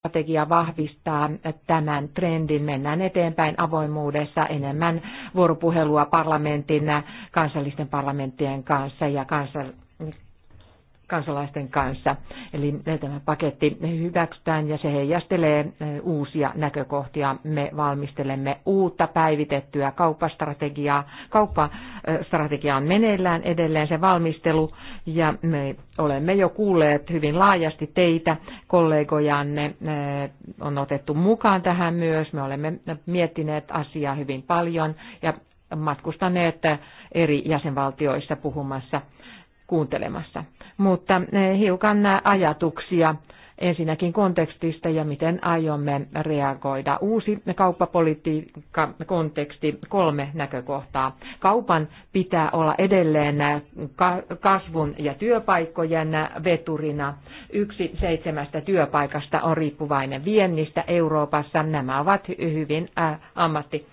strategia vahvistaa tämän trendin. Mennään eteenpäin avoimuudessa enemmän vuoropuhelua parlamentin, kansallisten parlamenttien kanssa ja kansallisten kansalaisten kanssa. Eli tämä paketti hyväksytään ja se heijastelee eh, uusia näkökohtia. Me valmistelemme uutta päivitettyä kauppastrategiaa. Kauppastrategia on meneillään edelleen se valmistelu ja me olemme jo kuulleet hyvin laajasti teitä, kollegojanne eh, on otettu mukaan tähän myös. Me olemme miettineet asiaa hyvin paljon ja matkustaneet eri jäsenvaltioissa puhumassa kuuntelemassa mutta eh, hiukan ajatuksia ensinnäkin kontekstista ja miten aiomme reagoida. Uusi kauppapolitiikka konteksti, kolme näkökohtaa. Kaupan pitää olla edelleen kasvun ja työpaikkojen veturina. Yksi seitsemästä työpaikasta on riippuvainen viennistä Euroopassa. Nämä ovat hyvin eh, ammatti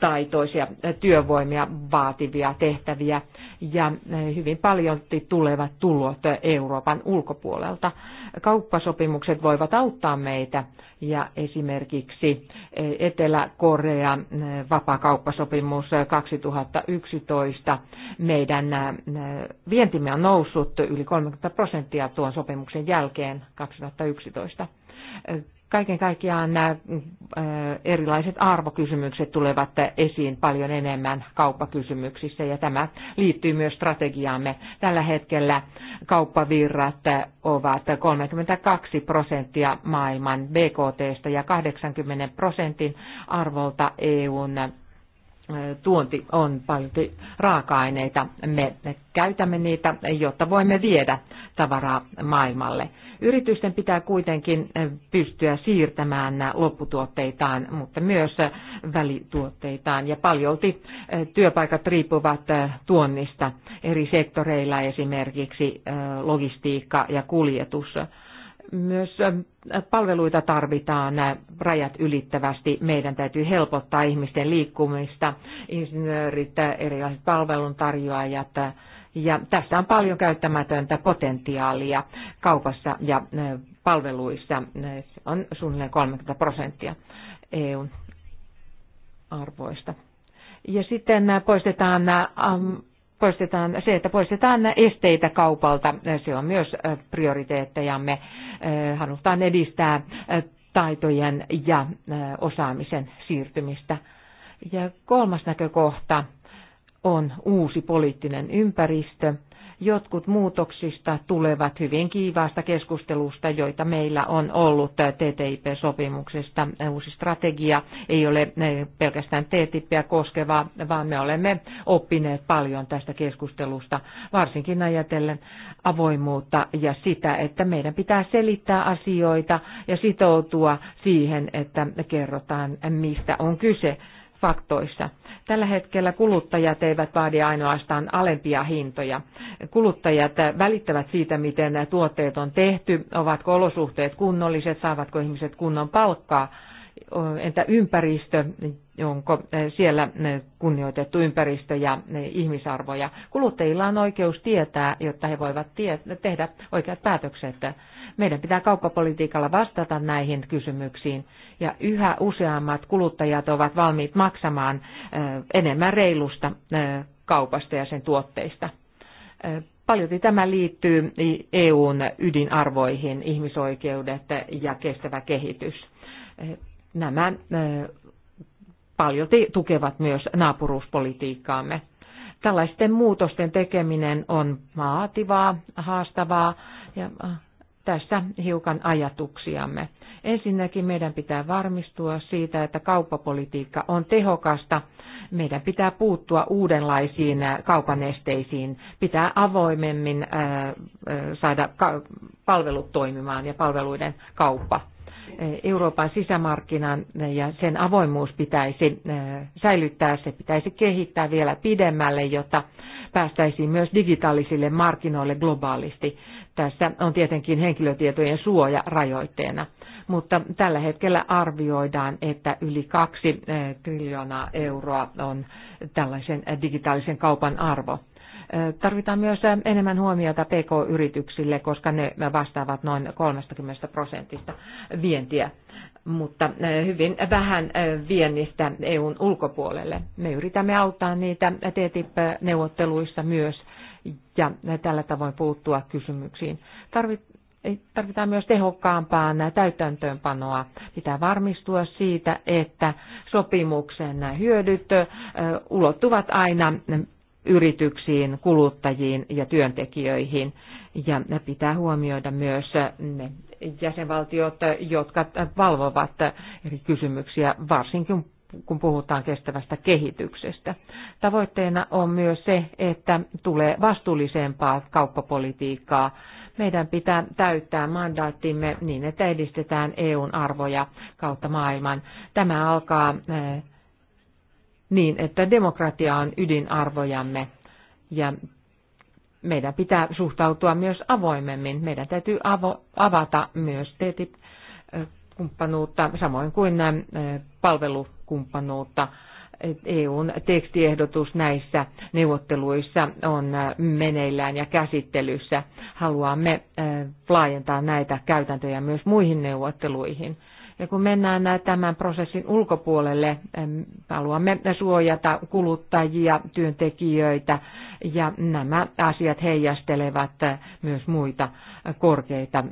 taitoisia työvoimia vaativia tehtäviä ja eh, hyvin paljon tulevat tulot Euroopan ulkopuolelta. Kauppasopimukset voivat auttaa meitä ja esimerkiksi eh, Etelä-Korea eh, vapaakauppasopimus 2011 meidän vientimme on noussut yli 30 prosenttia tuon sopimuksen jälkeen 2011 Kaiken kaikkiaan nämä äh, äh, erilaiset arvokysymykset tulevat esiin paljon enemmän kauppakysymyksissä ja tämä liittyy myös strategiaamme. Tällä hetkellä kauppavirrat ovat 32 prosenttia maailman BKTstä ja 80 prosentin arvolta EUn tuonti on paljon raaka-aineita. Me käytämme niitä, jotta voimme viedä tavaraa maailmalle. Yritysten pitää kuitenkin pystyä siirtämään lopputuotteitaan, mutta myös välituotteitaan. Ja paljolti työpaikat riippuvat tuonnista eri sektoreilla, esimerkiksi logistiikka ja kuljetus myös palveluita tarvitaan rajat ylittävästi. Meidän täytyy helpottaa ihmisten liikkumista, insinöörit, erilaiset palveluntarjoajat. Ja tässä on paljon käyttämätöntä potentiaalia kaupassa ja palveluissa. Se on suunnilleen 30 prosenttia EUn arvoista. Ja sitten poistetaan poistetaan se, että poistetaan esteitä kaupalta. Se on myös prioriteettejamme. Halutaan edistää taitojen ja osaamisen siirtymistä. Ja kolmas näkökohta on uusi poliittinen ympäristö – Jotkut muutoksista tulevat hyvin kiivaasta keskustelusta, joita meillä on ollut TTIP-sopimuksesta. Uusi strategia ei ole eh, pelkästään TTIPiä koskeva, vaan me olemme oppineet paljon tästä keskustelusta, varsinkin ajatellen avoimuutta ja sitä, että meidän pitää selittää asioita ja sitoutua siihen, että kerrotaan, mistä on kyse faktoissa. Tällä hetkellä kuluttajat eivät vaadi ainoastaan alempia hintoja. Kuluttajat välittävät siitä, miten tuotteet on tehty, ovatko olosuhteet kunnolliset, saavatko ihmiset kunnon palkkaa, entä ympäristö, onko siellä kunnioitettu ympäristö ja ihmisarvoja. Kuluttajilla on oikeus tietää, jotta he voivat tehdä oikeat päätökset meidän pitää kauppapolitiikalla vastata näihin kysymyksiin ja yhä useammat kuluttajat ovat valmiit maksamaan enemmän reilusta kaupasta ja sen tuotteista. Paljon tämä liittyy EUn ydinarvoihin, ihmisoikeudet ja kestävä kehitys. Nämä paljolti tukevat myös naapuruuspolitiikkaamme. Tällaisten muutosten tekeminen on vaativaa, haastavaa ja tästä hiukan ajatuksiamme. Ensinnäkin meidän pitää varmistua siitä, että kauppapolitiikka on tehokasta. Meidän pitää puuttua uudenlaisiin äh, kaupan Pitää avoimemmin äh, äh, saada palvelut toimimaan ja palveluiden kauppa Euroopan sisämarkkinan ja sen avoimuus pitäisi säilyttää, se pitäisi kehittää vielä pidemmälle, jotta päästäisiin myös digitaalisille markkinoille globaalisti. Tässä on tietenkin henkilötietojen suoja rajoitteena, mutta tällä hetkellä arvioidaan, että yli kaksi triljoonaa euroa on tällaisen digitaalisen kaupan arvo. Tarvitaan myös enemmän huomiota PK-yrityksille, koska ne vastaavat noin 30 prosentista vientiä, mutta hyvin vähän viennistä EUn ulkopuolelle. Me yritämme auttaa niitä TTIP-neuvotteluissa myös ja tällä tavoin puuttua kysymyksiin. tarvitaan myös tehokkaampaa täytäntöönpanoa. Pitää varmistua siitä, että sopimuksen hyödyt ulottuvat aina yrityksiin, kuluttajiin ja työntekijöihin. Ja pitää huomioida myös ne jäsenvaltiot, jotka valvovat eri kysymyksiä, varsinkin kun puhutaan kestävästä kehityksestä. Tavoitteena on myös se, että tulee vastuullisempaa kauppapolitiikkaa. Meidän pitää täyttää mandaattimme niin, että edistetään EUn arvoja kautta maailman. Tämä alkaa eh, niin, että demokratia on ydinarvojamme ja meidän pitää suhtautua myös avoimemmin. Meidän täytyy avo, avata myös TTIP-kumppanuutta, samoin kuin nämä palvelukumppanuutta. EUn e tekstiehdotus näissä neuvotteluissa on meneillään ja käsittelyssä. Haluamme laajentaa näitä käytäntöjä myös muihin neuvotteluihin. Ja kun mennään tämän prosessin ulkopuolelle, haluamme suojata kuluttajia, työntekijöitä ja nämä asiat heijastelevat myös muita korkeita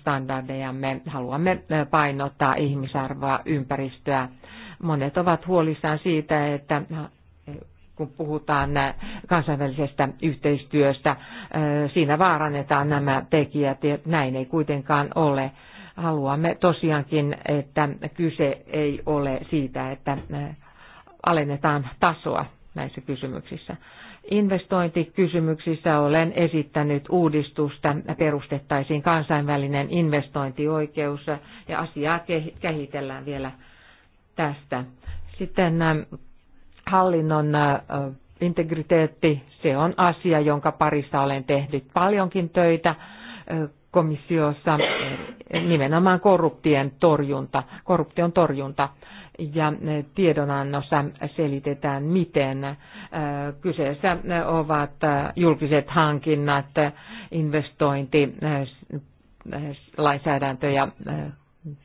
standardejamme. Haluamme painottaa ihmisarvoa, ympäristöä. Monet ovat huolissaan siitä, että kun puhutaan kansainvälisestä yhteistyöstä, siinä vaarannetaan nämä tekijät. Näin ei kuitenkaan ole haluamme tosiaankin, että kyse ei ole siitä, että äh, alennetaan tasoa näissä kysymyksissä. Investointikysymyksissä olen esittänyt uudistusta, perustettaisiin kansainvälinen investointioikeus ja asiaa kehitellään vielä tästä. Sitten ähm, hallinnon äh, integriteetti, se on asia, jonka parissa olen tehnyt paljonkin töitä äh, komissiossa nimenomaan korruption torjunta, korruption torjunta ja tiedonannossa selitetään, miten äh, kyseessä ovat äh, julkiset hankinnat, investointi, äh, lainsäädäntö ja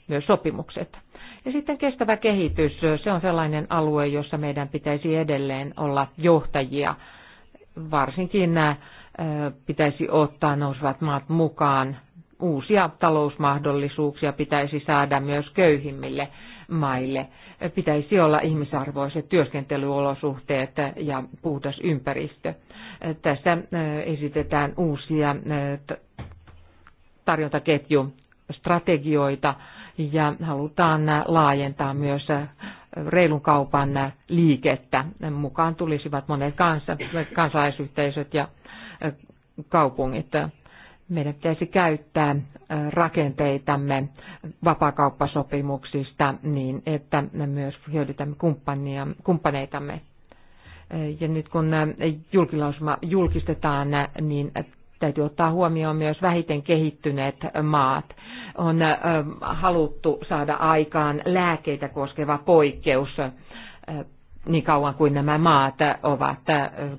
myös sopimukset. Ja sitten kestävä kehitys, se on sellainen alue, jossa meidän pitäisi edelleen olla johtajia, varsinkin pitäisi ottaa nousevat maat mukaan. Uusia talousmahdollisuuksia pitäisi saada myös köyhimmille maille. Pitäisi olla ihmisarvoiset työskentelyolosuhteet ja puhdas ympäristö. Tässä esitetään uusia tarjontaketjustrategioita ja halutaan laajentaa myös reilun kaupan liikettä. Mukaan tulisivat monet kansa, kansalaisyhteisöt ja kaupungit. Meidän pitäisi käyttää rakenteitamme vapakauppasopimuksista niin, että me myös hyödytämme kumppaneitamme. Ja nyt kun julkilausuma julkistetaan, niin täytyy ottaa huomioon myös vähiten kehittyneet maat. On haluttu saada aikaan lääkeitä koskeva poikkeus niin kauan kuin nämä maat ovat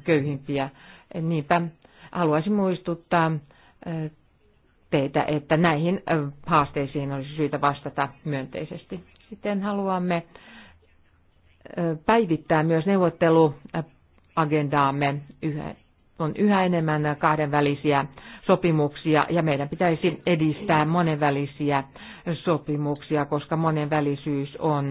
köyhimpiä. Niinpä Haluaisin muistuttaa teitä, että näihin haasteisiin olisi syytä vastata myönteisesti. Sitten haluamme päivittää myös neuvotteluagendaamme on yhä enemmän kahdenvälisiä sopimuksia ja meidän pitäisi edistää monenvälisiä sopimuksia, koska monenvälisyys on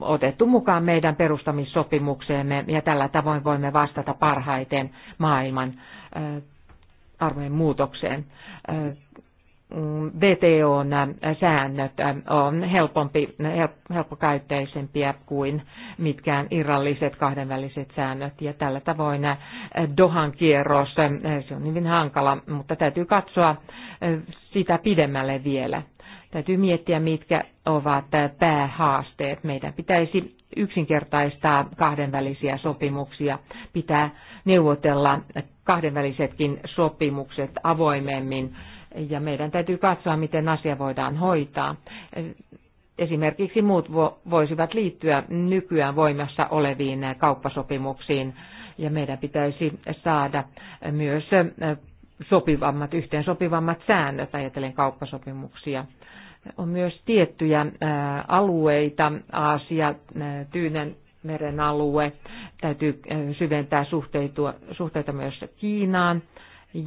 otettu mukaan meidän perustamissopimukseemme ja tällä tavoin voimme vastata parhaiten maailman äh, arvojen muutokseen. Äh, VTOn äh, säännöt on helpompi, helppokäyttäisempiä kuin mitkään irralliset kahdenväliset säännöt. Ja tällä tavoin Dohan kierros, se on hyvin hankala, mutta täytyy katsoa sitä pidemmälle vielä. Täytyy miettiä, mitkä ovat päähaasteet. Meidän pitäisi yksinkertaistaa kahdenvälisiä sopimuksia, pitää neuvotella kahdenvälisetkin sopimukset avoimemmin ja meidän täytyy katsoa, miten asia voidaan hoitaa. Esimerkiksi muut voisivat liittyä nykyään voimassa oleviin kauppasopimuksiin ja meidän pitäisi saada myös sopivammat, yhteen sopivammat säännöt ajatellen kauppasopimuksia. On myös tiettyjä alueita, Aasia, Tyynen meren alue, täytyy syventää suhteita myös Kiinaan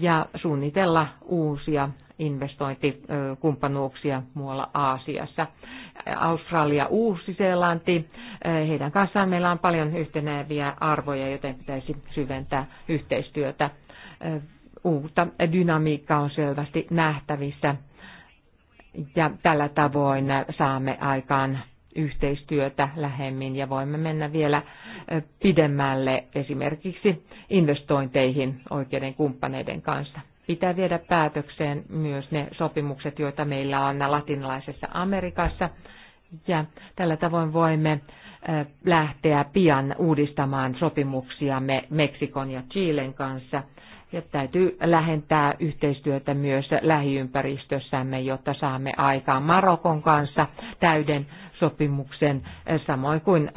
ja suunnitella uusia investointikumppanuuksia muualla Aasiassa. Australia, Uusi-Seelanti, heidän kanssaan meillä on paljon yhteneviä arvoja, joten pitäisi syventää yhteistyötä. Uutta dynamiikkaa on selvästi nähtävissä ja tällä tavoin saamme aikaan yhteistyötä lähemmin ja voimme mennä vielä pidemmälle esimerkiksi investointeihin oikeiden kumppaneiden kanssa. Pitää viedä päätökseen myös ne sopimukset, joita meillä on latinalaisessa Amerikassa. Ja tällä tavoin voimme lähteä pian uudistamaan sopimuksiamme Meksikon ja Chilen kanssa – ja täytyy lähentää yhteistyötä myös lähiympäristössämme, jotta saamme aikaan Marokon kanssa täyden sopimuksen, samoin kuin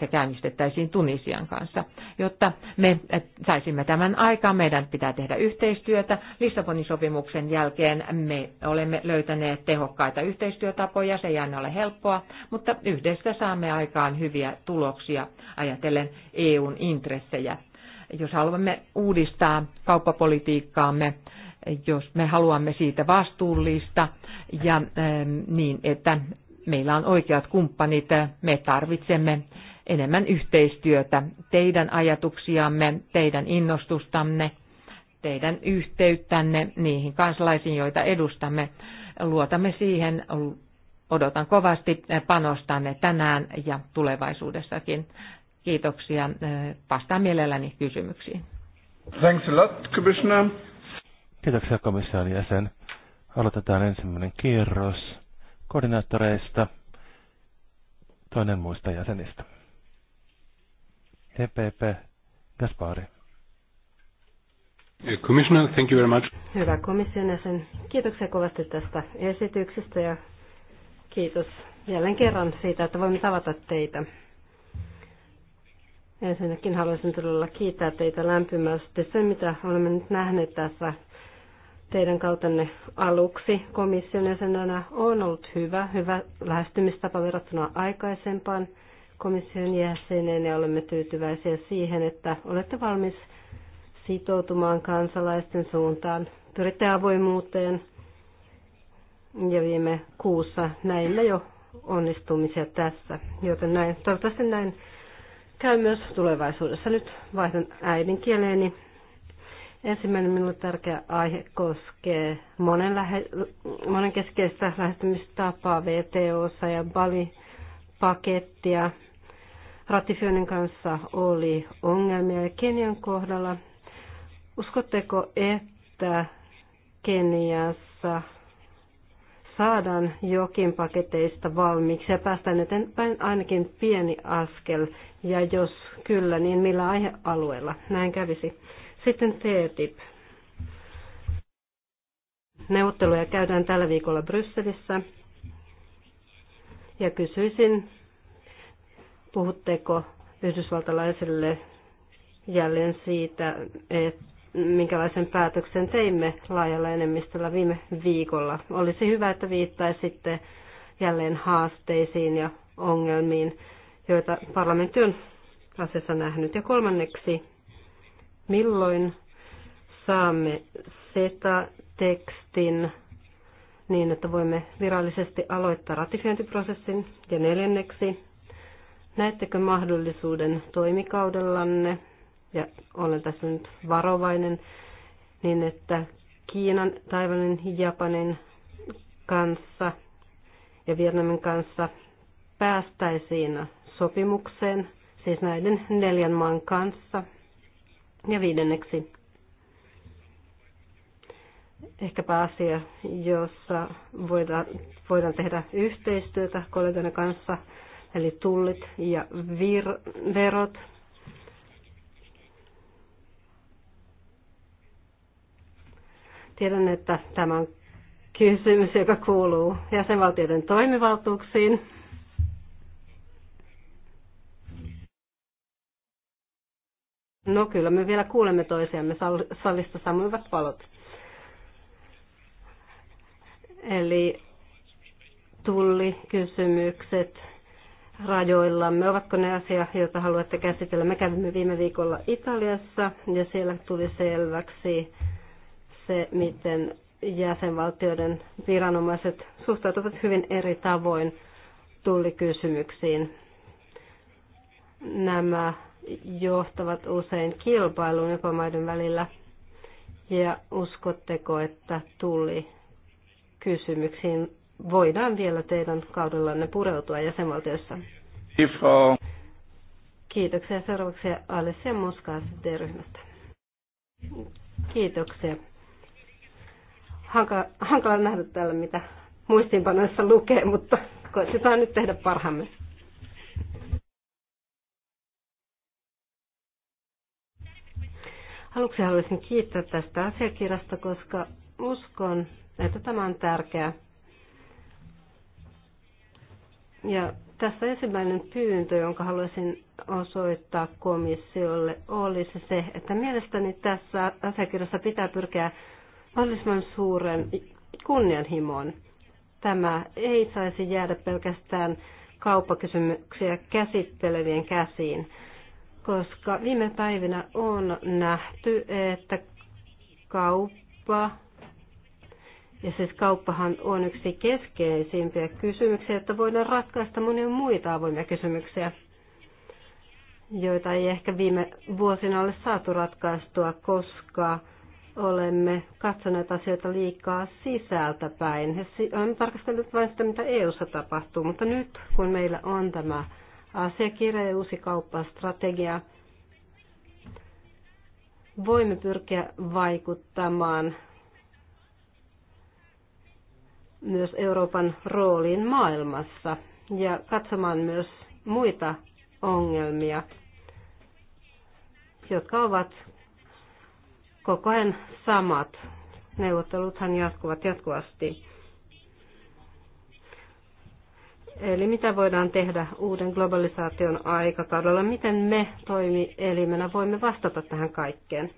se käynnistettäisiin Tunisian kanssa. Jotta me saisimme tämän aikaan, meidän pitää tehdä yhteistyötä. Lissabonin sopimuksen jälkeen me olemme löytäneet tehokkaita yhteistyötapoja, se ei aina ole helppoa, mutta yhdessä saamme aikaan hyviä tuloksia ajatellen EUn intressejä jos haluamme uudistaa kauppapolitiikkaamme, jos me haluamme siitä vastuullista ja eh, niin, että meillä on oikeat kumppanit, me tarvitsemme enemmän yhteistyötä, teidän ajatuksiamme, teidän innostustanne, teidän yhteyttänne niihin kansalaisiin, joita edustamme. Luotamme siihen, odotan kovasti panostanne tänään ja tulevaisuudessakin. Kiitoksia. Vastaan mielelläni kysymyksiin. Thanks a lot, Commissioner. Kiitoksia komission jäsen. Aloitetaan ensimmäinen kierros koordinaattoreista, toinen muista jäsenistä. EPP Gaspari. Commissioner, thank you very much. Hyvä komission jäsen. Kiitoksia kovasti tästä esityksestä ja kiitos jälleen kerran siitä, että voimme tavata teitä. Ensinnäkin haluaisin todella kiittää teitä lämpimästi. Se, mitä olemme nyt nähneet tässä teidän kautenne aluksi komission jäsenenä, on ollut hyvä, hyvä lähestymistapa verrattuna aikaisempaan komission jäseneen ja olemme tyytyväisiä siihen, että olette valmis sitoutumaan kansalaisten suuntaan. Pyritte avoimuuteen ja viime kuussa näillä jo onnistumisia tässä, joten näin, toivottavasti näin käy myös tulevaisuudessa. Nyt vaihdan äidinkieleeni. Ensimmäinen minulle tärkeä aihe koskee monen lähe, keskeistä lähestymistapaa VTOssa ja Bali-pakettia. Ratifioinnin kanssa oli ongelmia ja Kenian kohdalla. Uskotteko, että Keniassa saadaan jokin paketeista valmiiksi ja päästään eteenpäin ainakin pieni askel, ja jos kyllä, niin millä aihealueella näin kävisi. Sitten TTIP. Neuvotteluja käydään tällä viikolla Brysselissä, ja kysyisin, puhutteko yhdysvaltalaisille jälleen siitä, että minkälaisen päätöksen teimme laajalla enemmistöllä viime viikolla. Olisi hyvä, että viittaisitte jälleen haasteisiin ja ongelmiin, joita parlamentti on asiassa nähnyt. Ja kolmanneksi, milloin saamme SETA-tekstin niin, että voimme virallisesti aloittaa ratifiointiprosessin. Ja neljänneksi, näettekö mahdollisuuden toimikaudellanne ja olen tässä nyt varovainen, niin että Kiinan, Taivanin, Japanin kanssa ja Vietnamin kanssa päästäisiin sopimukseen, siis näiden neljän maan kanssa. Ja viidenneksi ehkäpä asia, jossa voidaan, voidaan tehdä yhteistyötä kollegoiden kanssa, eli tullit ja vir, verot, Tiedän, että tämä on kysymys, joka kuuluu jäsenvaltioiden toimivaltuuksiin. No kyllä, me vielä kuulemme toisiamme salista sammuivat valot. Eli kysymykset rajoillamme, ovatko ne asia, joita haluatte käsitellä? Me kävimme viime viikolla Italiassa ja siellä tuli selväksi, se, miten jäsenvaltioiden viranomaiset suhtautuvat hyvin eri tavoin tullikysymyksiin. Nämä johtavat usein kilpailuun jopa maiden välillä. Ja uskotteko, että tuli kysymyksiin voidaan vielä teidän kaudellanne pureutua jäsenvaltiossa? Kiitoksia. Seuraavaksi Alessia Moska ryhmästä Kiitoksia hankala, hankala nähdä täällä, mitä muistiinpanoissa lukee, mutta koitetaan nyt tehdä parhaamme. Aluksi haluaisin kiittää tästä asiakirjasta, koska uskon, että tämä on tärkeää. Ja tässä ensimmäinen pyyntö, jonka haluaisin osoittaa komissiolle, olisi se, että mielestäni tässä asiakirjassa pitää pyrkiä mahdollisimman suuren kunnianhimon. Tämä ei saisi jäädä pelkästään kauppakysymyksiä käsittelevien käsiin, koska viime päivinä on nähty, että kauppa, ja siis kauppahan on yksi keskeisimpiä kysymyksiä, että voidaan ratkaista monia muita avoimia kysymyksiä, joita ei ehkä viime vuosina ole saatu ratkaistua, koska olemme katsoneet asioita liikaa sisältä päin. Olemme tarkastelleet vain sitä, mitä EU-ssa tapahtuu, mutta nyt kun meillä on tämä asiakirja ja uusi kauppastrategia, voimme pyrkiä vaikuttamaan myös Euroopan rooliin maailmassa ja katsomaan myös muita ongelmia, jotka ovat koko ajan samat. Neuvotteluthan jatkuvat jatkuvasti. Eli mitä voidaan tehdä uuden globalisaation aikakaudella? Miten me toimielimenä voimme vastata tähän kaikkeen?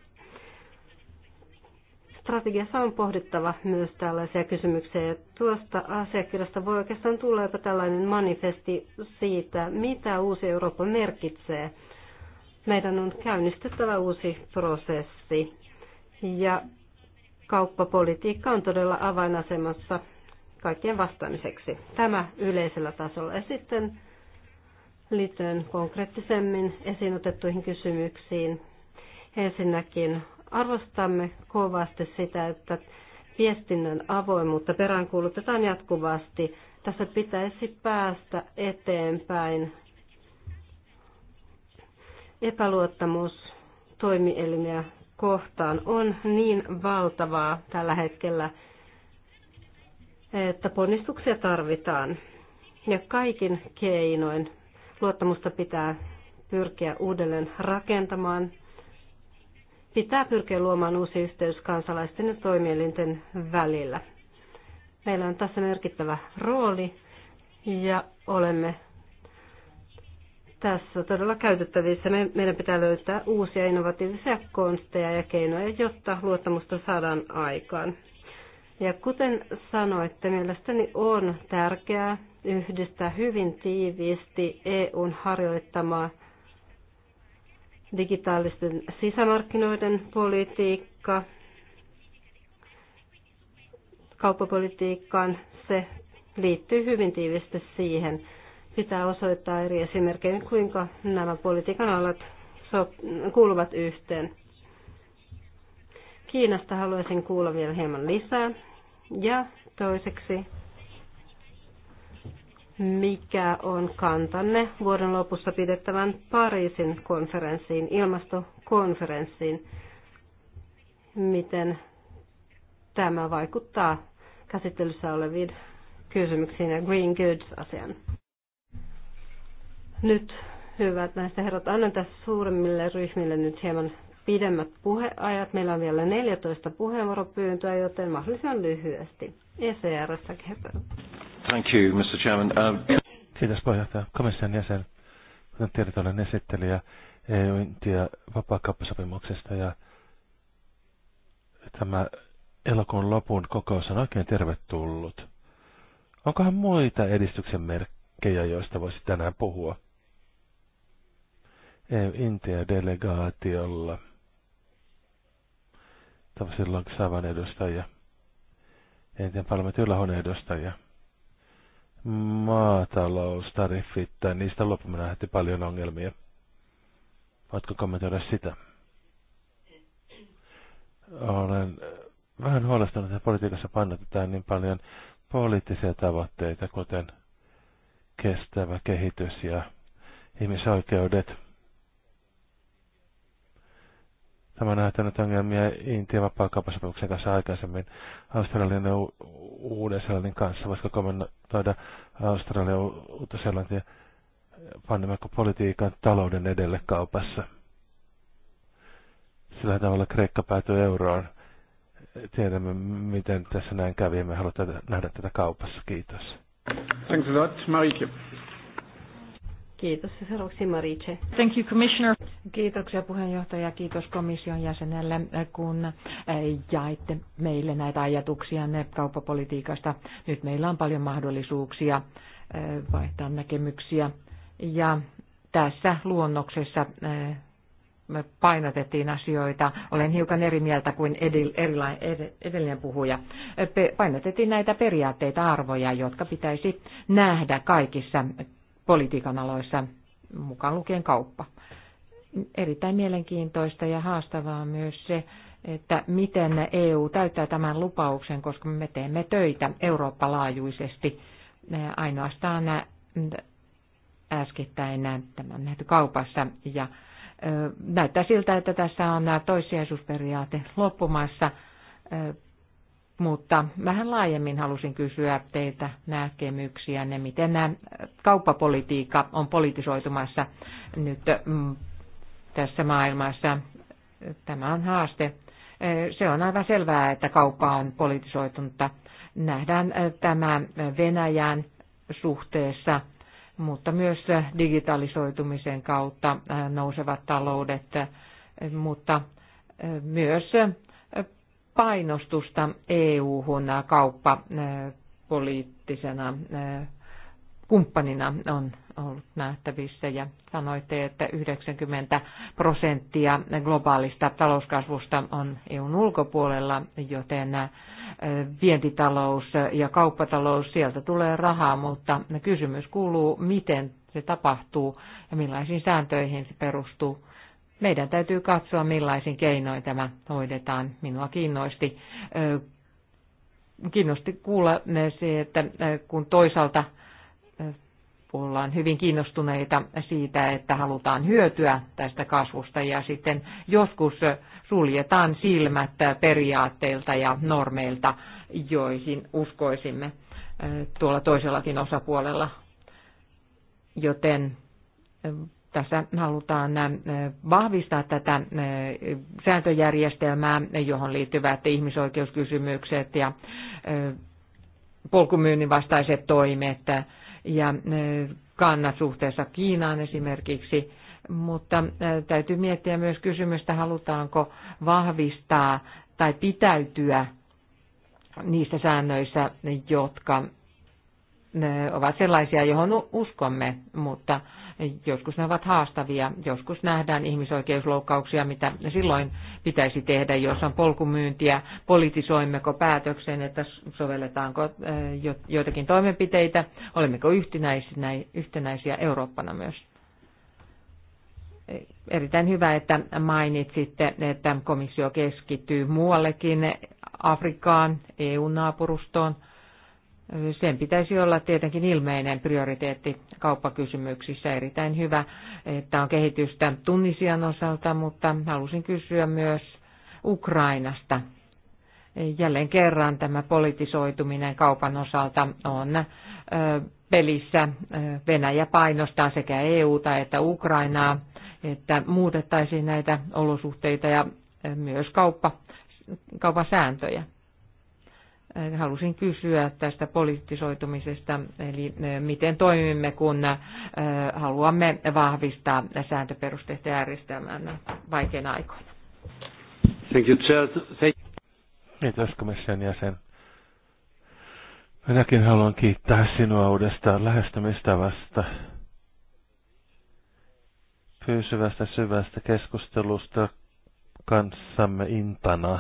Strategiassa on pohdittava myös tällaisia kysymyksiä. Tuosta asiakirjasta voi oikeastaan tulla jopa tällainen manifesti siitä, mitä uusi Eurooppa merkitsee. Meidän on käynnistettävä uusi prosessi. Ja kauppapolitiikka on todella avainasemassa kaikkien vastaamiseksi. Tämä yleisellä tasolla. Ja sitten liittyen konkreettisemmin esiin otettuihin kysymyksiin. Ensinnäkin arvostamme kovasti sitä, että viestinnän avoimuutta peräänkuulutetaan jatkuvasti. Tässä pitäisi päästä eteenpäin. Epäluottamus toimielimiä kohtaan on niin valtavaa tällä hetkellä, että ponnistuksia tarvitaan. Ja kaikin keinoin luottamusta pitää pyrkiä uudelleen rakentamaan. Pitää pyrkiä luomaan uusi yhteys kansalaisten ja toimielinten välillä. Meillä on tässä merkittävä rooli ja olemme tässä todella käytettävissä. Me, meidän pitää löytää uusia innovatiivisia konsteja ja keinoja, jotta luottamusta saadaan aikaan. Ja kuten sanoitte, mielestäni on tärkeää yhdistää hyvin tiiviisti EUn harjoittamaa digitaalisten sisämarkkinoiden politiikka kauppapolitiikkaan. Se liittyy hyvin tiiviisti siihen, Pitää osoittaa eri esimerkkejä, kuinka nämä politiikan alat kuuluvat yhteen. Kiinasta haluaisin kuulla vielä hieman lisää. Ja toiseksi, mikä on kantanne vuoden lopussa pidettävän Pariisin konferenssiin, ilmastokonferenssiin? Miten tämä vaikuttaa käsittelyssä oleviin kysymyksiin ja Green goods asian nyt, hyvät näistä herrat, annan tässä suuremmille ryhmille nyt hieman pidemmät puheajat. Meillä on vielä 14 puheenvuoropyyntöä, joten mahdollisimman lyhyesti. ECRstä kertoo. Thank you, Mr. Chairman. Um... Kiitos puheenjohtaja. Komission jäsen, kuten tiedät, olen esittelijä EU-Intia vapaakauppasopimuksesta ja tämä elokuun lopun kokous on oikein tervetullut. Onkohan muita edistyksen merkkejä, joista voisi tänään puhua? Eh, Intia-delegaatiolla. silloin Savan edustaja, entinen parlamentin ylähuoneen edustaja. Maataloustariffit, niistä loppuun nähti paljon ongelmia. Voitko kommentoida sitä? Olen eh, vähän huolestunut, että politiikassa painotetaan niin paljon poliittisia tavoitteita, kuten kestävä kehitys ja ihmisoikeudet – Tämä on aiheuttanut ongelmia Intian vapaakaupasopimuksen kanssa aikaisemmin Australian ja Uuden-Seelannin kanssa. Voisiko kommentoida Australian ja Uutta-Seelantia politiikan talouden edelle kaupassa? Sillä tavalla Kreikka päätyi euroon. Tiedämme, miten tässä näin kävi. Me halutaan nähdä tätä kaupassa. Kiitos. Thanks a lot, Marike. Kiitos. Ja seuraavaksi Marice. Thank you, Commissioner. Kiitoksia puheenjohtaja. Kiitos komission jäsenelle, kun eh, jaitte meille näitä ajatuksia kauppapolitiikasta. Nyt meillä on paljon mahdollisuuksia eh, vaihtaa näkemyksiä. Ja tässä luonnoksessa eh, me painotettiin asioita. Olen hiukan eri mieltä kuin edellinen puhuja. Painotettiin näitä periaatteita, arvoja, jotka pitäisi nähdä kaikissa politiikan aloissa, mukaan lukien kauppa. Erittäin mielenkiintoista ja haastavaa on myös se, että miten EU täyttää tämän lupauksen, koska me teemme töitä Eurooppa-laajuisesti. Ainoastaan äskettäin tämän nähty kaupassa ja näyttää siltä, että tässä on toissijaisuusperiaate loppumassa mutta vähän laajemmin halusin kysyä teiltä näkemyksiä, ne miten nämä kauppapolitiikka on politisoitumassa nyt mm, tässä maailmassa. Tämä on haaste. Se on aivan selvää, että kauppa on politisoitunutta. Nähdään äh, tämä Venäjän suhteessa, mutta myös digitalisoitumisen kautta äh, nousevat taloudet, äh, mutta myös painostusta EU-hun kauppapoliittisena äh, äh, kumppanina on ollut nähtävissä ja sanoitte, että 90 prosenttia globaalista talouskasvusta on EUn ulkopuolella, joten äh, vientitalous ja kauppatalous, sieltä tulee rahaa, mutta kysymys kuuluu, miten se tapahtuu ja millaisiin sääntöihin se perustuu meidän täytyy katsoa, millaisin keinoin tämä hoidetaan. Minua kiinnosti, kiinnosti kuulla se, että kun toisaalta ollaan hyvin kiinnostuneita siitä, että halutaan hyötyä tästä kasvusta ja sitten joskus suljetaan silmät periaatteilta ja normeilta, joihin uskoisimme tuolla toisellakin osapuolella. Joten tässä halutaan vahvistaa tätä sääntöjärjestelmää, johon liittyvät ihmisoikeuskysymykset ja polkumyynnin vastaiset toimet ja kannat suhteessa Kiinaan esimerkiksi mutta täytyy miettiä myös kysymystä, halutaanko vahvistaa tai pitäytyä niissä säännöissä, jotka ovat sellaisia, johon uskomme, mutta Joskus ne ovat haastavia, joskus nähdään ihmisoikeusloukkauksia, mitä silloin pitäisi tehdä, jos on polkumyyntiä, politisoimmeko päätöksen, että sovelletaanko eh, joitakin toimenpiteitä, olemmeko yhtenäisiä Eurooppana myös. Erittäin hyvä, että mainitsitte, että komissio keskittyy muuallekin Afrikaan, EU-naapurustoon – sen pitäisi olla tietenkin ilmeinen prioriteetti kauppakysymyksissä. Erittäin hyvä, että on kehitystä Tunisian osalta, mutta halusin kysyä myös Ukrainasta. Jälleen kerran tämä politisoituminen kaupan osalta on pelissä. Venäjä painostaa sekä EUta että Ukrainaa, että muutettaisiin näitä olosuhteita ja myös kauppa, kaupan sääntöjä. Äh, halusin kysyä tästä politisoitumisesta, eli äh, miten toimimme, kun äh, haluamme vahvistaa sääntöperusteista järjestelmää vaikeina aikoina. Thank you, Chair. Thank Kiitos komission jäsen. Minäkin haluan kiittää sinua uudestaan lähestymistavasta, pysyvästä syvästä keskustelusta kanssamme intana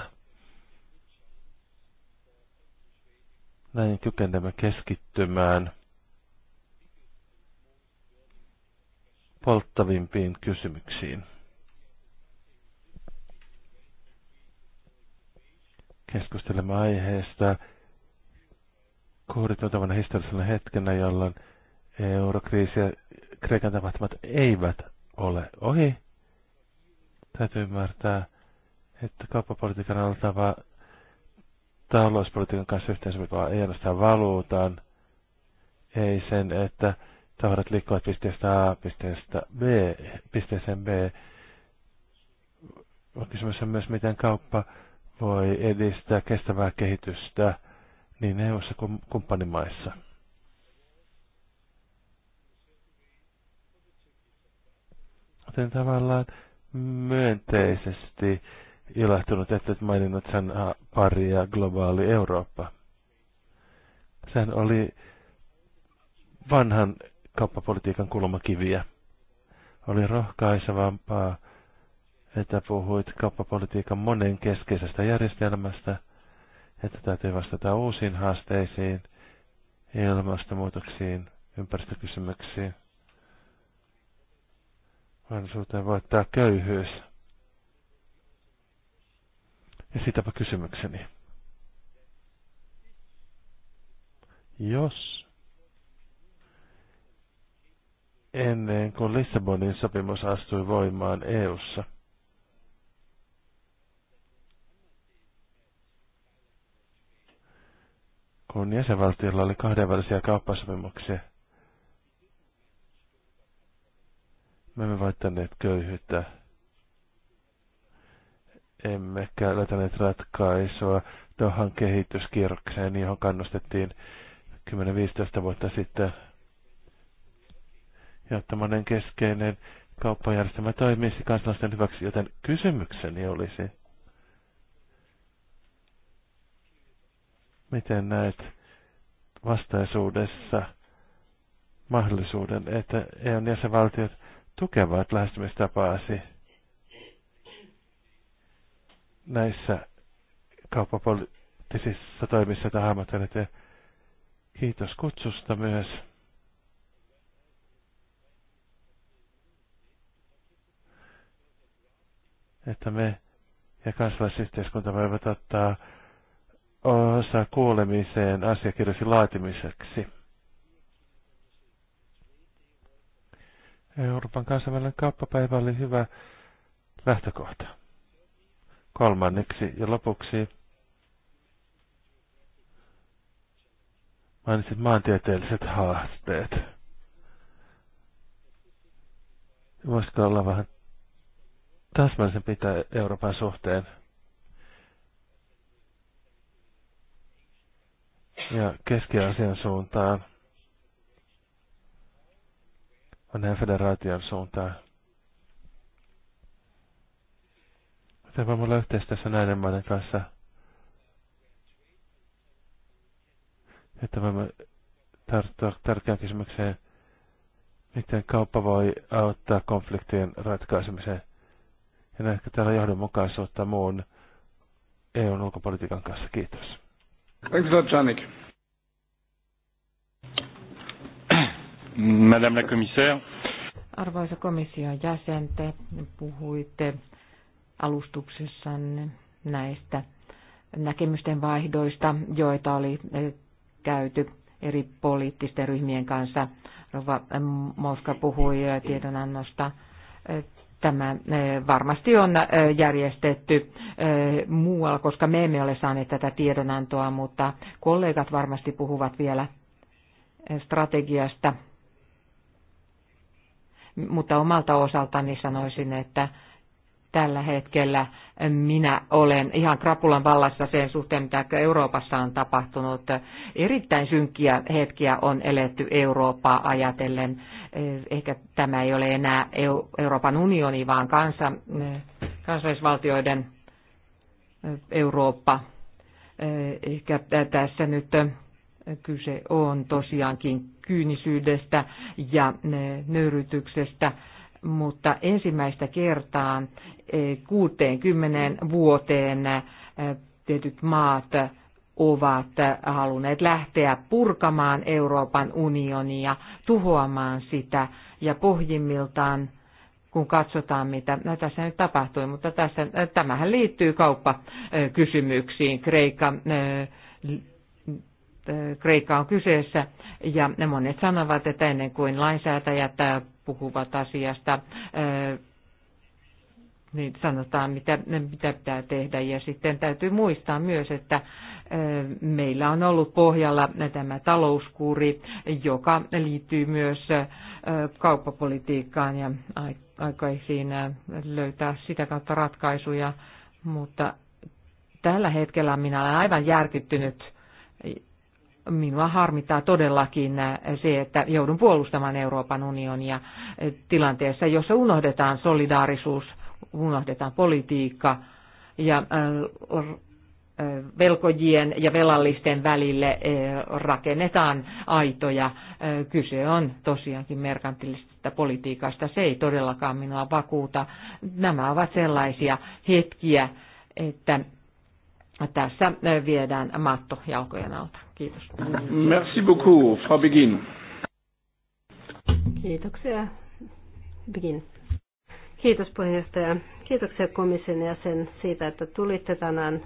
Näin kykenemme keskittymään polttavimpiin kysymyksiin. Keskustelemme aiheesta kohdittoman historiallisena hetkenä, jolloin eurokriisi ja Kreikan tapahtumat eivät ole ohi. Täytyy ymmärtää, että kauppapolitiikan oltava talouspolitiikan kanssa yhteensopivaa ei ainoastaan valuutaan, ei sen, että tavarat liikkuvat pisteestä A pisteestä B, pisteeseen B. Kysymys on myös, miten kauppa voi edistää kestävää kehitystä niin EU-ssa kuin kumppanimaissa. Joten tavallaan myönteisesti ilahtunut, että maininnut sen äh, pari ja globaali Eurooppa. Sehän oli vanhan kauppapolitiikan kulmakiviä. Oli rohkaisevampaa, että puhuit kauppapolitiikan monen keskeisestä järjestelmästä, että täytyy vastata uusiin haasteisiin, ilmastonmuutoksiin, ympäristökysymyksiin. Vanhuuteen voittaa köyhyys. Esitäpä kysymykseni. Jos ennen kuin Lissabonin sopimus astui voimaan EU:ssa, kun jäsenvaltiolla oli kahdenvälisiä kauppasopimuksia, me emme voittaneet köyhyyttä emmekä löytäneet ratkaisua tuohon kehityskierrokseen, johon kannustettiin 10-15 vuotta sitten. Ja tämmöinen keskeinen kauppajärjestelmä toimisi kansalaisten hyväksi, joten kysymykseni olisi, miten näet vastaisuudessa mahdollisuuden, että eu jäsenvaltiot tukevat lähestymistapaasi? näissä kauppapoliittisissa toimissa tahamattomat. Kiitos kutsusta myös. Että me ja kansalaisyhteiskunta voivat ottaa osaa kuulemiseen asiakirjasi laatimiseksi. Euroopan kansainvälinen kauppapäivä oli hyvä lähtökohta. Kolmanneksi ja lopuksi mainitsin maantieteelliset haasteet. Voisiko olla vähän täsmällisen pitää Euroopan suhteen? Ja Keski-Aasian suuntaan, Venäjän federaation suuntaan. Tämä voimme olla yhteistyössä näiden maiden kanssa, että voimme tarttua tärkeään kysymykseen, miten kauppa voi auttaa konfliktien ratkaisemiseen. Ja ehkä täällä johdonmukaisuutta muun EUn ulkopolitiikan kanssa. Kiitos. Thanks a lot, Janik. Madame la commissaire. Arvoisa komission jäsen, te puhuitte alustuksessanne näistä näkemysten vaihdoista, joita oli eh, käyty eri poliittisten ryhmien kanssa. Rova eh, Moska puhui eh, tiedonannosta. Tämä varmasti on järjestetty muualla, koska me emme ole saaneet tätä tiedonantoa, mutta kollegat varmasti puhuvat vielä strategiasta. Mutta omalta osaltani sanoisin, että tällä hetkellä minä olen ihan krapulan vallassa sen suhteen, mitä Euroopassa on tapahtunut. Erittäin synkkiä hetkiä on eletty Eurooppaa ajatellen. Ehkä tämä ei ole enää Euroopan unioni, vaan kansa, kansallisvaltioiden Eurooppa. Ehkä tässä nyt kyse on tosiaankin kyynisyydestä ja nöyrytyksestä mutta ensimmäistä kertaa 60 eh, vuoteen eh, tietyt maat ovat eh, halunneet lähteä purkamaan Euroopan unionia, tuhoamaan sitä ja pohjimmiltaan kun katsotaan, mitä no, tässä nyt tapahtui, mutta tässä, tämähän liittyy kauppakysymyksiin. Kreikka, Kreikka on kyseessä ja ne monet sanovat, että ennen kuin lainsäätäjät puhuvat asiasta, niin sanotaan, mitä, mitä pitää tehdä. Ja sitten täytyy muistaa myös, että meillä on ollut pohjalla tämä talouskuri, joka liittyy myös kauppapolitiikkaan ja aikaisiin löytää sitä kautta ratkaisuja. Mutta tällä hetkellä minä olen aivan järkyttynyt minua harmittaa todellakin äh, se, että joudun puolustamaan Euroopan unionia äh, tilanteessa, jossa unohdetaan solidaarisuus, unohdetaan politiikka ja äh, velkojien ja velallisten välille rakennetaan aitoja. Kyse on tosiaankin merkantillisesta politiikasta. Se ei todellakaan minua vakuuta. Nämä ovat sellaisia hetkiä, että tässä viedään matto jalkojen alta. Kiitos. Merci beaucoup, Frau Begin. Kiitoksia, Begin. Kiitos puheenjohtaja. Kiitoksia komission jäsen siitä, että tulitte tänään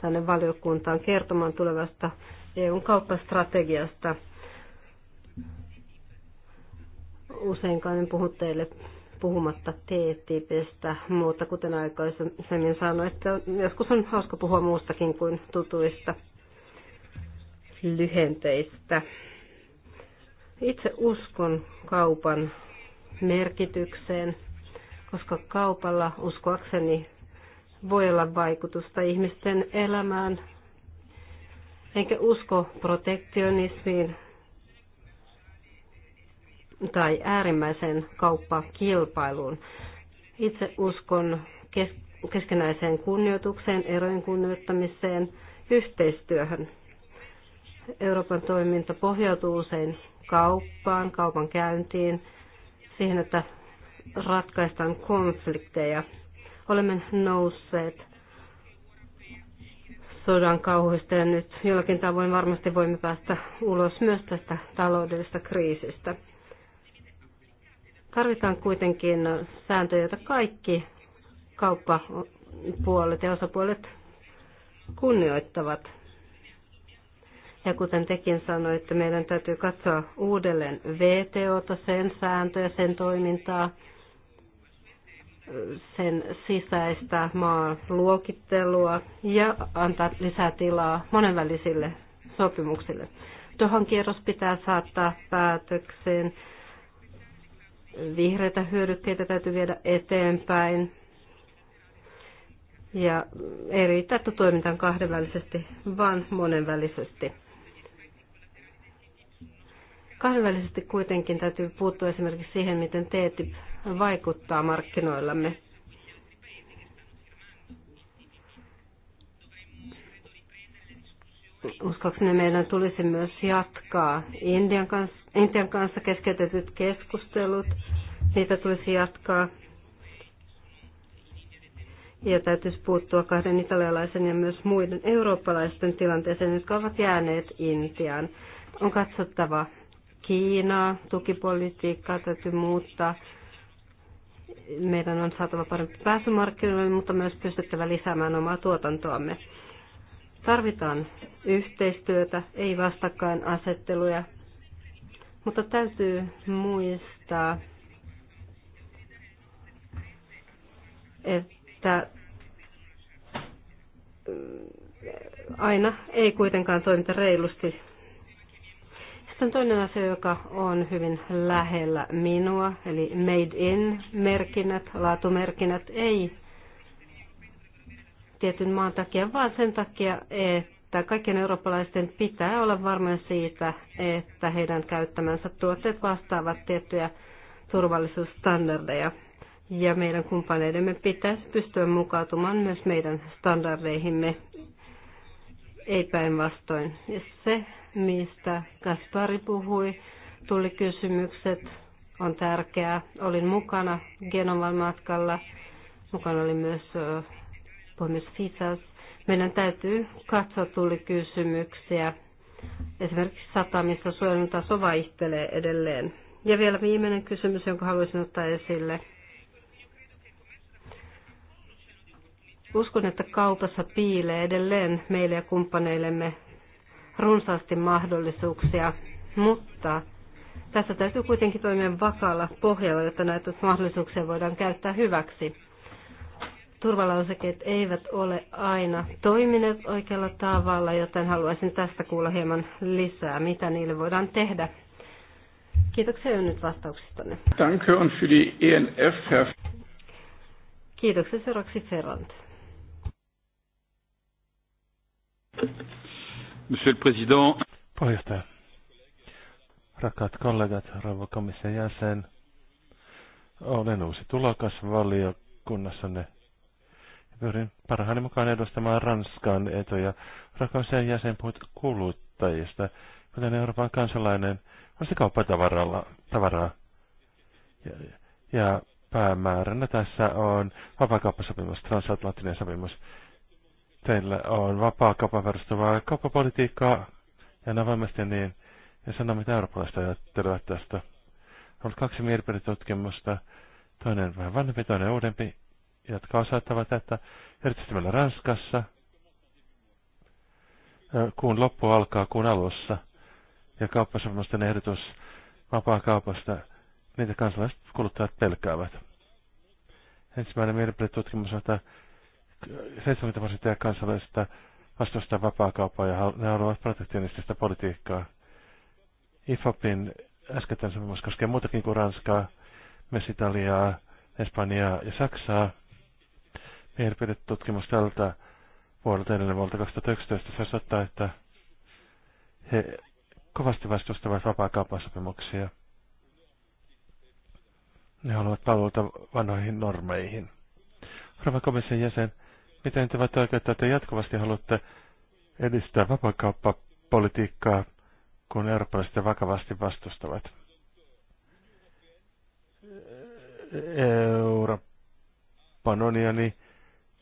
tänne valiokuntaan kertomaan tulevasta EUn kauppastrategiasta. Useinkaan en puhu teille puhumatta TTIPistä, mutta kuten aikaisemmin sanoin, että joskus on hauska puhua muustakin kuin tutuista lyhenteistä. Itse uskon kaupan merkitykseen, koska kaupalla uskoakseni voi olla vaikutusta ihmisten elämään. Enkä usko protektionismiin tai äärimmäisen kauppakilpailuun. Itse uskon keskenäiseen kunnioitukseen, erojen kunnioittamiseen, yhteistyöhön. Euroopan toiminta pohjautuu usein kauppaan, kaupan käyntiin, siihen, että ratkaistaan konflikteja. Olemme nousseet sodan kauhuista ja nyt jollakin tavoin varmasti voimme päästä ulos myös tästä taloudellisesta kriisistä. Tarvitaan kuitenkin sääntöjä, joita kaikki kauppapuolet ja osapuolet kunnioittavat ja kuten tekin sanoitte, meidän täytyy katsoa uudelleen VTOta, sen sääntöjä, sen toimintaa, sen sisäistä maan luokittelua ja antaa lisää tilaa monenvälisille sopimuksille. Tuohon kierros pitää saattaa päätökseen. Vihreitä hyödykkeitä täytyy viedä eteenpäin. Ja ei riitä, että toimitaan kahdenvälisesti, vaan monenvälisesti kansainvälisesti kuitenkin täytyy puuttua esimerkiksi siihen, miten TTIP vaikuttaa markkinoillamme. Uskoakseni meidän tulisi myös jatkaa Intian kanssa, Intian kanssa keskeytetyt keskustelut. Niitä tulisi jatkaa ja täytyisi puuttua kahden italialaisen ja myös muiden eurooppalaisten tilanteeseen, jotka ovat jääneet Intiaan. On katsottava, Kiinaa, tukipolitiikkaa täytyy muuttaa. Meidän on saatava parempi pääsymarkkinoille, markkinoille, mutta myös pystyttävä lisäämään omaa tuotantoamme. Tarvitaan yhteistyötä, ei vastakkainasetteluja, mutta täytyy muistaa, että aina ei kuitenkaan toimita reilusti sitten toinen asia, joka on hyvin lähellä minua, eli made in merkinnät, laatumerkinnät, ei tietyn maan takia, vaan sen takia, että kaikkien eurooppalaisten pitää olla varmoja siitä, että heidän käyttämänsä tuotteet vastaavat tiettyjä turvallisuusstandardeja. Ja meidän kumppaneidemme pitäisi pystyä mukautumaan myös meidän standardeihimme, ei päinvastoin. Se mistä Kaspari puhui. Tuli kysymykset, on tärkeää. Olin mukana Genovan matkalla. Mukana oli myös puhemies Fisas. Meidän täytyy katsoa tuli kysymyksiä. Esimerkiksi satamissa suojelun taso vaihtelee edelleen. Ja vielä viimeinen kysymys, jonka haluaisin ottaa esille. Uskon, että kaupassa piilee edelleen meille ja kumppaneillemme runsaasti mahdollisuuksia, mutta tässä täytyy kuitenkin toimia vakaalla pohjalla, jotta näitä mahdollisuuksia voidaan käyttää hyväksi. Turvalausekkeet eivät ole aina toimineet oikealla tavalla, joten haluaisin tästä kuulla hieman lisää, mitä niille voidaan tehdä. Kiitoksia jo nyt vastauksistanne. Danke und für die ENF, Kiitoksia seuraavaksi Ferrand. Monsieur le Président. Puheenjohtaja. Rakkaat kollegat, rouva komission jäsen. Olen uusi tulokas valiokunnassanne. Pyrin parhaani mukaan edustamaan Ranskan etuja. Rakkaisen jäsen puhut kuluttajista, kuten Euroopan kansalainen on se kauppatavaralla tavaraa. Ja, ja päämääränä tässä on vapaakauppasopimus, transatlanttinen sopimus teille on vapaa kaupan perustuvaa kauppapolitiikkaa, ja avoimesti niin, ja sanoa, mitä eurooppalaiset ajattelevat tästä. On ollut kaksi mielipidetutkimusta, toinen vähän vanhempi, toinen uudempi, jotka osoittavat, että erityisesti meillä Ranskassa, kuun loppu alkaa kuun alussa, ja kauppasopimusten ehdotus vapaa kaupasta, niitä kansalaiset kuluttajat pelkäävät. Ensimmäinen mielipidetutkimus on, että 70 prosenttia kansalaisista vastustaa vapaakauppaa ja ne haluavat protektionistista politiikkaa. IFOPin äskettäin sopimus koskee muutakin kuin Ranskaa, myös Italiaa, Espanjaa ja Saksaa. Mielipidetutkimus tältä vuodelta edelleen vuodelta 2011 se osoittaa, että he kovasti vastustavat vapaakauppasopimuksia. Ne haluavat palveluita vanhoihin normeihin. Rova komission jäsen, Miten te voitte oikeuttaa, että jatkuvasti haluatte edistää vapakauppapolitiikkaa, kun eurooppalaiset vakavasti vastustavat? Euroopan unioni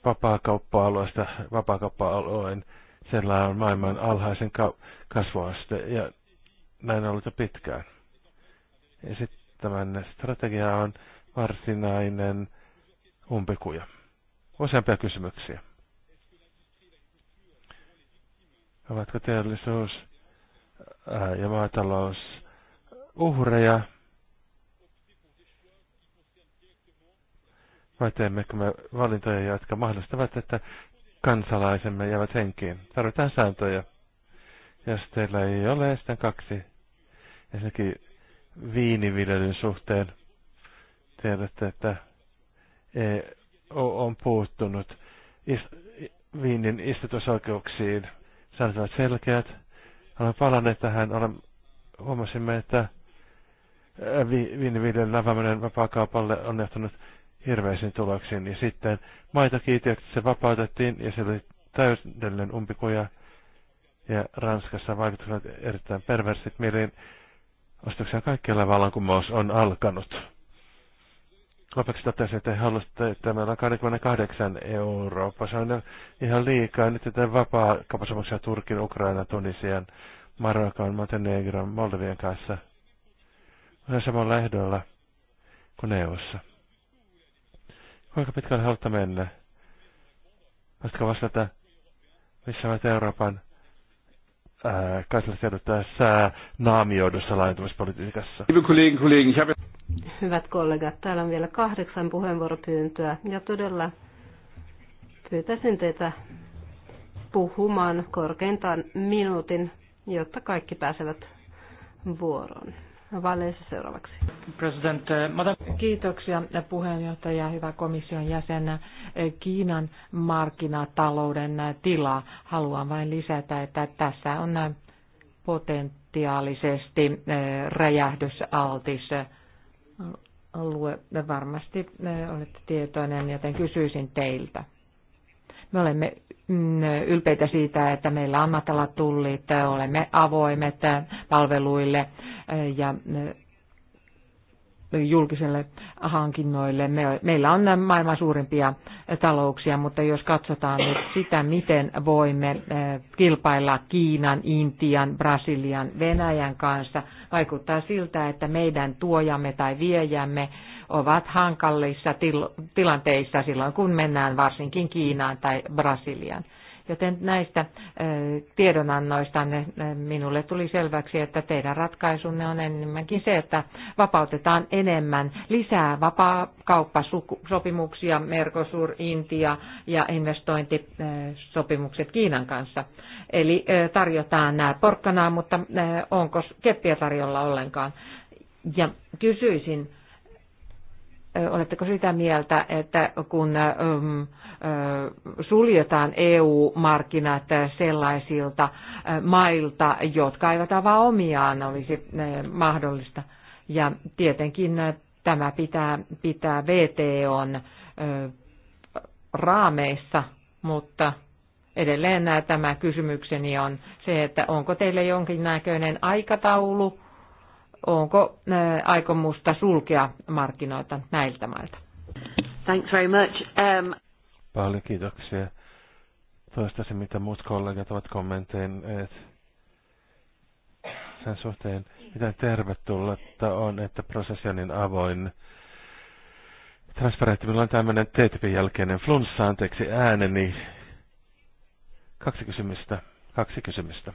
vapaakauppa-alueesta, vapaakauppa-alueen, siellä on maailman alhaisen ka- kasvuaste ja näin on ollut jo pitkään. Ja sitten tämän strategia on varsinainen umpikuja useampia kysymyksiä. Ovatko teollisuus ja maatalous uhreja? Vai teemmekö me valintoja, jotka mahdollistavat, että kansalaisemme jäävät henkiin? Tarvitaan sääntöjä. Jos teillä ei ole, sitten kaksi. Ensinnäkin viiniviljelyn suhteen tiedätte, että e- on puuttunut Viinin istutusoikeuksiin. Sanotaan ovat selkeät. Olen palannut tähän. Olen, huomasimme, että äh, viiniviljelyn avaaminen vapaakaupalle on johtanut hirveisiin tuloksiin. Ja sitten maitokiitiöksi se vapautettiin ja se oli täydellinen umpikuja. Ja Ranskassa vaikutukset erittäin perversit mieliin. Ostoksia kaikkialla vallankumous on alkanut. Lopuksi totesi, että halusitte, että meillä on 28 Eurooppa. Se on ihan liikaa. Nyt tätä vapaa kapasopuksia Turkin, Ukraina, Tunisian, Marokon, Montenegron, Moldovien kanssa. On samalla ehdolla kuin EUssa. Kuinka pitkään haluatte mennä? Voisitko vastata, missä olet Euroopan Äh, kansallisedut tässä naamioidussa laajentumispolitiikassa. Hyvät kollegat, täällä on vielä kahdeksan puheenvuoropyyntöä ja todella pyytäisin teitä puhumaan korkeintaan minuutin, jotta kaikki pääsevät vuoroon. Vaaleissa seuraavaksi. President, eh, madame. Kiitoksia puheenjohtaja, hyvä komission jäsen. Eh, Kiinan markkinatalouden tila. Haluan vain lisätä, että tässä on potentiaalisesti eh, räjähdysaltis alue. Varmasti olette tietoinen, joten kysyisin teiltä. Me olemme mm, ylpeitä siitä, että meillä on matalat tullit, olemme avoimet palveluille, ja julkiselle hankinnoille. Meillä on maailman suurimpia talouksia, mutta jos katsotaan nyt sitä, miten voimme kilpailla Kiinan, Intian, Brasilian, Venäjän kanssa, vaikuttaa siltä, että meidän tuojamme tai viejämme ovat hankalissa tilanteissa silloin, kun mennään varsinkin Kiinaan tai Brasiliaan. Joten näistä tiedonannoista minulle tuli selväksi, että teidän ratkaisunne on enemmänkin se, että vapautetaan enemmän lisää vapaa-kauppasopimuksia, Mercosur, Intia ja investointisopimukset Kiinan kanssa. Eli tarjotaan nämä porkkanaa, mutta onko keppiä tarjolla ollenkaan? Ja kysyisin, oletteko sitä mieltä, että kun suljetaan EU-markkinat sellaisilta mailta, jotka eivät avaa omiaan, olisi mahdollista. Ja tietenkin tämä pitää, pitää VTOn raameissa, mutta edelleen tämä kysymykseni on se, että onko teille jonkinnäköinen aikataulu, onko aikomusta sulkea markkinoita näiltä mailta? Thanks very much. Um... Paljon kiitoksia. se mitä muut kollegat ovat kommentoineet sen suhteen, miten tervetullutta on, että prosessi on niin avoin. Transparentti, minulla on tämmöinen ttp jälkeinen flunssa, anteeksi ääneni. Kaksi kysymystä, kaksi kysymystä.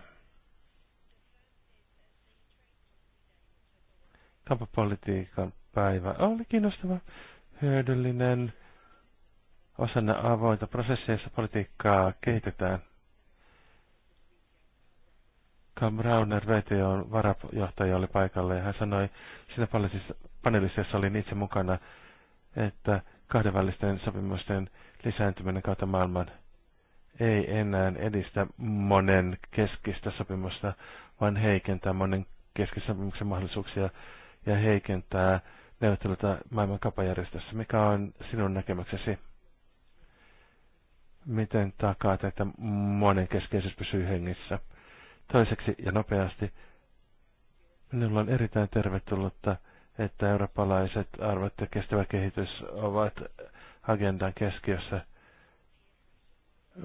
Kampapolitiikan päivä oli kiinnostava, hyödyllinen osana avointa prosessia, jossa politiikkaa kehitetään. Cam Rauner, VTOn varajohtaja, oli paikalla ja hän sanoi siinä paneelissa, jossa olin itse mukana, että kahdenvälisten sopimusten lisääntyminen kautta maailman ei enää edistä monen keskistä sopimusta, vaan heikentää monen keskisen sopimuksen mahdollisuuksia ja heikentää neuvotteluita maailman kapajärjestössä. Mikä on sinun näkemyksesi? miten takaat, että monenkeskeisyys pysyy hengissä. Toiseksi ja nopeasti, minulla on erittäin tervetullutta, että eurooppalaiset arvot ja kestävä kehitys ovat agendan keskiössä.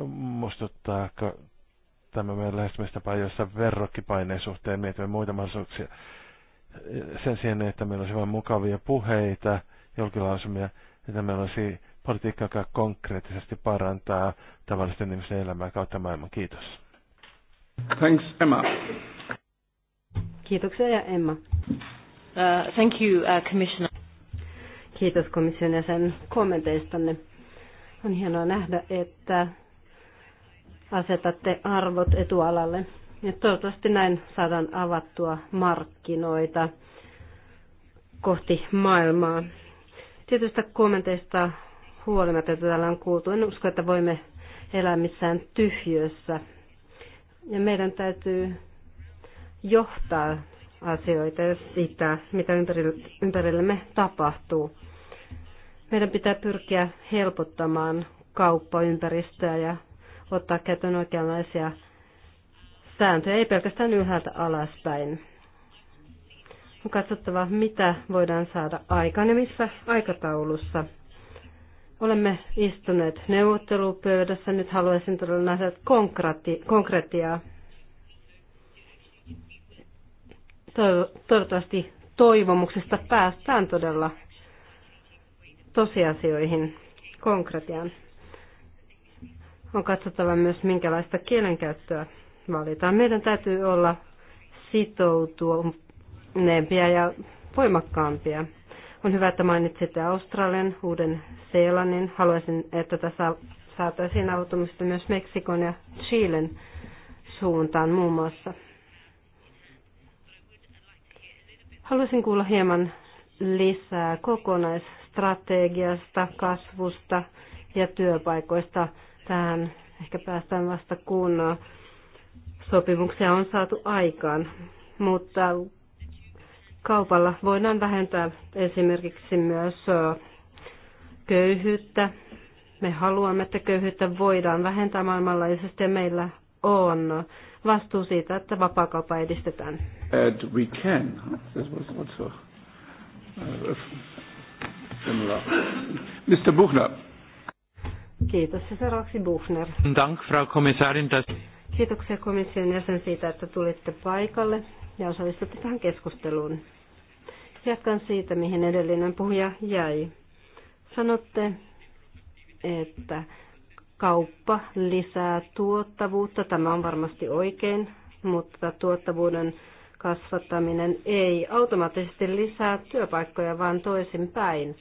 Muistuttaako tämä meidän lähestymistapa, jossa verrokkipaineen suhteen mietimme muita mahdollisuuksia sen sijaan, että meillä olisi vain mukavia puheita, julkilausumia, että meillä olisi politiikkaa, joka konkreettisesti parantaa tavallisten ihmisten elämää kautta maailman. Kiitos. Thanks, Emma. Kiitoksia ja Emma. Uh, thank you, uh, Commissioner. Kiitos komission jäsen kommenteistanne. On hienoa nähdä, että asetatte arvot etualalle. Ja toivottavasti näin saadaan avattua markkinoita kohti maailmaa. Tietystä kommenteista huolimatta, että täällä on kuultu. En usko, että voimme elää missään tyhjössä. Ja meidän täytyy johtaa asioita ja sitä, mitä ympärillemme tapahtuu. Meidän pitää pyrkiä helpottamaan kauppaympäristöä ja ottaa käyttöön oikeanlaisia sääntöjä, ei pelkästään ylhäältä alaspäin. On katsottava, mitä voidaan saada aikaan ja missä aikataulussa – Olemme istuneet neuvottelupöydässä. Nyt haluaisin todella nähdä konkretiaa. Toivottavasti toivomuksesta päästään todella tosiasioihin, konkretiaan. On katsottava myös, minkälaista kielenkäyttöä valitaan. Meidän täytyy olla sitoutuneempia ja voimakkaampia. On hyvä, että mainitsitte Australian, Uuden Seelannin. Haluaisin, että tässä saataisiin avautumista myös Meksikon ja Chilen suuntaan muun muassa. Haluaisin kuulla hieman lisää kokonaisstrategiasta, kasvusta ja työpaikoista. Tähän ehkä päästään vasta kun sopimuksia on saatu aikaan. Mutta Kaupalla voidaan vähentää esimerkiksi myös köyhyyttä. Me haluamme, että köyhyyttä voidaan vähentää maailmanlaajuisesti ja meillä on vastuu siitä, että vapaakauppa edistetään. And we can. This was also uh, similar. Mr. Buchner. Kiitos. Ja seuraavaksi Buchner. Dank, Frau Kommissarin. Kiitoksia komission jäsen siitä, että tulitte paikalle ja osallistutte tähän keskusteluun. Jatkan siitä, mihin edellinen puhuja jäi. Sanotte, että kauppa lisää tuottavuutta. Tämä on varmasti oikein, mutta tuottavuuden kasvattaminen ei automaattisesti lisää työpaikkoja, vaan toisinpäin.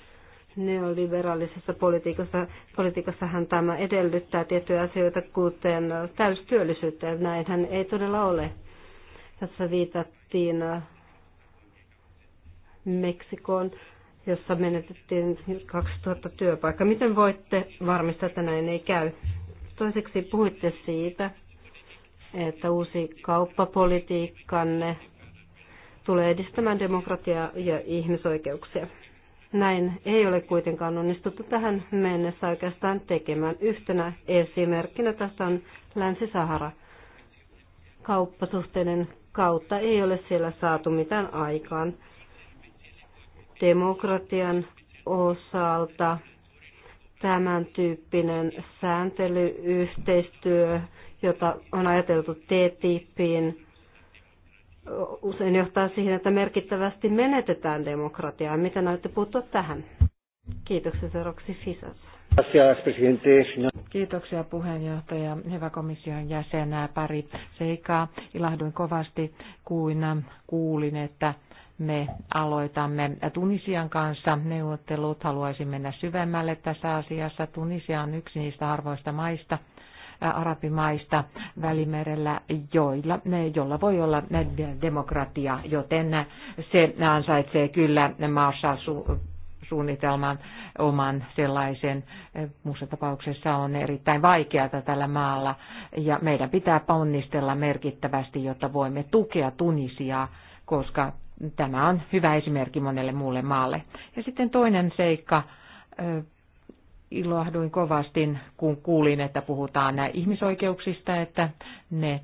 Neoliberaalisessa politiikassa, politiikassahan tämä edellyttää tiettyjä asioita, kuten täystyöllisyyttä, ja näinhän ei todella ole. Tässä viitattiin äh, Meksikoon, jossa menetettiin 2000 työpaikkaa. Miten voitte varmistaa, että näin ei käy? Toiseksi puhuitte siitä, että uusi kauppapolitiikkanne tulee edistämään demokratiaa ja ihmisoikeuksia. Näin ei ole kuitenkaan onnistuttu tähän mennessä oikeastaan tekemään. Yhtenä esimerkkinä tästä on Länsi-Sahara. Kauppasuhteiden kautta ei ole siellä saatu mitään aikaan. Demokratian osalta tämän tyyppinen sääntelyyhteistyö, jota on ajateltu TTIPin, usein johtaa siihen, että merkittävästi menetetään demokratiaa. Miten näytte puuttua tähän? Kiitoksia seuraavaksi Fisas. Kiitoksia puheenjohtaja, hyvä komission jäsen, pari seikkaa. Ilahduin kovasti, kuin kuulin, että me aloitamme Tunisian kanssa neuvottelut. Haluaisin mennä syvemmälle tässä asiassa. Tunisia on yksi niistä harvoista maista, arabimaista välimerellä, joilla, jolla voi olla demokratia, joten se ansaitsee kyllä maassa suunnitelman oman sellaisen. Muussa tapauksessa on erittäin vaikeaa tällä maalla ja meidän pitää ponnistella merkittävästi, jotta voimme tukea Tunisiaa, koska tämä on hyvä esimerkki monelle muulle maalle. Ja sitten toinen seikka, Ilohduin kovasti, kun kuulin, että puhutaan ihmisoikeuksista, että ne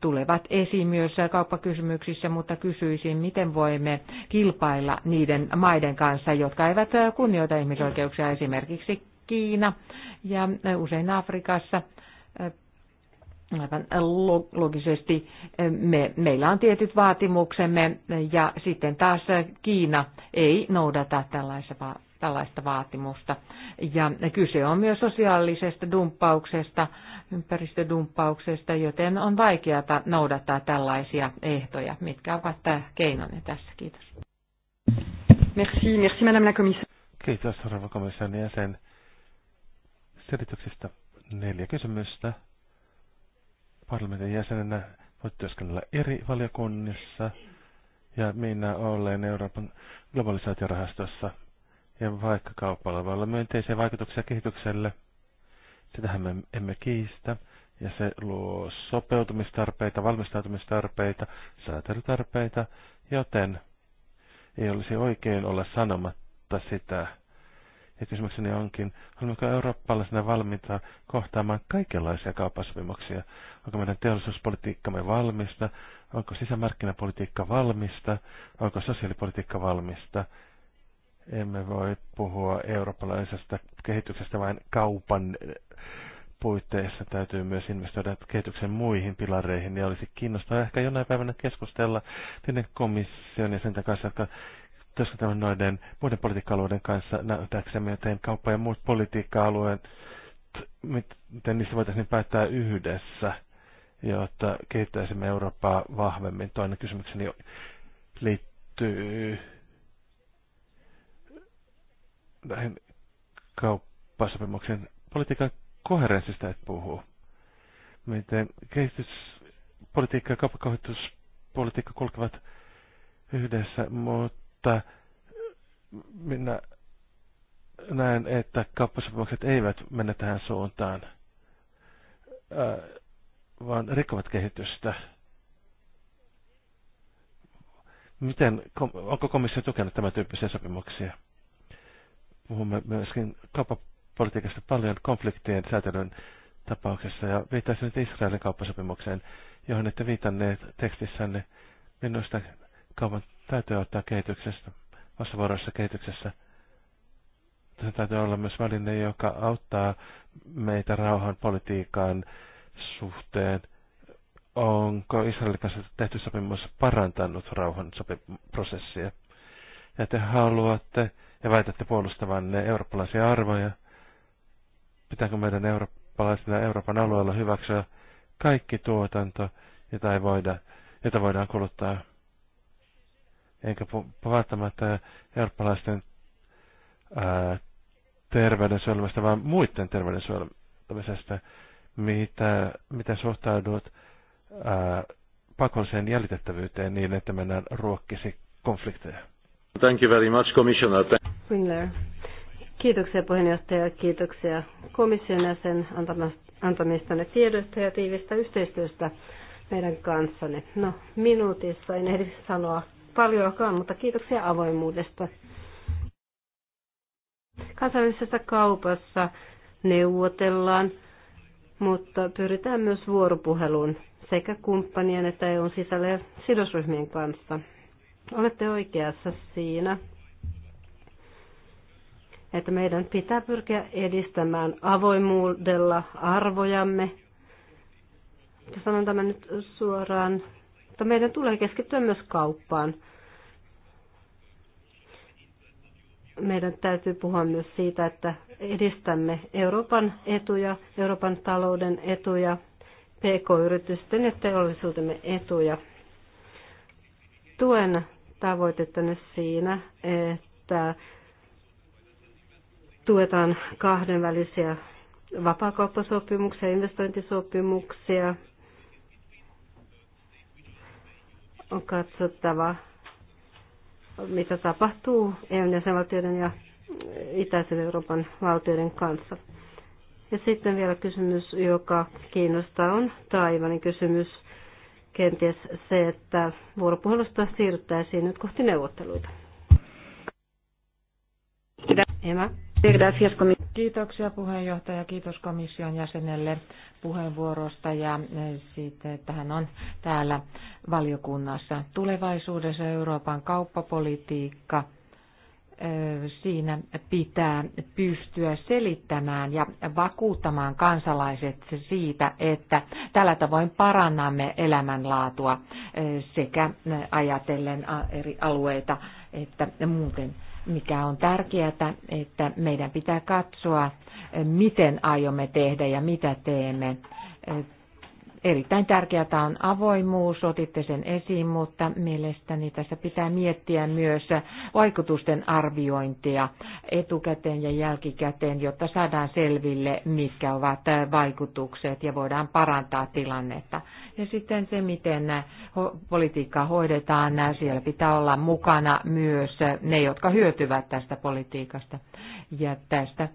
tulevat esiin myös kauppakysymyksissä, mutta kysyisin, miten voimme kilpailla niiden maiden kanssa, jotka eivät kunnioita ihmisoikeuksia, esimerkiksi Kiina ja usein Afrikassa. Aivan logisesti me, meillä on tietyt vaatimuksemme ja sitten taas Kiina ei noudata tällaisia tällaista vaatimusta. Ja kyse on myös sosiaalisesta dumppauksesta, ympäristödumppauksesta, joten on vaikeata noudattaa tällaisia ehtoja, mitkä ovat keinonne tässä. Kiitos. Merci, merci madame la commissaire. Kiitos rouva komission jäsen selityksestä. Neljä kysymystä. Parlamentin jäsenenä voit työskennellä eri valiokunnissa ja minä olen Euroopan globalisaatiorahastossa ja vaikka kauppalla voi olla myönteisiä vaikutuksia kehitykselle, sitähän me emme kiistä, ja se luo sopeutumistarpeita, valmistautumistarpeita, säätelytarpeita, joten ei olisi oikein olla sanomatta sitä. Ja kysymykseni onkin, olemmeko eurooppalaisena valmiita kohtaamaan kaikenlaisia kauppasopimuksia? Onko meidän teollisuuspolitiikkamme valmista? Onko sisämarkkinapolitiikka valmista? Onko sosiaalipolitiikka valmista? Emme voi puhua eurooppalaisesta kehityksestä vain kaupan puitteissa. Täytyy myös investoida kehityksen muihin pilareihin. Ja olisi kiinnostavaa ehkä jonain päivänä keskustella tietenkin komission ja sen kanssa, jotka työskentelevät noiden muiden politiikka-alueiden kanssa näyttääksemme, miten kauppa ja muut politiikka-alueet, miten niistä voitaisiin päättää yhdessä jotta kehittäisimme Eurooppaa vahvemmin. Toinen kysymykseni liittyy näihin kauppasopimuksen politiikan koherenssista et puhuu. Miten kehityspolitiikka ja kauppakohituspolitiikka kulkevat yhdessä, mutta minä näen, että kauppasopimukset eivät mene tähän suuntaan, äh, vaan rikkovat kehitystä. Miten, onko komissio tukenut tämän tyyppisiä sopimuksia? Puhumme myöskin kauppapolitiikasta paljon konfliktien säätelyn tapauksessa ja viittaisin nyt Israelin kauppasopimukseen, johon ette viitanneet tekstissänne. Minusta kaupan täytyy ottaa kehityksestä, vastavuoroisessa kehityksessä. Se täytyy olla myös väline, joka auttaa meitä rauhan politiikan suhteen. Onko Israelin kanssa tehty sopimus parantanut rauhan sopiprosessia? Ja te haluatte ja väitätte puolustavanne eurooppalaisia arvoja. Pitääkö meidän eurooppalaisina Euroopan alueella hyväksyä kaikki tuotanto, jota, ei voida, jota voidaan kuluttaa? Enkä välttämättä eurooppalaisten terveyden terveydensuojelmasta, vaan muiden terveydensuojelmisesta, mitä, mitä suhtaudut ää, pakolliseen jäljitettävyyteen niin, että mennään ruokkisi konflikteja. Thank you very much, Commissioner. Wingler. Kiitoksia puheenjohtaja, kiitoksia komission ja sen antamistanne tiedosta ja tiivistä yhteistyöstä meidän kanssanne. No, minuutissa en ehdi sanoa paljonkaan, mutta kiitoksia avoimuudesta. Kansainvälisessä kaupassa neuvotellaan, mutta pyritään myös vuoropuheluun sekä kumppanien että EUn sisällä ja sidosryhmien kanssa. Olette oikeassa siinä, että meidän pitää pyrkiä edistämään avoimuudella arvojamme. Sanon tämän nyt suoraan, että meidän tulee keskittyä myös kauppaan. Meidän täytyy puhua myös siitä, että edistämme Euroopan etuja, Euroopan talouden etuja, PK-yritysten ja teollisuutemme etuja. Tuen tavoitettanne siinä, että tuetaan kahdenvälisiä vapaakauppasopimuksia, investointisopimuksia. On katsottava, mitä tapahtuu EU- jäsenvaltioiden ja itäisen Euroopan valtioiden kanssa. Ja sitten vielä kysymys, joka kiinnostaa, on Taivanin kysymys kenties se, että vuoropuhelusta siirryttäisiin nyt kohti neuvotteluita. Kiitoksia puheenjohtaja, kiitos komission jäsenelle puheenvuorosta ja eh, siitä, että hän on täällä valiokunnassa. Tulevaisuudessa Euroopan kauppapolitiikka siinä pitää pystyä selittämään ja vakuuttamaan kansalaiset siitä, että tällä tavoin parannamme elämänlaatua sekä ajatellen eri alueita että muuten. Mikä on tärkeää, että meidän pitää katsoa, miten aiomme tehdä ja mitä teemme Erittäin tärkeää on avoimuus, otitte sen esiin, mutta mielestäni tässä pitää miettiä myös vaikutusten arviointia etukäteen ja jälkikäteen, jotta saadaan selville, mitkä ovat vaikutukset ja voidaan parantaa tilannetta. Ja sitten se, miten politiikkaa hoidetaan, siellä pitää olla mukana myös ne, jotka hyötyvät tästä politiikasta ja tästä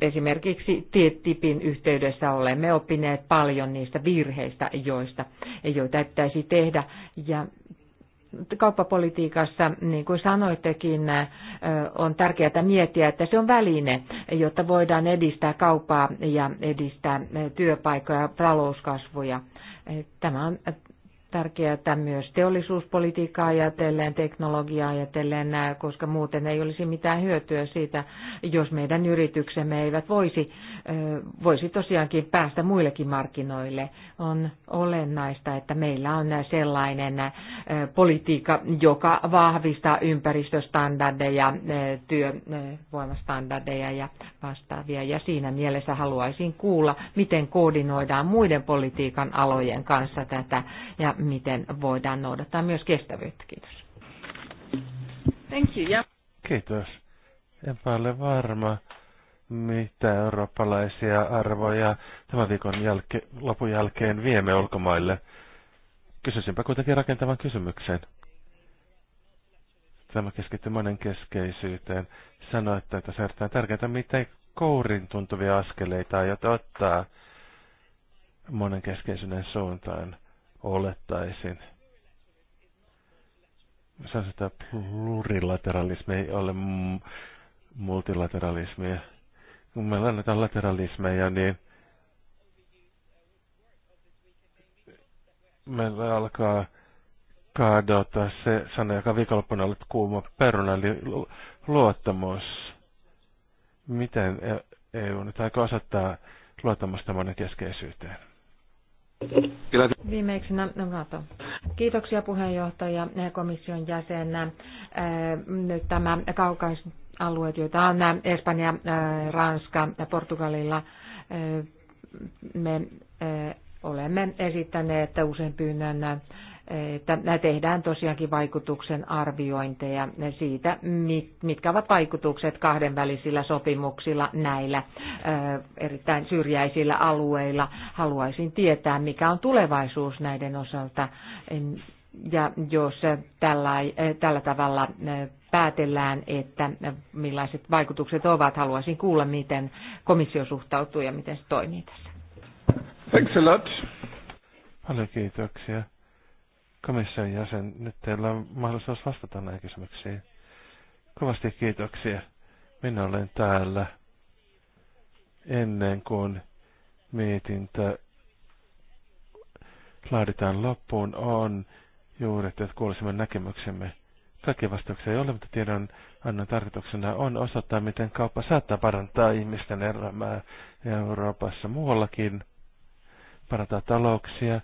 esimerkiksi TTIPin yhteydessä olemme oppineet paljon niistä virheistä, joista, joita pitäisi tehdä. Ja kauppapolitiikassa, niin kuin sanoittekin, on tärkeää miettiä, että se on väline, jotta voidaan edistää kauppaa ja edistää työpaikkoja ja talouskasvuja. Tämä on tärkeää myös teollisuuspolitiikkaa ajatellen, teknologiaa ajatellen, äh, koska muuten ei olisi mitään hyötyä siitä, jos meidän yrityksemme eivät voisi voisi tosiaankin päästä muillekin markkinoille. On olennaista, että meillä on sellainen politiikka, joka vahvistaa ympäristöstandardeja, työvoimastandardeja ja vastaavia. Ja siinä mielessä haluaisin kuulla, miten koordinoidaan muiden politiikan alojen kanssa tätä ja miten voidaan noudattaa myös kestävyyttä. Kiitos. Thank you. Yeah. Kiitos. Enpä ole varma, mitä eurooppalaisia arvoja tämän viikon jälke, lopun jälkeen viemme ulkomaille. Kysyisinpä kuitenkin rakentavan kysymyksen. Tämä keskittyy monen keskeisyyteen. Sanoitte, että säädetään tärkeintä, miten kourin tuntuvia askeleita aiot ottaa monen keskeisyyden suuntaan, olettaisin. Sanoisin, että plurilateralismi ei ole multilateralismia kun meillä annetaan lateralismeja, niin meillä alkaa kadota se sana, joka viikonloppuna oli kuuma peruna, eli luottamus. Miten EU e nyt aikoo osoittaa luottamusta monen keskeisyyteen? Viimeiksi NATO. Kiitoksia puheenjohtaja komission jäsenä. Nyt tämä kaukaisen alueet, joita on Espanja, Ranska ja Portugalilla. Me olemme esittäneet usein pyynnön, että tehdään tosiaankin vaikutuksen arviointeja siitä, mitkä ovat vaikutukset kahdenvälisillä sopimuksilla näillä erittäin syrjäisillä alueilla. Haluaisin tietää, mikä on tulevaisuus näiden osalta. Ja jos tällä, tällä tavalla päätellään, että millaiset vaikutukset ovat. Haluaisin kuulla, miten komissio suhtautuu ja miten se toimii tässä. Thanks a lot. Paljon kiitoksia. Komission jäsen, nyt teillä on mahdollisuus vastata näihin kysymyksiin. Kovasti kiitoksia. Minä olen täällä ennen kuin mietintä laaditaan loppuun on juuri, että kuulisimme näkemyksemme Kaikkia vastauksia ei ole, mutta tiedon annan tarkoituksena on osoittaa, miten kauppa saattaa parantaa ihmisten elämää Euroopassa muuallakin, parantaa talouksia,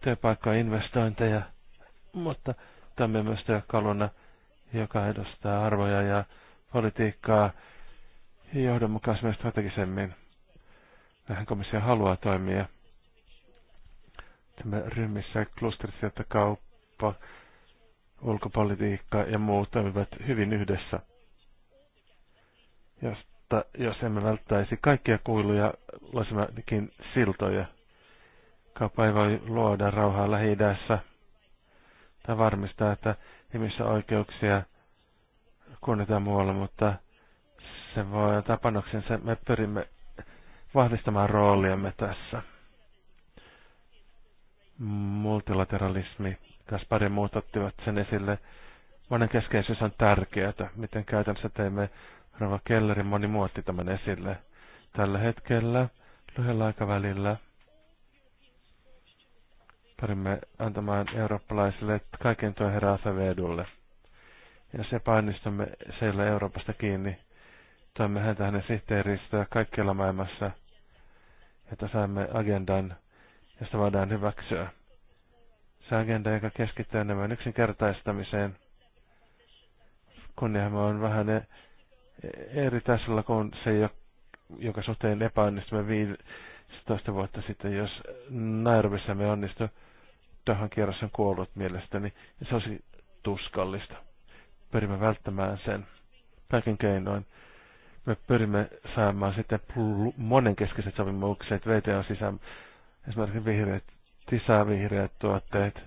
työpaikkoja, investointeja, mutta tämä myös työkaluna, joka edustaa arvoja ja politiikkaa johdonmukaisemmin strategisemmin. Tähän komissio haluaa toimia. Tämä ryhmissä klusterissa, että kauppa ulkopolitiikka ja muut toimivat hyvin yhdessä. Josta, jos emme välttäisi kaikkia kuiluja, loisimmekin siltoja. Kauppa ei voi luoda rauhaa lähi tai varmistaa, että ihmisen oikeuksia kunnioitetaan muualla, mutta se voi antaa panoksensa. Me pyrimme vahvistamaan rooliamme tässä. Multilateralismi Kaspar ja muut ottivat sen esille. Monen keskeisyys on tärkeää, miten käytännössä teimme Rova Kellerin moni muotti tämän esille. Tällä hetkellä, lyhyellä aikavälillä, pyrimme antamaan eurooppalaisille kaiken tuo herra Asavedulle. Ja se painistamme seillä Euroopasta kiinni. Toimme häntä hänen sihteeristöä kaikkialla maailmassa, että saamme agendan, josta voidaan hyväksyä se agenda, joka keskittyy enemmän yksinkertaistamiseen. Kunnianhimo on vähän e- eri tasolla kuin se, joka suhteen epäonnistui 15 vuotta sitten, jos Nairobissa me onnistui Tähän kierros on kuollut mielestäni, niin se olisi tuskallista. Pyrimme välttämään sen kaiken keinoin. Me pyrimme saamaan sitten monenkeskiset sopimukset VTO sisään, esimerkiksi vihreät tisaa tuotteet,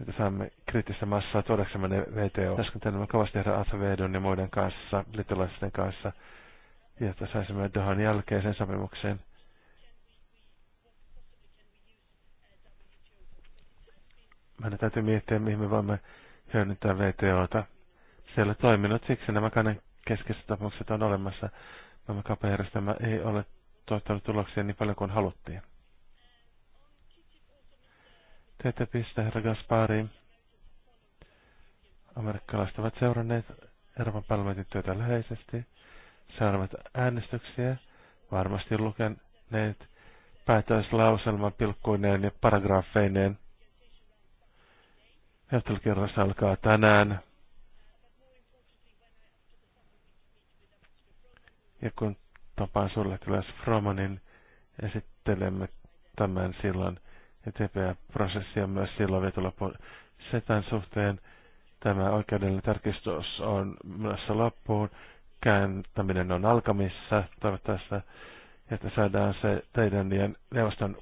joita saamme kriittistä massaa tuodaksemme ne VTO. Täskentelemme kovasti herra Acevedon ja muiden kanssa, liittolaisten kanssa, jotta saisimme Dohan jälkeisen sopimukseen. Meidän täytyy miettiä, mihin me voimme hyödyntää VTOta. Se ei ole toiminut, siksi nämä kannan keskeiset sopimukset on olemassa. Maailman kapajärjestelmä ei ole tuottanut tuloksia niin paljon kuin haluttiin. TTIPistä, herra Gaspari. Amerikkalaiset ovat seuranneet Euroopan parlamentin työtä läheisesti, seuraavat äänestyksiä, varmasti lukeneet päätöslauselman pilkkuineen ja paragrafeineen. Neuvottelukierros alkaa tänään. Ja kun tapaan sulle Fromanin, esittelemme tämän silloin ja TPA-prosessi on myös silloin vetolla setän suhteen. Tämä oikeudellinen tarkistus on menossa loppuun. Kääntäminen on alkamissa. Toivottavasti, että saadaan se teidän ja neuvoston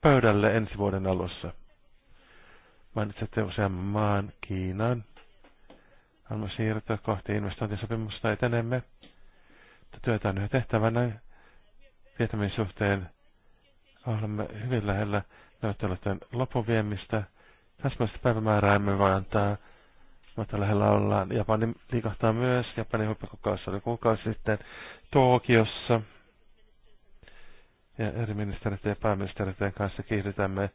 pöydälle ensi vuoden alussa. Mainitsette useamman maan, Kiinan. Haluamme siirtyä kohti investointisopimusta etenemme. Työtä on yhä tehtävänä Vietnamin suhteen olemme hyvin lähellä neuvotteluiden lopun viemistä. Täsmäistä päivämäärää emme voi antaa, mutta lähellä ollaan. Japani liikahtaa myös. Japanin huippukokous oli kuukausi sitten Tokiossa. Ja eri ministeriöiden ja pääministeriöiden kanssa kiihdytämme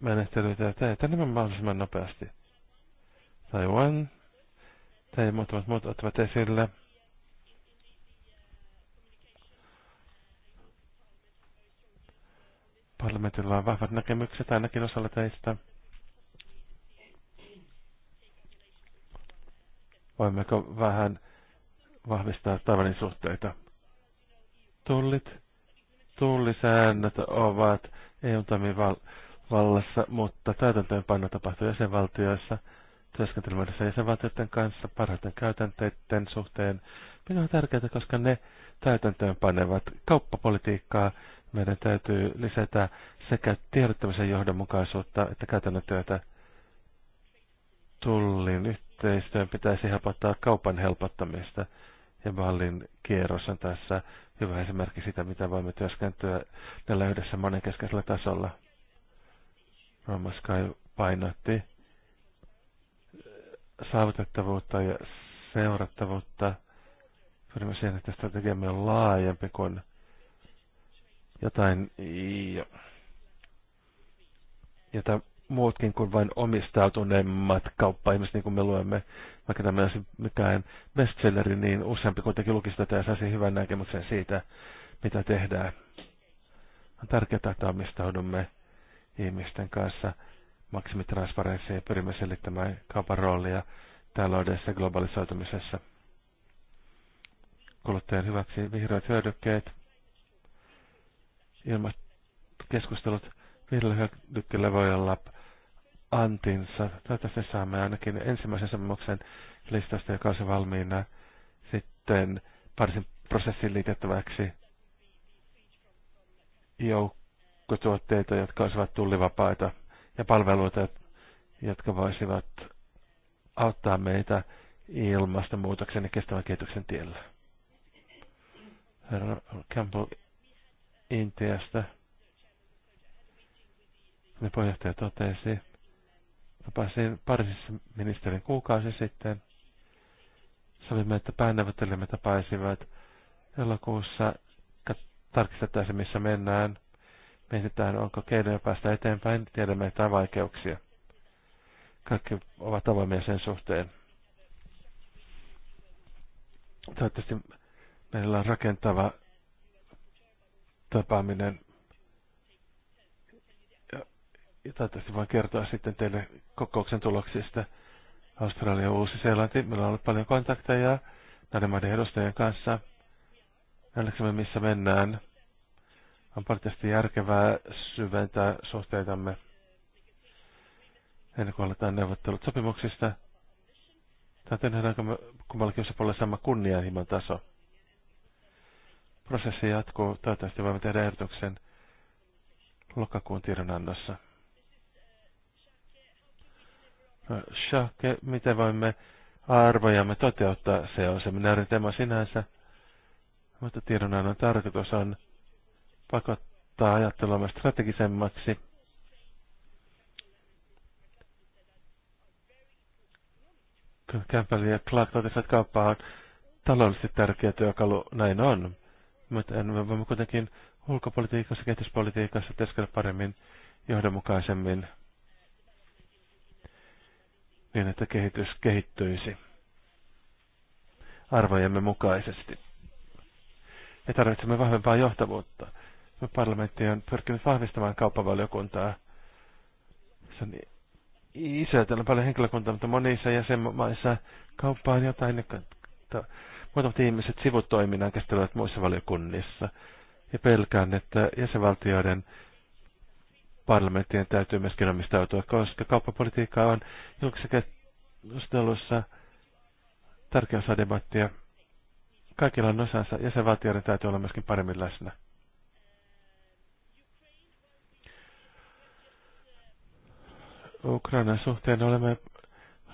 menettelyitä ja teetämme mahdollisimman nopeasti. Taiwan, tai muutamat muut ottavat esille. Parlamentilla on vahvat näkemykset ainakin osalla teistä. Voimmeko vähän vahvistaa Taiwanin suhteita? Tullit, tullisäännöt ovat EU-toimin vallassa, mutta täytäntöönpano tapahtuu jäsenvaltioissa työskentelemässä jäsenvaltioiden kanssa parhaiten käytänteiden suhteen. Minä on tärkeää, koska ne täytäntöönpanevat kauppapolitiikkaa, meidän täytyy lisätä sekä tiedottamisen johdonmukaisuutta että käytännön työtä. Tullin yhteistyön pitäisi helpottaa kaupan helpottamista. Ja mallin kierros on tässä hyvä esimerkki sitä, mitä voimme työskentyä tällä yhdessä monenkeskeisellä tasolla. Romaskai painotti saavutettavuutta ja seurattavuutta. Pyrimme siihen, että strategiamme on laajempi kuin jotain, jota muutkin kuin vain omistautuneemmat kauppaihmiset, niin kuin me luemme, vaikka tämä olisi mikään bestselleri, niin useampi kuitenkin lukisi tätä ja saisi hyvän näkemyksen siitä, mitä tehdään. On tärkeää, että omistaudumme ihmisten kanssa maksimitransparenssiin ja pyrimme selittämään kaupan roolia taloudessa globalisoitumisessa. Kuluttajan hyväksi vihreät hyödykkeet – ilmakeskustelut viidellä hyödykkeellä voi olla antinsa. Toivottavasti saamme ainakin ensimmäisen sopimuksen listasta, joka on se valmiina sitten parisin prosessiin liitettäväksi joukkotuotteita, jotka olisivat tullivapaita ja palveluita, jotka voisivat auttaa meitä ilmastonmuutoksen ja kestävän kehityksen tiellä. Herra Campbell Intiasta. Ne puheenjohtaja totesi. Tapasin Pariisissa ministerin kuukausi sitten. Sovimme, että pääneuvottelijamme tapaisivat elokuussa. se, missä mennään. Mietitään, onko keinoja päästä eteenpäin. Tiedämme, että on vaikeuksia. Kaikki ovat avoimia sen suhteen. Toivottavasti meillä on rakentava tapaaminen. Ja, ja toivottavasti voin kertoa sitten teille kokouksen tuloksista. Australia ja Uusi-Seelanti. Meillä on ollut paljon kontakteja näiden maiden edustajien kanssa. Nähdäksemme, missä mennään. On paljon järkevää syventää suhteitamme ennen kuin aletaan neuvottelut sopimuksista. Tai tehdään kummallakin osapuolella sama kunnianhimon taso prosessi jatkuu. Toivottavasti voimme tehdä ehdotuksen lokakuun tiedonannossa. Shake, miten voimme arvojamme toteuttaa, se on seminaarin tema sinänsä. Mutta tiedonannon tarkoitus on pakottaa ajattelumme strategisemmaksi. Campbell ja Clark totesivat on taloudellisesti tärkeä työkalu, näin on. Mutta me voimme kuitenkin ulkopolitiikassa kehityspolitiikassa teskellä paremmin johdonmukaisemmin niin, että kehitys kehittyisi arvojemme mukaisesti. Ja tarvitsemme vahvempaa johtavuutta. Me parlamentti on pyrkinyt vahvistamaan kauppavaliokuntaa. Se on iso, täällä on paljon henkilökuntaa, mutta monissa jäsenmaissa kauppa on jotain, joka niin muutamat ihmiset sivutoiminnan käsittelevät muissa valiokunnissa. Ja pelkään, että jäsenvaltioiden parlamenttien täytyy myöskin omistautua, koska kauppapolitiikka on julkisessa keskustelussa tärkeä osa debattia. Kaikilla on osansa, jäsenvaltioiden täytyy olla myöskin paremmin läsnä. Ukrainan suhteen olemme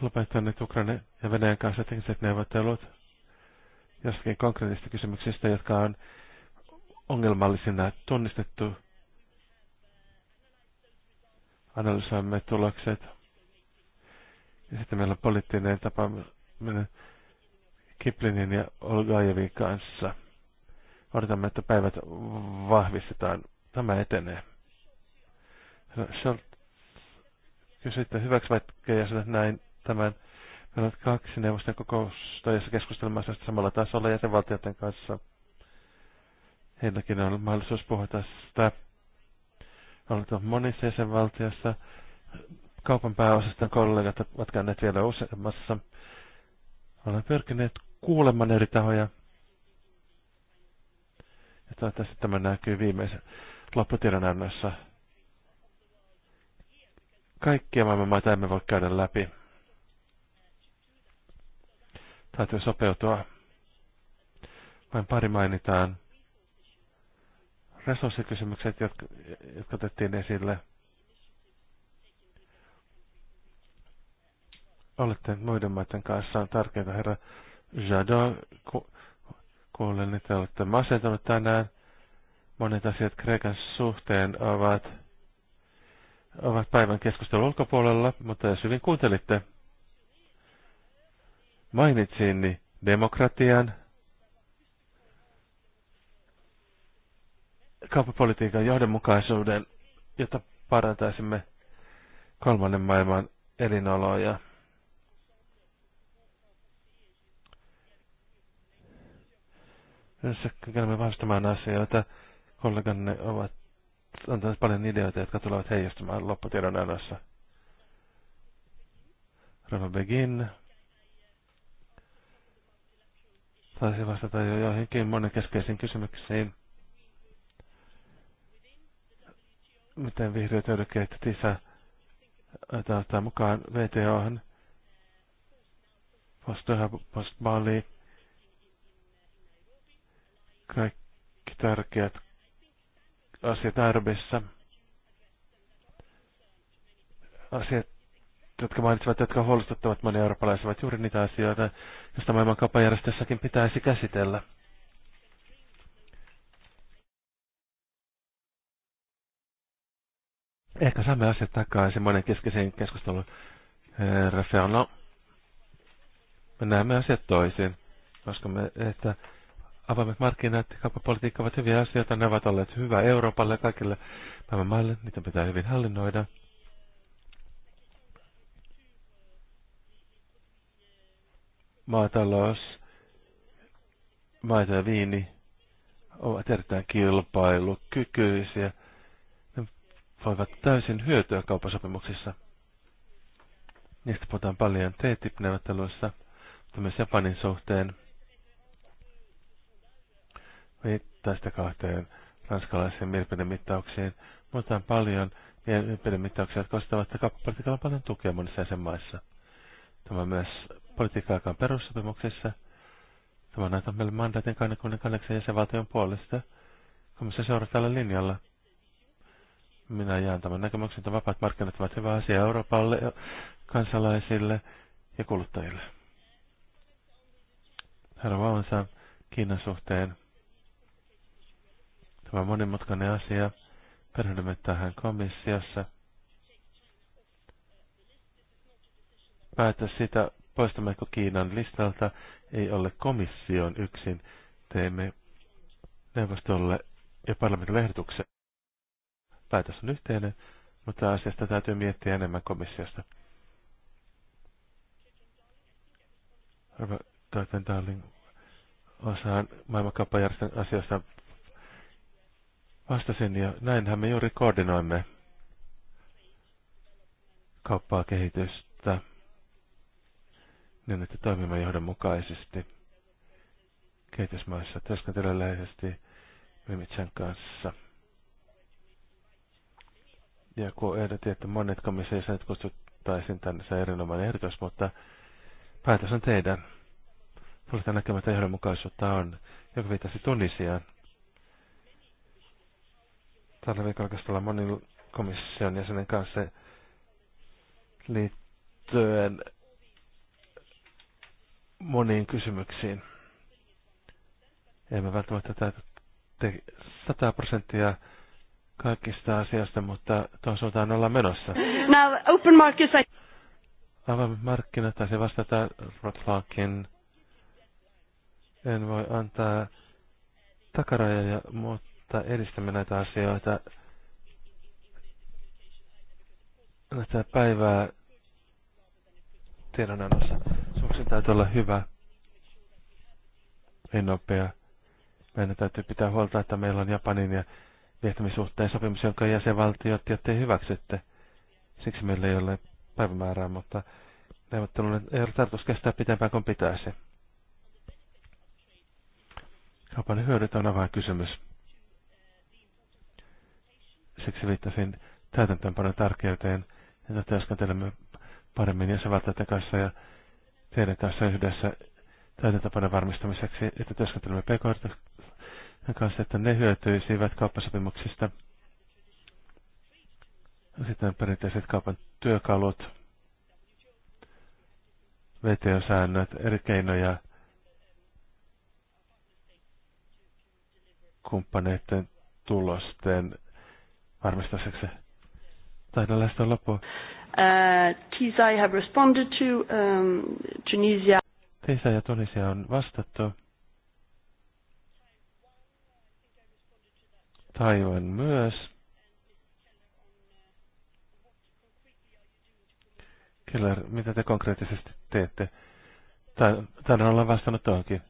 lopettaneet Ukraina ja Venäjän kanssa tekniset neuvottelut jostakin konkreettisista kysymyksistä, jotka on ongelmallisina tunnistettu. Analysoimme tulokset. Ja sitten meillä on poliittinen tapaaminen Kiplinin ja Olgaajevin kanssa. Odotamme, että päivät vahvistetaan. Tämä etenee. Schultz, kysytte, hyväksyvätkö jäsenet näin tämän Meillä kaksi neuvoston kokousta, jossa keskustelemme asiasta samalla tasolla jäsenvaltioiden kanssa. Heilläkin on mahdollisuus puhua tästä. Ollut monissa jäsenvaltiossa. Kaupan pääosaston kollegat ovat käyneet vielä useammassa. Olen pyrkineet kuulemaan eri tahoja. Ja toivottavasti tämä näkyy viimeisen annossa. Kaikkia maailman maita emme voi käydä läpi täytyy sopeutua. Vain pari mainitaan. Resurssikysymykset, jotka, jotka otettiin esille. Olette muiden maiden kanssa on tärkeää, herra Jadot, ku, kuulen, että olette masentunut tänään. Monet asiat Kreikan suhteen ovat, ovat päivän keskustelun ulkopuolella, mutta jos hyvin kuuntelitte, mainitsin niin demokratian, kauppapolitiikan johdonmukaisuuden, jotta parantaisimme kolmannen maailman elinoloja. Yhdessä kykenemme vastaamaan asioita. Kolleganne ovat antaneet paljon ideoita, jotka tulevat heijastumaan lopputiedon älyssä. Rava Begin. Taisi vastata jo joihinkin keskeisiin kysymyksiin. Miten vihreät yrittäjät TISA ottaa mukaan VTOhan? Postbali. Kaikki tärkeät asiat Arbissa. Asiat jotka mainitsivat, jotka huolestuttavat monia eurooppalaisia, ovat juuri niitä asioita, joista maailman kauppajärjestössäkin pitäisi käsitellä. Ehkä saamme asiat takaisin monen keskeisen keskustelun. Rafaela, me näemme asiat toisin. Koska me, että avoimet markkinat ja kauppapolitiikka ovat hyviä asioita, ne ovat olleet hyvä Euroopalle ja kaikille maailman maille, niitä pitää hyvin hallinnoida – maatalous, maito ja viini ovat erittäin kilpailukykyisiä. Ne voivat täysin hyötyä kauppasopimuksissa. Niistä puhutaan paljon TTIP-neuvotteluissa, mutta myös Japanin suhteen. tästä kahteen ranskalaisiin mielipidemittauksiin. Mutta paljon mielipidemittauksia, jotka ostavat kauppapolitiikalla paljon tukea monissa jäsenmaissa. Tämä myös politiikkaakaan perussopimuksessa. Tämä on antanut meille mandaatin 28 jäsenvaltion puolesta. Komissio seuraa tällä linjalla. Minä jaan tämän näkemyksen, että vapaat markkinat ovat hyvä asia Euroopalle, kansalaisille ja kuluttajille. Herra Vaunsa Kiinan suhteen. Tämä on monimutkainen asia. Perhdymme tähän komissiossa. Päätös sitä, Poistammeko Kiinan listalta? Ei ole komission yksin. Teemme neuvostolle ja parlamentille ehdotuksen. Päätös on yhteinen, mutta asiasta täytyy miettiä enemmän komissiosta. Arva Taiten Darling osaan maailmankauppajärjestön asioista vastasin, ja näinhän me juuri koordinoimme kauppaa kehitystä niin että toimimme johdonmukaisesti kehitysmaissa työskentelen läheisesti Mimitsen kanssa. Ja kun ehdotin, että monet komission jäsenet kutsuttaisiin tänne, se erinomainen ehdotus, mutta päätös on teidän. Tulette näkemään, että johdonmukaisuutta on, joka viittasi Tunisiaan. Tällä viikolla keskustellaan monin komission jäsenen kanssa liittyen moniin kysymyksiin. Emme välttämättä täytä 100 prosenttia kaikista asioista, mutta tuon suuntaan ollaan menossa. Now, open markets, I... Avaimet markkinat vastata Rotlaakin. En voi antaa takarajoja, mutta edistämme näitä asioita. Näitä päivää tiedonannossa täytyy olla hyvä ja nopea. Meidän täytyy pitää huolta, että meillä on Japanin ja viettämisuhteen sopimus, jonka jäsenvaltiot ja te hyväksytte. Siksi meillä ei ole päivämäärää, mutta neuvottelun ei ole tarkoitus kestää pitempään kuin pitäisi. Kaupan hyödyt on kysymys, Siksi viittasin täytäntöönpanon tärkeyteen, että työskentelemme paremmin jäsenvaltioiden kanssa ja teidän kanssa yhdessä täytäntöpanon varmistamiseksi, että työskentelemme pk kanssa, että ne hyötyisivät kauppasopimuksista. Sitten perinteiset kaupan työkalut, VTO-säännöt, eri keinoja kumppaneiden tulosten varmistamiseksi. Taidan lähestyä loppuun. Uh, have responded to. Um, Tunisia. ja Tunisia on vastattu. Taiwan myös. Kyllä, mitä te konkreettisesti teette? Taidan olla vastannut tuohonkin.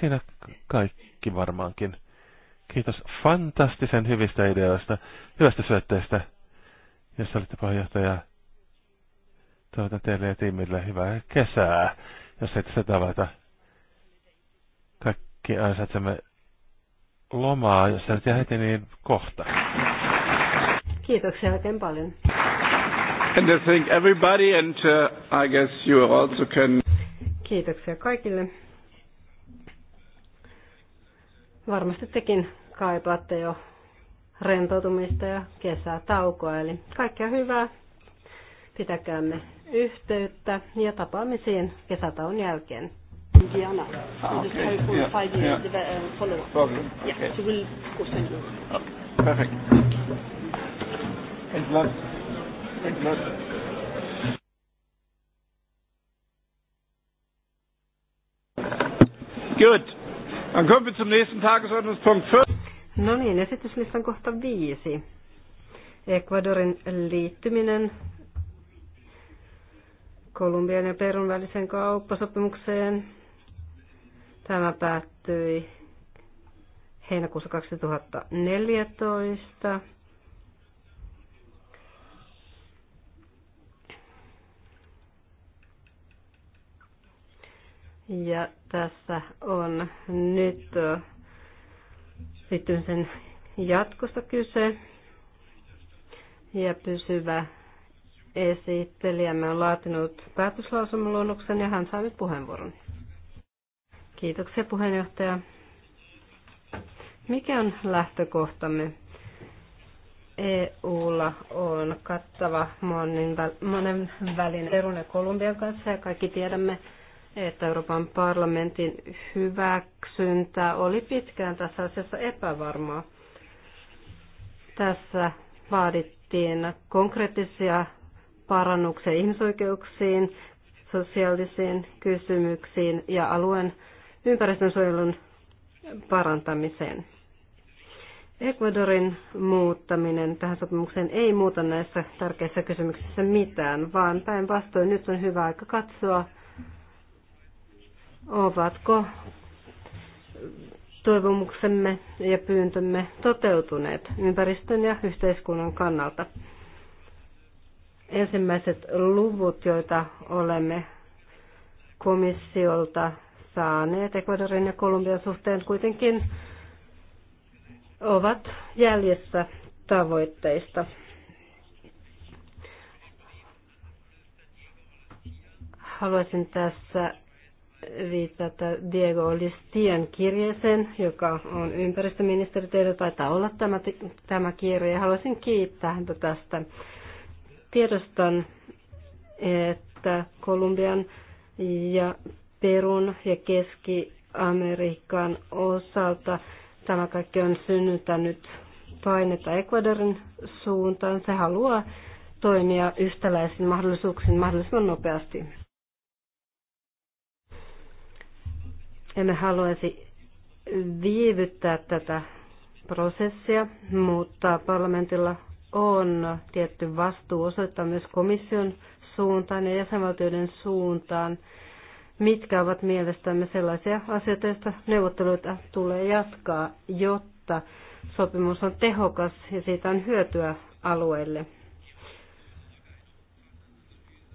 Siinä kaikki varmaankin. Kiitos fantastisen hyvistä ideoista, hyvästä syötteestä, jos olitte puheenjohtaja tuota, teille ja tiimille hyvää kesää, jos et sitä tavata. Kaikki ansaitsemme lomaa, jos se nyt heti, niin kohta. Kiitoksia oikein paljon. And I think everybody and uh, I guess you also can... Kiitoksia kaikille. Varmasti tekin kaipaatte jo rentoutumista ja kesää taukoa, eli kaikkea hyvää. Pitäkäämme yhteyttä ja tapaamisiin kesätaun jälkeen. Indiana. Ah, uh, ah, Good. Dann kommen wir zum nächsten Tagesordnungspunkt 5. No niin, esityslistan kohta 5. Ecuadorin liittyminen Kolumbian ja Perun väliseen kauppasopimukseen. Tämä päättyi heinäkuussa 2014. Ja tässä on nyt sitten äh, sen jatkosta kyse ja pysyvä esittelijämme on laatinut päätöslausumaluonnoksen ja hän saa nyt puheenvuoron. Kiitoksia puheenjohtaja. Mikä on lähtökohtamme? EUlla on kattava monen, monen välin Perun ja Kolumbian kanssa ja kaikki tiedämme, että Euroopan parlamentin hyväksyntä oli pitkään tässä asiassa epävarmaa. Tässä vaadittiin konkreettisia parannuksen ihmisoikeuksiin, sosiaalisiin kysymyksiin ja alueen ympäristönsuojelun parantamiseen. Ecuadorin muuttaminen tähän sopimukseen ei muuta näissä tärkeissä kysymyksissä mitään, vaan päinvastoin nyt on hyvä aika katsoa, ovatko toivomuksemme ja pyyntömme toteutuneet ympäristön ja yhteiskunnan kannalta ensimmäiset luvut, joita olemme komissiolta saaneet Ecuadorin ja Kolumbian suhteen kuitenkin ovat jäljessä tavoitteista. Haluaisin tässä viitata Diego Listien kirjeeseen, joka on ympäristöministeri. Teillä taitaa olla tämä, tämä kirje. Haluaisin kiittää häntä tästä Tiedostan, että Kolumbian ja Perun ja Keski-Amerikan osalta tämä kaikki on synnyttänyt painetta Ecuadorin suuntaan. Se haluaa toimia yhtäläisin mahdollisuuksin mahdollisimman nopeasti. Emme haluaisi viivyttää tätä prosessia, mutta parlamentilla on tietty vastuu osoittaa myös komission suuntaan ja jäsenvaltioiden suuntaan, mitkä ovat mielestämme sellaisia asioita, joista neuvotteluita tulee jatkaa, jotta sopimus on tehokas ja siitä on hyötyä alueelle.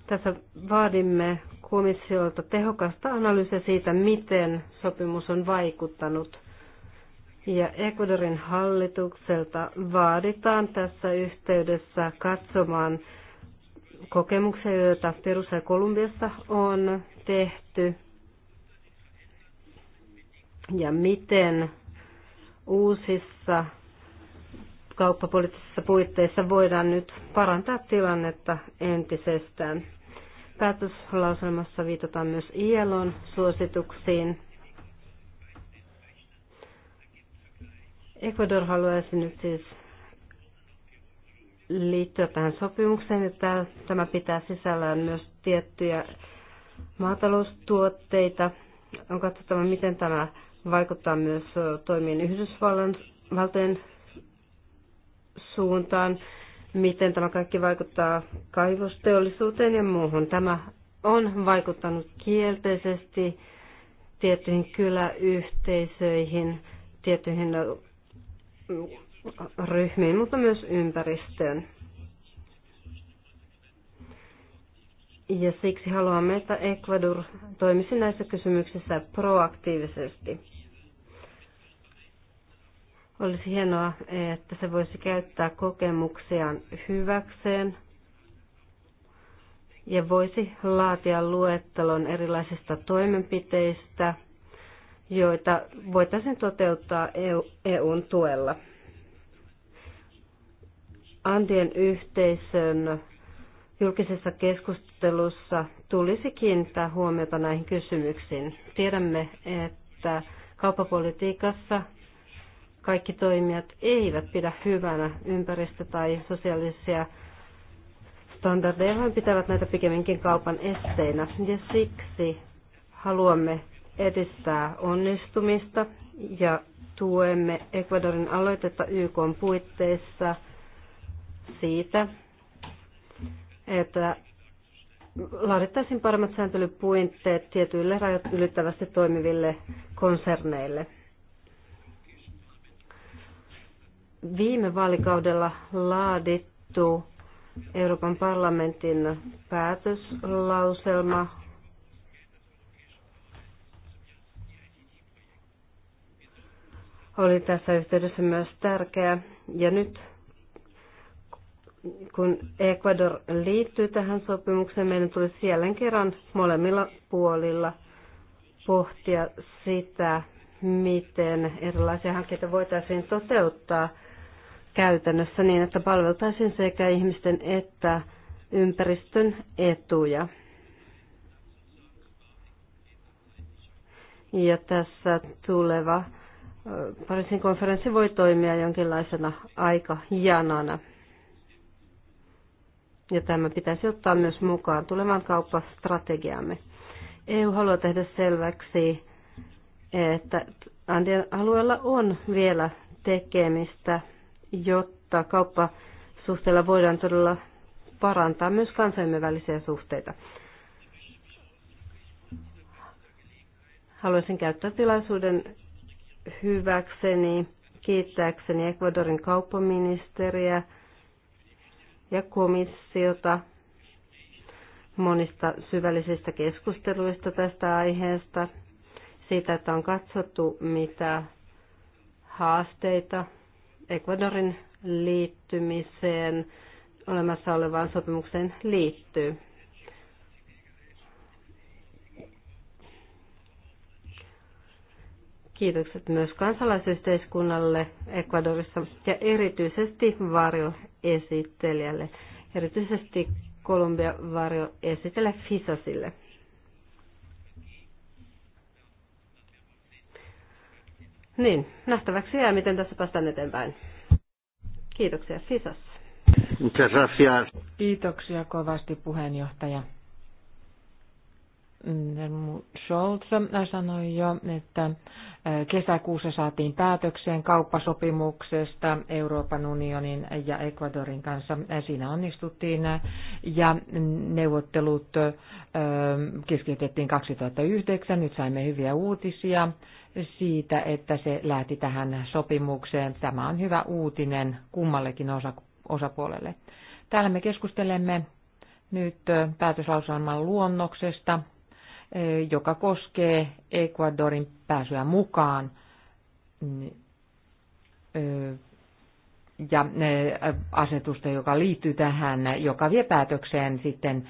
Tässä vaadimme komissiolta tehokasta analyysiä siitä, miten sopimus on vaikuttanut ja Ecuadorin hallitukselta vaaditaan tässä yhteydessä katsomaan kokemuksia, joita Perus ja Kolumbiassa on tehty ja miten uusissa kauppapoliittisissa puitteissa voidaan nyt parantaa tilannetta entisestään. Päätöslauselmassa viitataan myös ILOn suosituksiin Ecuador haluaisi nyt siis liittyä tähän sopimukseen, että tämä pitää sisällään myös tiettyjä maataloustuotteita. On katsottava, miten tämä vaikuttaa myös toimiin Yhdysvaltojen suuntaan, miten tämä kaikki vaikuttaa kaivosteollisuuteen ja muuhun. Tämä on vaikuttanut kielteisesti tiettyihin kyläyhteisöihin, tiettyihin ryhmiin, mutta myös ympäristöön. Ja siksi haluamme, että Ecuador toimisi näissä kysymyksissä proaktiivisesti. Olisi hienoa, että se voisi käyttää kokemuksiaan hyväkseen ja voisi laatia luettelon erilaisista toimenpiteistä – joita voitaisiin toteuttaa EUn e tuella. Andien yhteisön julkisessa keskustelussa tulisi kiinnittää huomiota näihin kysymyksiin. Tiedämme, että kauppapolitiikassa kaikki toimijat eivät pidä hyvänä ympäristö- tai sosiaalisia standardeja, vaan pitävät näitä pikemminkin kaupan esteinä. Ja siksi haluamme edistää onnistumista ja tuemme Ecuadorin aloitetta YK puitteissa siitä, että laadittaisiin paremmat sääntelypuitteet tietyille rajat ylittävästi toimiville konserneille. Viime vaalikaudella laadittu Euroopan parlamentin päätöslauselma oli tässä yhteydessä myös tärkeä. Ja nyt kun Ecuador liittyy tähän sopimukseen, meidän tulisi siellä kerran molemmilla puolilla pohtia sitä, miten erilaisia hankkeita voitaisiin toteuttaa käytännössä niin, että palveltaisiin sekä ihmisten että ympäristön etuja. Ja tässä tuleva Pariisin konferenssi voi toimia jonkinlaisena aikajanana. Ja tämä pitäisi ottaa myös mukaan tulevan kauppastrategiamme. EU haluaa tehdä selväksi, että Andien alueella on vielä tekemistä, jotta kauppasuhteilla voidaan todella parantaa myös kansainvälisiä välisiä suhteita. Haluaisin käyttää tilaisuuden hyväkseni, kiittääkseni Ecuadorin kauppaministeriä ja komissiota monista syvällisistä keskusteluista tästä aiheesta, siitä, että on katsottu, mitä haasteita Ecuadorin liittymiseen olemassa olevaan sopimukseen liittyy. Kiitokset myös kansalaisyhteiskunnalle Ecuadorissa ja erityisesti varjoesittelijälle, erityisesti Kolumbia varjoesittelijä Fisasille. Niin, nähtäväksi jää, miten tässä päästään eteenpäin. Kiitoksia Fisas. Kiitoksia kovasti puheenjohtaja. Scholz sanoi jo, että kesäkuussa saatiin päätökseen kauppasopimuksesta Euroopan unionin ja Ecuadorin kanssa. Siinä onnistuttiin ja neuvottelut keskeytettiin 2009. Nyt saimme hyviä uutisia siitä, että se lähti tähän sopimukseen. Tämä on hyvä uutinen kummallekin osapuolelle. Täällä me keskustelemme nyt päätöslauselman luonnoksesta joka koskee Ecuadorin pääsyä mukaan. Ja asetusta, joka liittyy tähän, joka vie päätökseen sitten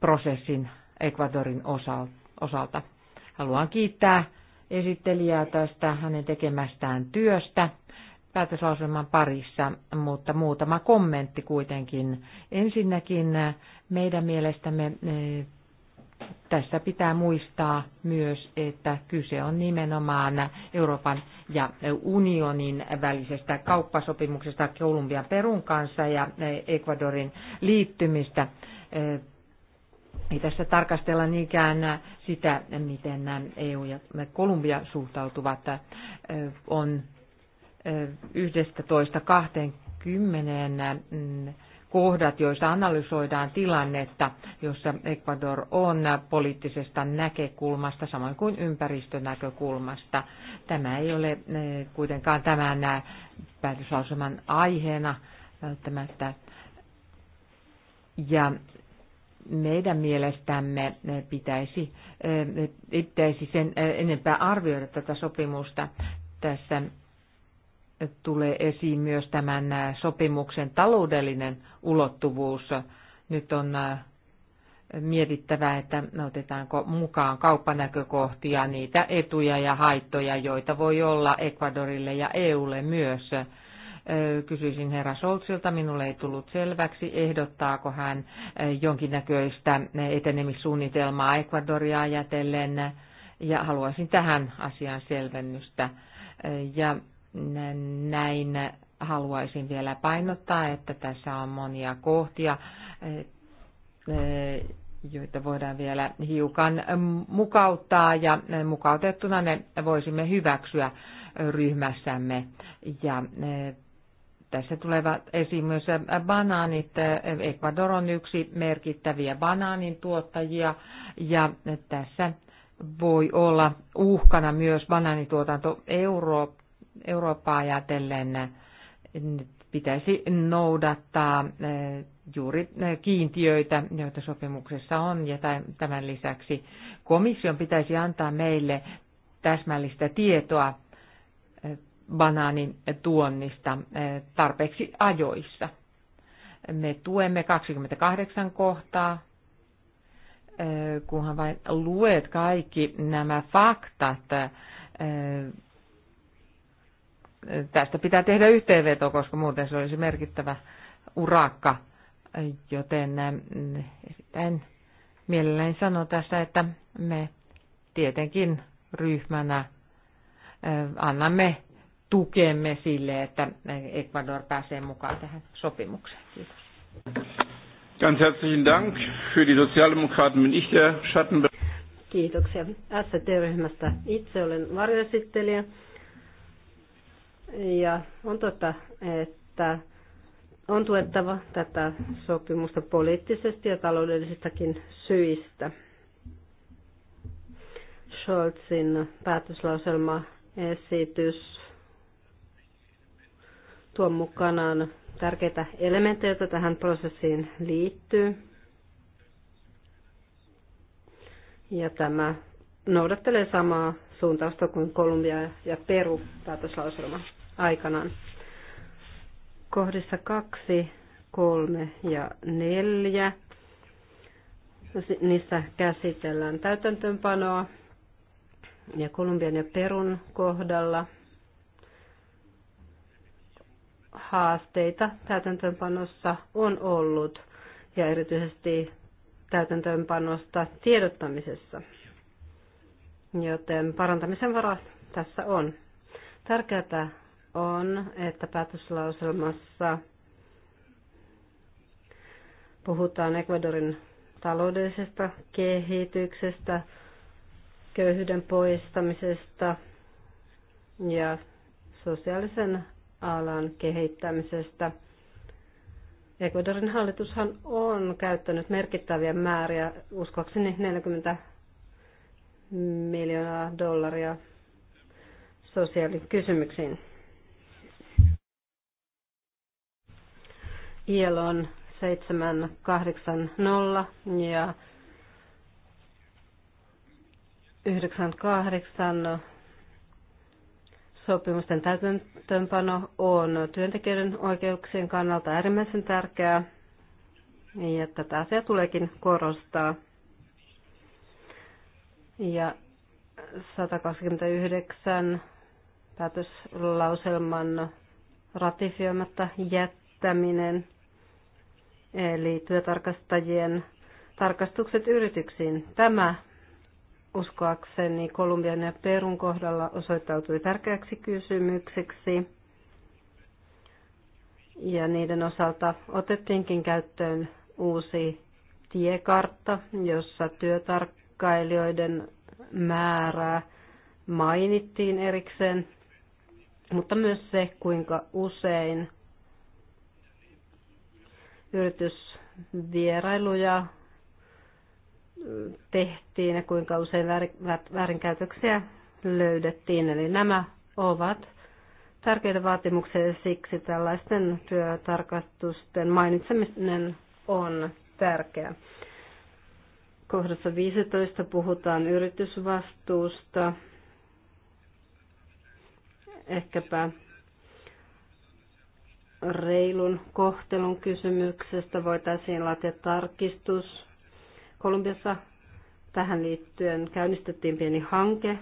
prosessin Ecuadorin osalta. Haluan kiittää esittelijää tästä hänen tekemästään työstä päätöslauselman parissa, mutta muutama kommentti kuitenkin. Ensinnäkin eh, meidän mielestämme eh, tässä pitää muistaa myös, että kyse on nimenomaan Euroopan ja unionin välisestä kauppasopimuksesta Kolumbian Perun kanssa ja eh, Ecuadorin liittymistä. Ei tässä tarkastella niinkään sitä, miten EU ja Kolumbia suhtautuvat. On 11 kymmeneen mm, kohdat, joissa analysoidaan tilannetta, jossa Ecuador on poliittisesta näkökulmasta, samoin kuin ympäristönäkökulmasta. Tämä ei ole eh, kuitenkaan tämän eh, päätösaseman aiheena välttämättä. Ja meidän mielestämme eh, pitäisi, pitäisi sen enempää arvioida tätä sopimusta tässä tulee esiin myös tämän sopimuksen taloudellinen ulottuvuus. Nyt on mietittävä, että otetaanko mukaan kauppanäkökohtia, niitä etuja ja haittoja, joita voi olla Ecuadorille ja EUlle myös. Kysyisin herra Soltsilta, minulle ei tullut selväksi, ehdottaako hän jonkinnäköistä etenemissuunnitelmaa Ecuadoria ajatellen, ja haluaisin tähän asiaan selvennystä. Ja näin haluaisin vielä painottaa, että tässä on monia kohtia, eh, joita voidaan vielä hiukan mukauttaa ja mukautettuna ne voisimme hyväksyä ryhmässämme. Ja eh, tässä tulevat esiin myös banaanit. Ecuador on yksi merkittäviä banaanin tuottajia ja tässä voi olla uhkana myös banaanituotanto Euroopassa Eurooppaa ajatellen niin pitäisi noudattaa eh, juuri eh, kiintiöitä, joita sopimuksessa on, ja tämän lisäksi komission pitäisi antaa meille täsmällistä tietoa eh, banaanin tuonnista tarpeeksi ajoissa. Me tuemme 28 kohtaa, kunhan vain luet kaikki nämä faktat Tästä pitää tehdä yhteenveto, koska muuten se olisi merkittävä urakka. Joten mm, erittäin mielelläni sanon tässä, että me tietenkin ryhmänä annamme tukemme sille, että Ecuador pääsee mukaan tähän sopimukseen. Kiitos. Ganz herzlichen Dank. Für die Sozialdemokraten bin ich der Schattenberg. Kiitoksia. ST-ryhmästä itse olen varjoesittelijä. Ja on totta, että on tuettava tätä sopimusta poliittisesti ja taloudellisistakin syistä. Scholzin päätöslauselma esitys tuo mukanaan tärkeitä elementtejä, joita tähän prosessiin liittyy. Ja tämä noudattelee samaa suuntausta kuin Kolumbia ja Peru päätöslauselma aikanaan. Kohdissa kaksi, kolme ja neljä. Niissä käsitellään täytäntöönpanoa ja Kolumbian ja Perun kohdalla haasteita täytäntöönpanossa on ollut ja erityisesti täytäntöönpanosta tiedottamisessa. Joten parantamisen varaa tässä on. Tärkeää on, että päätöslauselmassa puhutaan Ecuadorin taloudellisesta kehityksestä, köyhyyden poistamisesta ja sosiaalisen alan kehittämisestä. Ecuadorin hallitushan on käyttänyt merkittäviä määriä, uskoakseni 40 miljoonaa dollaria sosiaalikysymyksiin. ILOn 780 ja 98 sopimusten täytäntöönpano on työntekijöiden oikeuksien kannalta äärimmäisen tärkeää ja tätä asiaa tuleekin korostaa. Ja 129 päätöslauselman ratifioimatta jättäminen eli työtarkastajien tarkastukset yrityksiin. Tämä uskoakseni Kolumbian ja Perun kohdalla osoittautui tärkeäksi kysymykseksi. Ja niiden osalta otettiinkin käyttöön uusi tiekartta, jossa työtarkkailijoiden määrää mainittiin erikseen, mutta myös se, kuinka usein yritysvierailuja tehtiin ja kuinka usein väärinkäytöksiä löydettiin. Eli nämä ovat tärkeitä vaatimuksia ja siksi tällaisten työtarkastusten mainitseminen on tärkeää. Kohdassa 15 puhutaan yritysvastuusta. Ehkäpä reilun kohtelun kysymyksestä voitaisiin laatia tarkistus. Kolumbiassa tähän liittyen käynnistettiin pieni hanke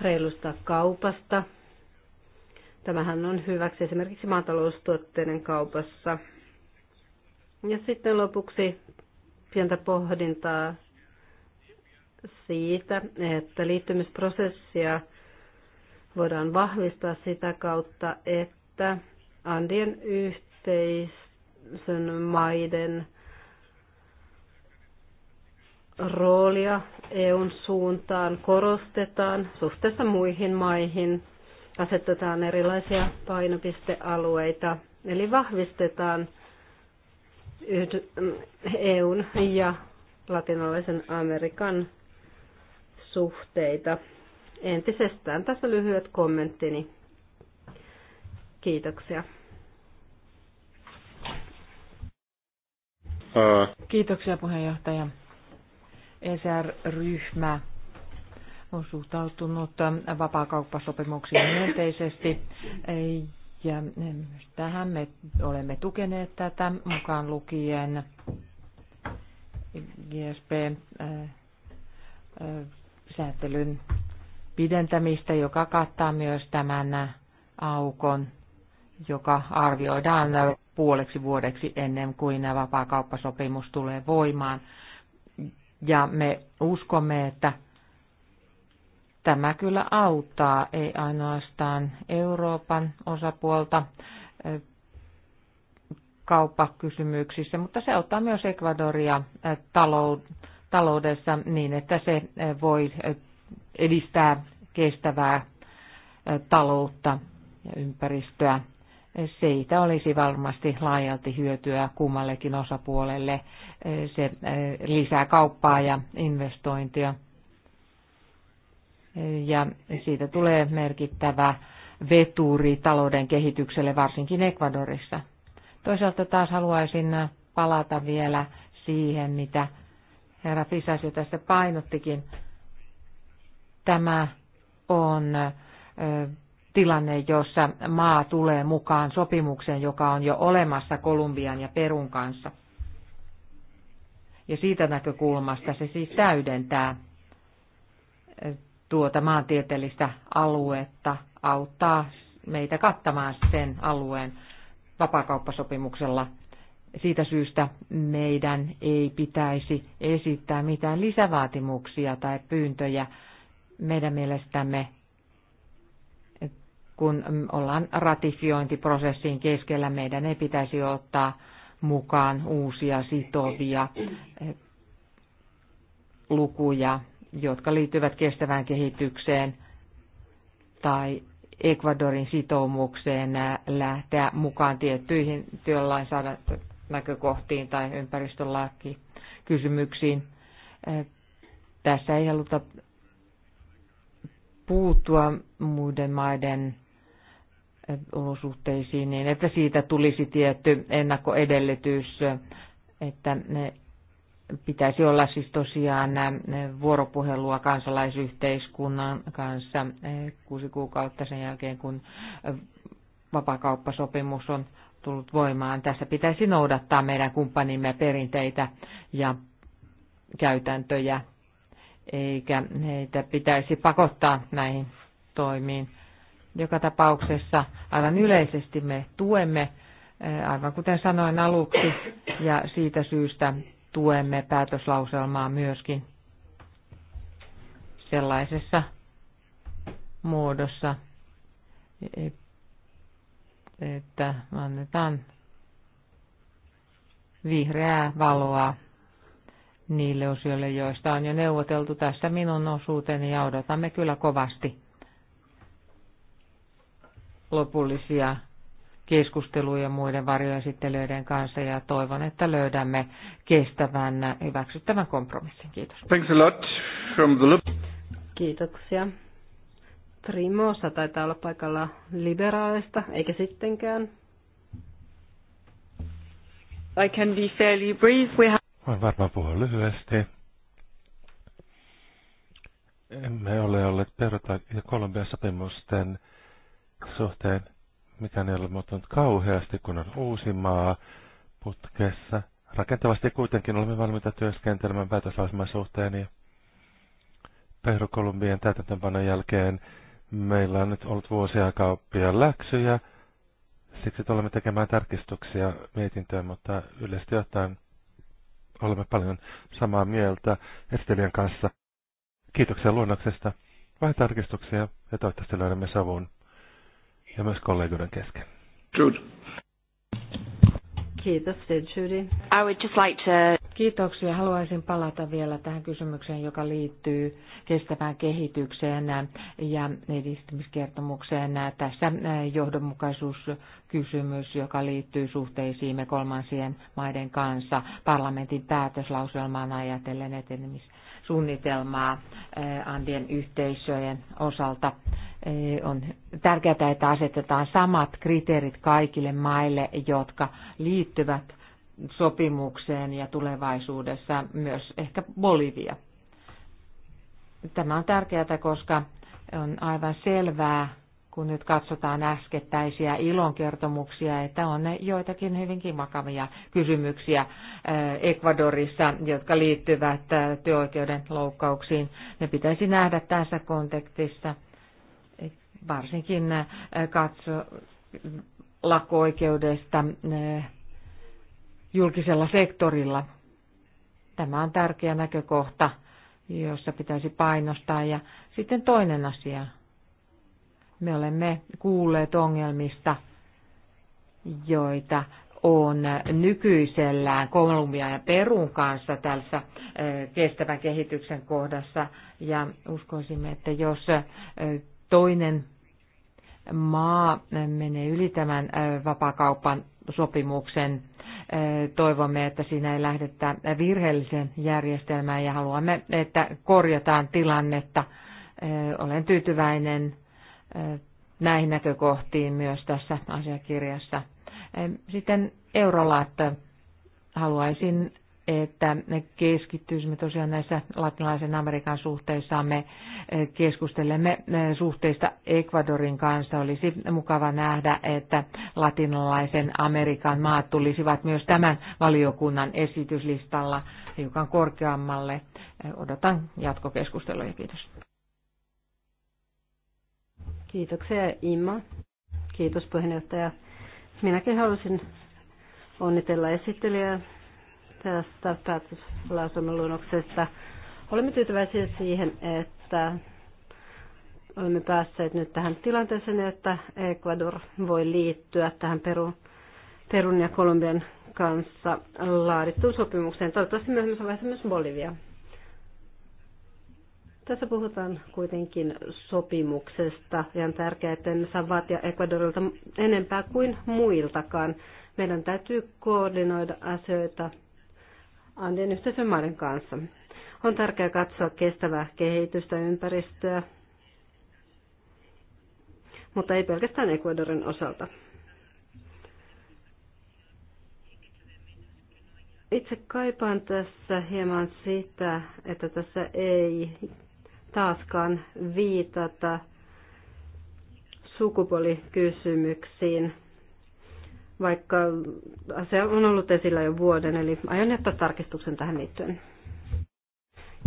reilusta kaupasta. Tämähän on hyväksi esimerkiksi maataloustuotteiden kaupassa. Ja sitten lopuksi pientä pohdintaa siitä, että liittymisprosessia voidaan vahvistaa sitä kautta, että Andien yhteisön maiden roolia EUn suuntaan korostetaan suhteessa muihin maihin, asetetaan erilaisia painopistealueita, eli vahvistetaan EUn ja latinalaisen Amerikan suhteita entisestään. Tässä lyhyet kommenttini. Kiitoksia. Kiitoksia puheenjohtaja. Esr ryhmä on suhtautunut vapaakauppasopimuksiin myönteisesti ja tähän me olemme tukeneet tätä mukaan lukien GSP-sääntelyn pidentämistä, joka kattaa myös tämän aukon, joka arvioidaan puoleksi vuodeksi ennen kuin vapaakauppasopimus tulee voimaan. Ja me uskomme, että tämä kyllä auttaa ei ainoastaan Euroopan osapuolta kauppakysymyksissä, mutta se auttaa myös Ecuadoria taloudessa niin, että se voi edistää kestävää taloutta ja ympäristöä. Siitä olisi varmasti laajalti hyötyä kummallekin osapuolelle. Se lisää kauppaa ja investointia. Ja siitä tulee merkittävä veturi talouden kehitykselle, varsinkin Ecuadorissa. Toisaalta taas haluaisin palata vielä siihen, mitä herra Fisas jo tässä painottikin, Tämä on tilanne, jossa maa tulee mukaan sopimukseen, joka on jo olemassa Kolumbian ja Perun kanssa. Ja siitä näkökulmasta se siis täydentää tuota maantieteellistä aluetta, auttaa meitä kattamaan sen alueen vapakauppasopimuksella. Siitä syystä meidän ei pitäisi esittää mitään lisävaatimuksia tai pyyntöjä meidän mielestämme, kun ollaan ratifiointiprosessin keskellä, meidän ei pitäisi ottaa mukaan uusia sitovia lukuja, jotka liittyvät kestävään kehitykseen tai Ecuadorin sitoumukseen lähteä mukaan tiettyihin näkökohtiin tai ympäristölaki kysymyksiin. Tässä ei haluta puuttua muiden maiden eh, olosuhteisiin niin, että siitä tulisi tietty ennakkoedellytys, että ne pitäisi olla siis tosiaan eh, vuoropuhelua kansalaisyhteiskunnan kanssa eh, kuusi kuukautta sen jälkeen, kun vapakauppasopimus on tullut voimaan. Tässä pitäisi noudattaa meidän kumppanimme perinteitä ja käytäntöjä eikä heitä pitäisi pakottaa näihin toimiin. Joka tapauksessa aivan yleisesti me tuemme, eh, aivan kuten sanoin aluksi, ja siitä syystä tuemme päätöslauselmaa myöskin sellaisessa muodossa, että annetaan vihreää valoa niille osioille, joista on jo neuvoteltu tässä minun osuuteni ja odotamme kyllä kovasti lopullisia keskusteluja muiden varjoesittelijöiden kanssa ja toivon, että löydämme kestävän hyväksyttävän kompromissin. Kiitos. Thanks a lot from the... Kiitoksia. Trimossa taitaa olla paikalla liberaalista, eikä sittenkään. I can be fairly brief. We have... Voin varmaan puhua lyhyesti. Emme ole olleet Peruta ja Kolumbian sopimusten suhteen, mikä ei ole muuttunut kauheasti, kun on uusi maa putkessa. Rakentavasti kuitenkin olemme valmiita työskentelemään päätöslausuman suhteen ja Peru Kolumbian täytäntöönpanon jälkeen meillä on nyt ollut vuosia kauppia läksyjä, siksi tulemme tekemään tarkistuksia mietintöön, mutta yleisesti ottaen olemme paljon samaa mieltä esittelijän kanssa. Kiitoksia luonnoksesta. Vähän tarkistuksia ja toivottavasti löydämme savun ja myös kollegoiden kesken. Good. Kiitos, Judy. I would just like to... Kiitoksia. Haluaisin palata vielä tähän kysymykseen, joka liittyy kestävään kehitykseen ja edistymiskertomukseen. Tässä johdonmukaisuuskysymys, joka liittyy suhteisiimme kolmansien maiden kanssa parlamentin päätöslauselmaan ajatellen etenemistä suunnitelmaa eh, Andien yhteisöjen osalta. Eh, on tärkeää, että asetetaan samat kriteerit kaikille maille, jotka liittyvät sopimukseen ja tulevaisuudessa myös ehkä Bolivia. Tämä on tärkeää, koska on aivan selvää, kun nyt katsotaan äskettäisiä ilonkertomuksia, että on joitakin hyvinkin vakavia kysymyksiä äh, Ecuadorissa, jotka liittyvät äh, työoikeuden loukkauksiin. Ne pitäisi nähdä tässä kontekstissa, varsinkin äh, katso lakko-oikeudesta julkisella sektorilla. Tämä on tärkeä näkökohta, jossa pitäisi painostaa. Ja sitten toinen asia, me olemme kuulleet ongelmista, joita on nykyisellään Kolumbian ja Perun kanssa tässä kestävän kehityksen kohdassa. Ja uskoisimme, että jos toinen maa menee yli tämän vapakaupan sopimuksen, toivomme, että siinä ei lähdetä virheelliseen järjestelmään ja haluamme, että korjataan tilannetta. Olen tyytyväinen näihin näkökohtiin myös tässä asiakirjassa. Sitten eurolaat haluaisin, että me keskittyisimme tosiaan näissä latinalaisen Amerikan suhteissamme, keskustelemme suhteista Ecuadorin kanssa. Olisi mukava nähdä, että latinalaisen Amerikan maat tulisivat myös tämän valiokunnan esityslistalla hiukan korkeammalle. Odotan jatkokeskusteluja. Kiitos. Kiitoksia Imma. Kiitos puheenjohtaja. Minäkin halusin onnitella esittelijää tästä päätöslausumaluonnoksesta. Olemme tyytyväisiä siihen, että olemme päässeet nyt tähän tilanteeseen, että Ecuador voi liittyä tähän Perun, Perun ja Kolumbian kanssa laadittuun sopimukseen. Toivottavasti myöhemmin vaiheessa myös Bolivia. Tässä puhutaan kuitenkin sopimuksesta ja on tärkeää, että emme saa vaatia Ecuadorilta enempää kuin muiltakaan. Meidän täytyy koordinoida asioita Andien yhteisön maiden kanssa. On tärkeää katsoa kestävää kehitystä ympäristöä, mutta ei pelkästään Ecuadorin osalta. Itse kaipaan tässä hieman sitä, että tässä ei taaskaan viitata sukupuolikysymyksiin, vaikka asia on ollut esillä jo vuoden, eli aion jättää tarkistuksen tähän liittyen.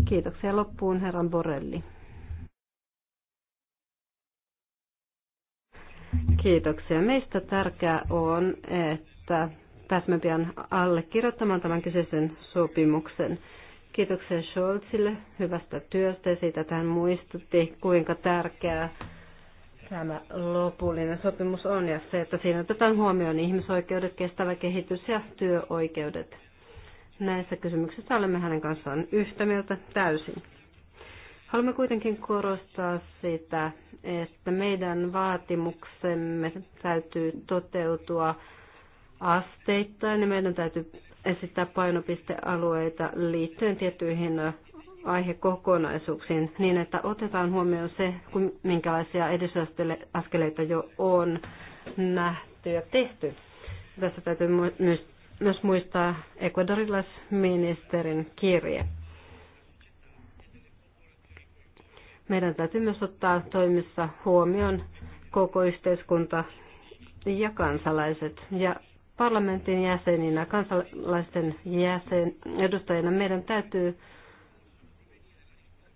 Kiitoksia loppuun, herran Borelli. Kiitoksia. Meistä tärkeää on, että pääsemme pian allekirjoittamaan tämän kyseisen sopimuksen. Kiitoksia Scholzille hyvästä työstä ja siitä, että hän muistutti, kuinka tärkeää tämä lopullinen sopimus on ja se, että siinä otetaan huomioon ihmisoikeudet, kestävä kehitys ja työoikeudet. Näissä kysymyksissä olemme hänen kanssaan yhtä mieltä täysin. Haluamme kuitenkin korostaa sitä, että meidän vaatimuksemme täytyy toteutua asteittain ja meidän täytyy esittää painopistealueita liittyen tiettyihin aihekokonaisuuksiin niin, että otetaan huomioon se, minkälaisia edistysaskeleita jo on nähty ja tehty. Tässä täytyy myös muistaa ekvadorilaisministerin kirje. Meidän täytyy myös ottaa toimissa huomioon koko yhteiskunta ja kansalaiset. Ja parlamentin jäseninä, kansalaisten jäsen, edustajina meidän täytyy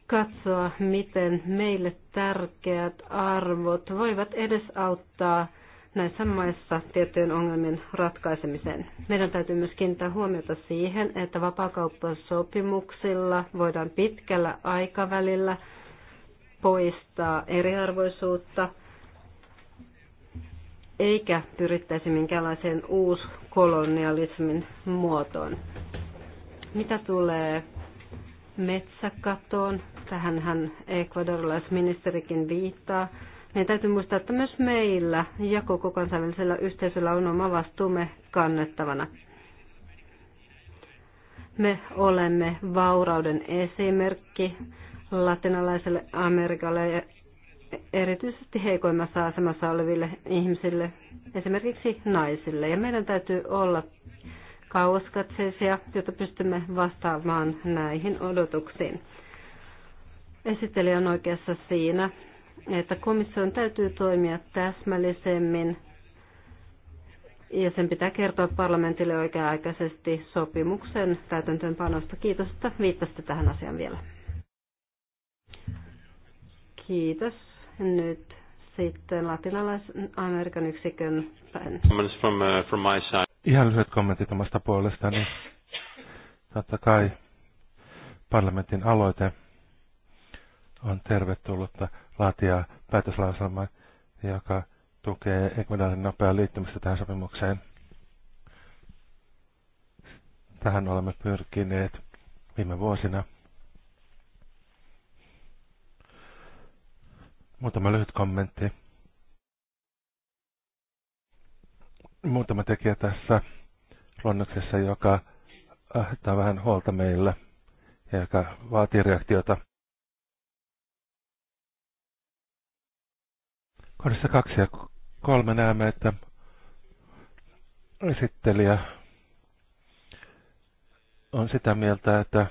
katsoa, miten meille tärkeät arvot voivat edesauttaa näissä maissa tiettyjen ongelmien ratkaisemiseen. Meidän täytyy myös kiinnittää huomiota siihen, että vapaakauppasopimuksilla voidaan pitkällä aikavälillä poistaa eriarvoisuutta – eikä pyrittäisi minkäänlaiseen uuskolonialismin muotoon. Mitä tulee metsäkatoon, tähän hän ekvadorilaisministerikin viittaa, niin täytyy muistaa, että myös meillä ja koko kansainvälisellä yhteisöllä on oma vastuumme kannettavana. Me olemme vaurauden esimerkki latinalaiselle Amerikalle erityisesti heikoimmassa asemassa oleville ihmisille, esimerkiksi naisille. Ja meidän täytyy olla kauaskatseisia, jotta pystymme vastaamaan näihin odotuksiin. Esittelijä on oikeassa siinä, että komission täytyy toimia täsmällisemmin ja sen pitää kertoa parlamentille oikea-aikaisesti sopimuksen täytäntöönpanosta. Kiitos, että viittasitte tähän asiaan vielä. Kiitos. Nyt sitten latinalais-Amerikan yksikön päin. From, uh, from my side. Ihan lyhyet kommentit omasta puolestani. Totta kai parlamentin aloite on tervetullutta laatia päätöslauselma, joka tukee Ecuadorin nopeaa liittymistä tähän sopimukseen. Tähän olemme pyrkineet viime vuosina. Muutama lyhyt kommentti. Muutama tekijä tässä luonnoksessa, joka aiheuttaa vähän huolta meille ja joka vaatii reaktiota. Kohdassa kaksi ja kolme näemme, että esittelijä on sitä mieltä, että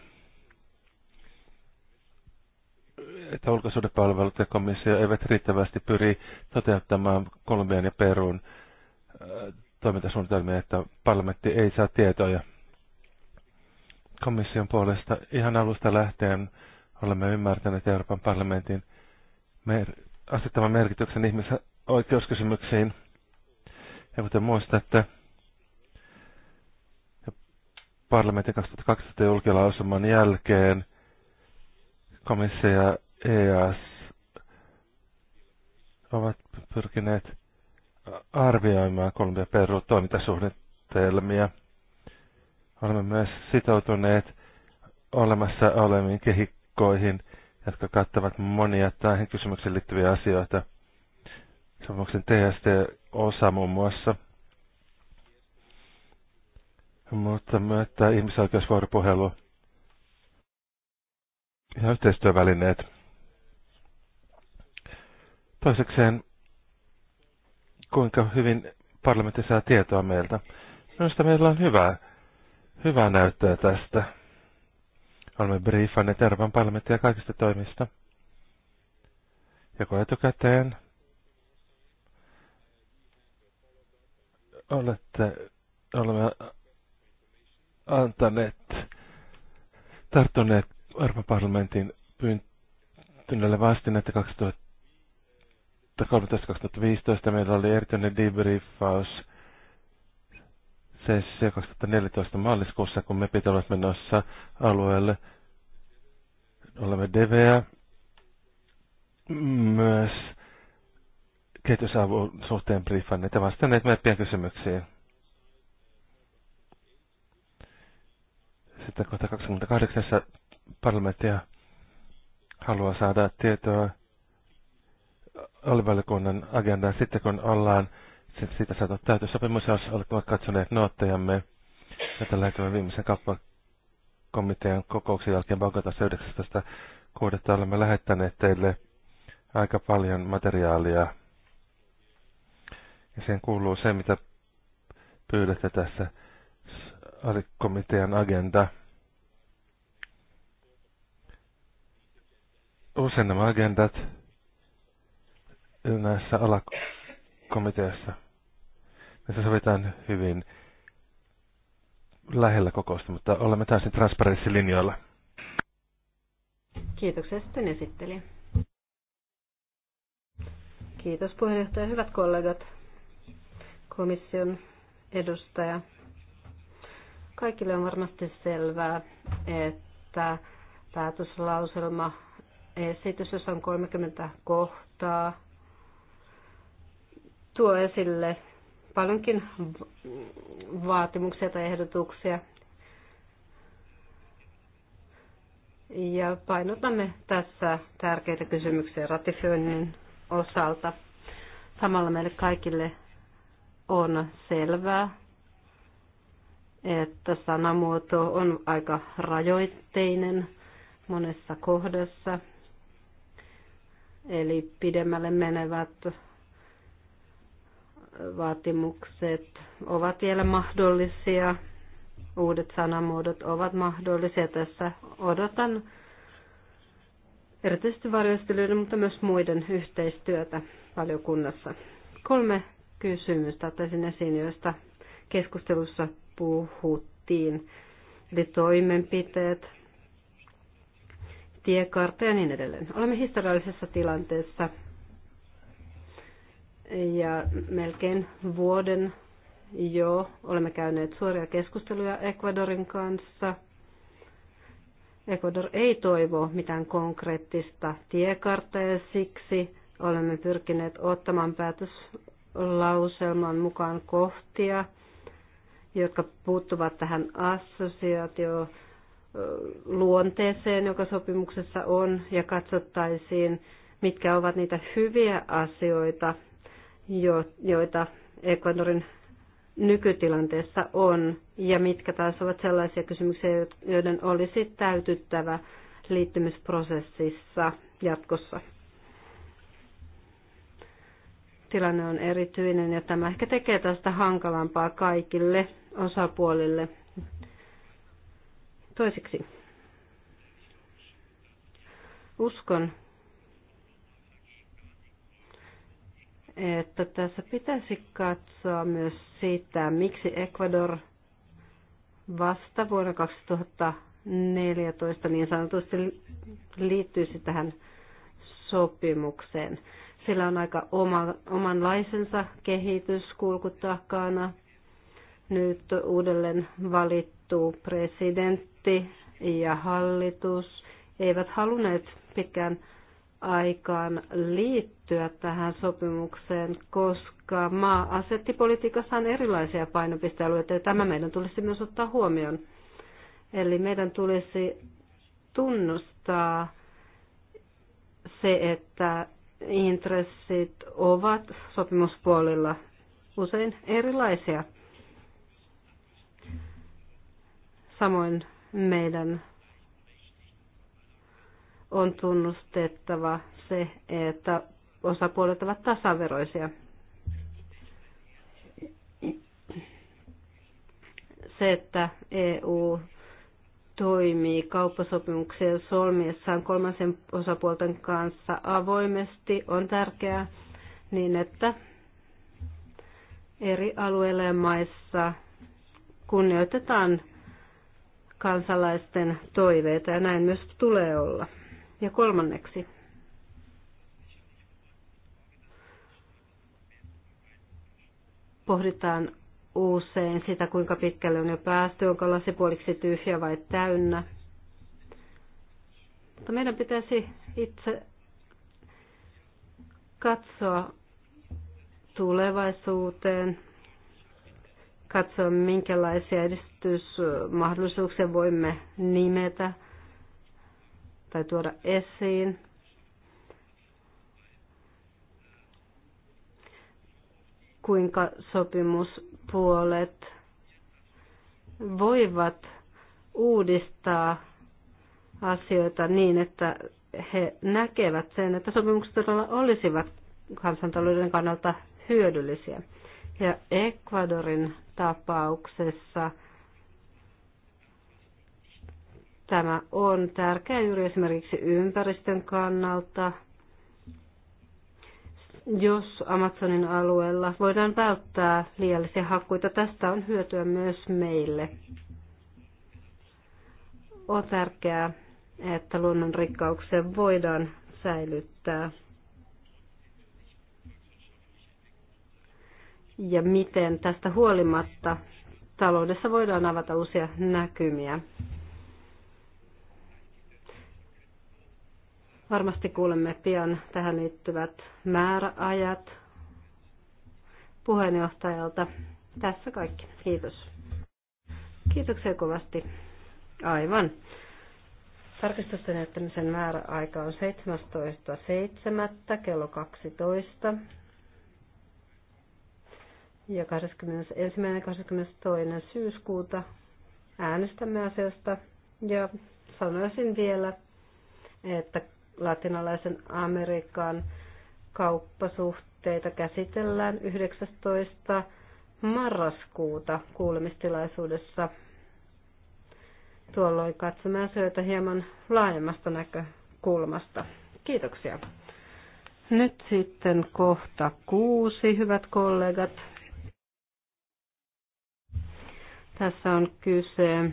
että ulkosuudepalvelut ja komissio eivät riittävästi pyri toteuttamaan Kolumbian ja perun äh, toimintasuunnitelmia, että parlamentti ei saa tietoja. Komission puolesta ihan alusta lähtien olemme ymmärtäneet Euroopan parlamentin mer- asettavan merkityksen ihmisoikeuskysymyksiin. Ja kuten muistatte, parlamentin 2012 julkilausuman jälkeen komissio ja EAS ovat pyrkineet arvioimaan kolmia perustoimintasuunnitelmia. Olemme myös sitoutuneet olemassa oleviin kehikkoihin, jotka kattavat monia tähän kysymykseen liittyviä asioita. Sopimuksen TST-osa muun muassa, mutta myös tämä ihmisoikeusvuoropuhelu ja yhteistyövälineet. Toisekseen, kuinka hyvin parlamentti saa tietoa meiltä. Minusta meillä on hyvää, hyvää näyttöä tästä. Olemme briefanneet Euroopan parlamenttia kaikista toimista. Joko etukäteen. Olette, olemme antaneet, tarttuneet Euroopan parlamentin pyyntölle vastineet 2000 2013-2015 meillä oli erityinen debriefaus CC 2014 maaliskuussa, kun me pitävät menossa alueelle. Olemme DVA myös kehitysavun suhteen briefanneet ja vastanneet meppien kysymyksiin. Sitten kohta 28 parlamenttia haluaa saada tietoa alivaliokunnan agendaa sitten, kun ollaan siitä saatu sopimus, jos olet katsoneet noottejamme. Ja tällä hetkellä viimeisen kauppakomitean kokouksen jälkeen Bogotassa 19.6. olemme lähettäneet teille aika paljon materiaalia. Ja siihen kuuluu se, mitä pyydätte tässä alikomitean agenda. Usein nämä agendat näissä alakomiteassa. Näissä sovitaan hyvin lähellä kokousta, mutta olemme täysin transparenssilinjoilla. Kiitoksia sitten esittelijä. Kiitos puheenjohtaja. Hyvät kollegat, komission edustaja. Kaikille on varmasti selvää, että päätöslauselma esitys, jossa on 30 kohtaa, tuo esille paljonkin vaatimuksia tai ehdotuksia. Ja painotamme tässä tärkeitä kysymyksiä ratifioinnin osalta. Samalla meille kaikille on selvää, että sanamuoto on aika rajoitteinen monessa kohdassa. Eli pidemmälle menevät vaatimukset ovat vielä mahdollisia, uudet sanamuodot ovat mahdollisia. Tässä odotan erityisesti varjostelijoiden, mutta myös muiden yhteistyötä valiokunnassa. Kolme kysymystä ottaisin esiin, joista keskustelussa puhuttiin. Eli toimenpiteet, tiekartta ja niin edelleen. Olemme historiallisessa tilanteessa, ja melkein vuoden jo olemme käyneet suoria keskusteluja Ecuadorin kanssa. Ecuador ei toivo mitään konkreettista tiekarttaa ja siksi olemme pyrkineet ottamaan päätöslauselman mukaan kohtia, jotka puuttuvat tähän assosiaatio luonteeseen, joka sopimuksessa on, ja katsottaisiin, mitkä ovat niitä hyviä asioita, joita Ecuadorin nykytilanteessa on, ja mitkä taas ovat sellaisia kysymyksiä, joiden olisi täytyttävä liittymisprosessissa jatkossa. Tilanne on erityinen ja tämä ehkä tekee tästä hankalampaa kaikille osapuolille. Toiseksi uskon, että tässä pitäisi katsoa myös sitä, miksi Ecuador vasta vuonna 2014 niin sanotusti liittyisi tähän sopimukseen. Sillä on aika oma, omanlaisensa kehityskulku takana. Nyt uudelleen valittu presidentti ja hallitus eivät halunneet pitkään aikaan liittyä tähän sopimukseen, koska maa asetti politiikassaan erilaisia painopistealueita ja tämä meidän tulisi myös ottaa huomioon. Eli meidän tulisi tunnustaa se, että intressit ovat sopimuspuolilla usein erilaisia. Samoin meidän on tunnustettava se, että osapuolet ovat tasaveroisia. Se, että EU toimii kauppasopimuksen solmiessaan kolmasen osapuolten kanssa avoimesti on tärkeää niin, että eri alueilla ja maissa kunnioitetaan kansalaisten toiveita ja näin myös tulee olla. Ja kolmanneksi, pohditaan usein sitä, kuinka pitkälle on jo päästy, onko lasipuoliksi tyhjä vai täynnä. Mutta meidän pitäisi itse katsoa tulevaisuuteen, katsoa minkälaisia edistysmahdollisuuksia voimme nimetä – tai tuoda esiin. kuinka sopimuspuolet voivat uudistaa asioita niin, että he näkevät sen, että sopimukset todella olisivat kansantalouden kannalta hyödyllisiä. Ja Ecuadorin tapauksessa Tämä on tärkeä juuri esimerkiksi ympäristön kannalta. Jos Amazonin alueella voidaan välttää liiallisia hakkuita, tästä on hyötyä myös meille. On tärkeää, että luonnonrikkauksia voidaan säilyttää. Ja miten tästä huolimatta taloudessa voidaan avata uusia näkymiä. Varmasti kuulemme pian tähän liittyvät määräajat puheenjohtajalta. Tässä kaikki. Kiitos. Kiitoksia kovasti. Aivan. Tarkistusten näyttämisen määräaika on 17.7. kello 12. Ja 21. 22. syyskuuta äänestämme asiasta. Ja sanoisin vielä, että latinalaisen Amerikan kauppasuhteita käsitellään 19. marraskuuta kuulemistilaisuudessa. Tuolloin katsomme asioita hieman laajemmasta näkökulmasta. Kiitoksia. Nyt sitten kohta kuusi, hyvät kollegat. Tässä on kyse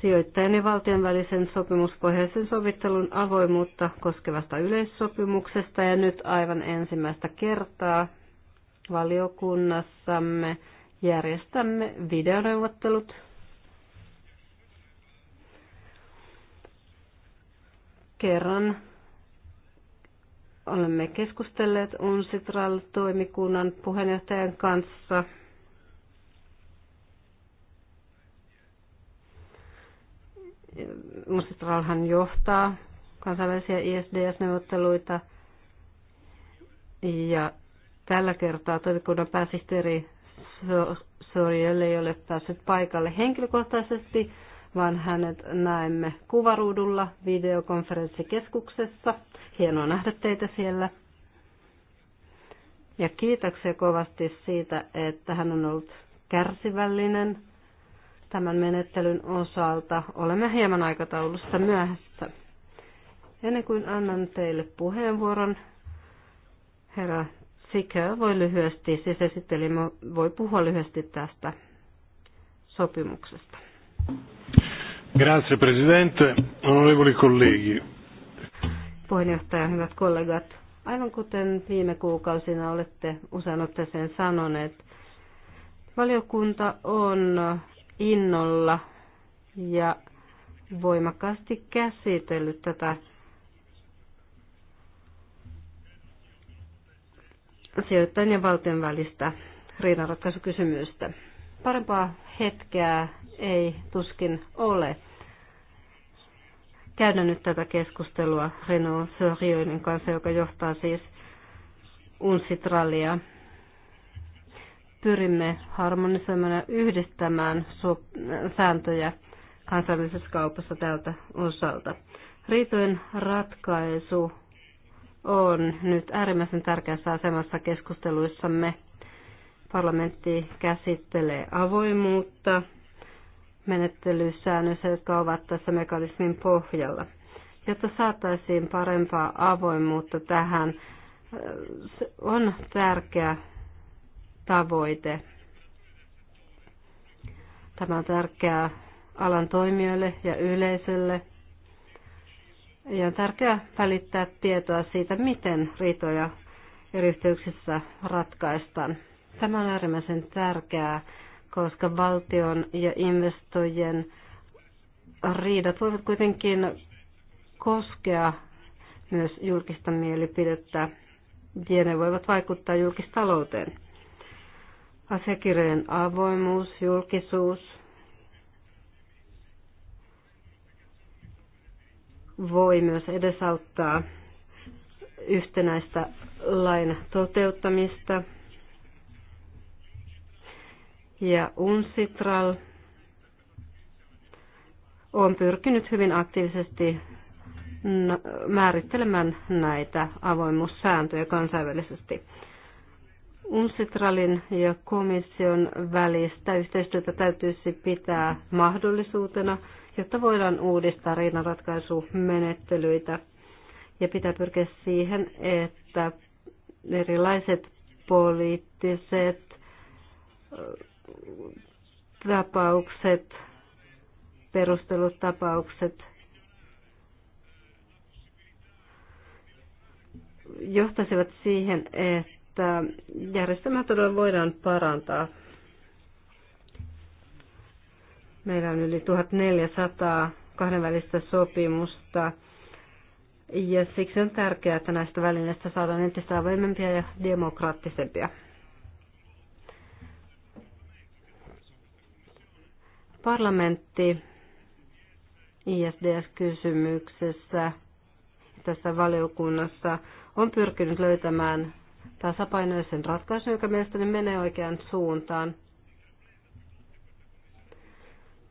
sijoittajan ja valtion välisen sopimuspohjaisen sovittelun avoimuutta koskevasta yleissopimuksesta ja nyt aivan ensimmäistä kertaa valiokunnassamme järjestämme videoneuvottelut. Kerran olemme keskustelleet UNSITRAL-toimikunnan puheenjohtajan kanssa – Mustavalhan johtaa kansainvälisiä ISDS-neuvotteluita ja tällä kertaa toimikunnan pääsihteeri Sorjelle ei ole päässyt paikalle henkilökohtaisesti, vaan hänet näemme kuvaruudulla videokonferenssikeskuksessa. Hienoa nähdä teitä siellä. Ja kiitoksia kovasti siitä, että hän on ollut kärsivällinen tämän menettelyn osalta olemme hieman aikataulussa myöhässä. Ennen kuin annan teille puheenvuoron, herra Sikö voi lyhyesti, siis esitteli voi puhua lyhyesti tästä sopimuksesta. Grazie Presidente, onorevoli colleghi. Puheenjohtaja, hyvät kollegat. Aivan kuten viime kuukausina olette usein otteeseen sanoneet, valiokunta on innolla ja voimakkaasti käsitellyt tätä sijoittajan ja valtion välistä riidanratkaisukysymystä. Parempaa hetkeä ei tuskin ole. Käydään nyt tätä keskustelua Renault Sörjöinen kanssa, joka johtaa siis Unsitralia pyrimme harmonisoimaan ja yhdistämään sääntöjä kansallisessa kaupassa tältä osalta. Riitojen ratkaisu on nyt äärimmäisen tärkeässä asemassa keskusteluissamme. Parlamentti käsittelee avoimuutta, menettelysäännöissä, jotka ovat tässä mekanismin pohjalla. Jotta saataisiin parempaa avoimuutta tähän, on tärkeää tavoite. Tämä on tärkeää alan toimijoille ja yleisölle. Ja on tärkeää välittää tietoa siitä, miten riitoja eri yhteyksissä ratkaistaan. Tämä on äärimmäisen tärkeää, koska valtion ja investoijien riidat voivat kuitenkin koskea myös julkista mielipidettä ja ne voivat vaikuttaa julkistalouteen. Asiakirjojen avoimuus, julkisuus voi myös edesauttaa yhtenäistä lain toteuttamista. Ja UNCITRAL on pyrkinyt hyvin aktiivisesti määrittelemään näitä avoimuussääntöjä kansainvälisesti. UNCITRALin ja komission välistä yhteistyötä täytyisi pitää mahdollisuutena, jotta voidaan uudistaa riidanratkaisumenettelyitä. Ja pitää pyrkiä siihen, että erilaiset poliittiset tapaukset, perustelutapaukset johtaisivat siihen, että että järjestelmää todella voidaan parantaa. Meillä on yli 1400 kahdenvälistä sopimusta ja siksi on tärkeää, että näistä välineistä saadaan entistä avoimempia ja demokraattisempia. Parlamentti ISDS-kysymyksessä tässä valiokunnassa on pyrkinyt löytämään tasapainoisen ratkaisun, joka mielestäni menee oikeaan suuntaan.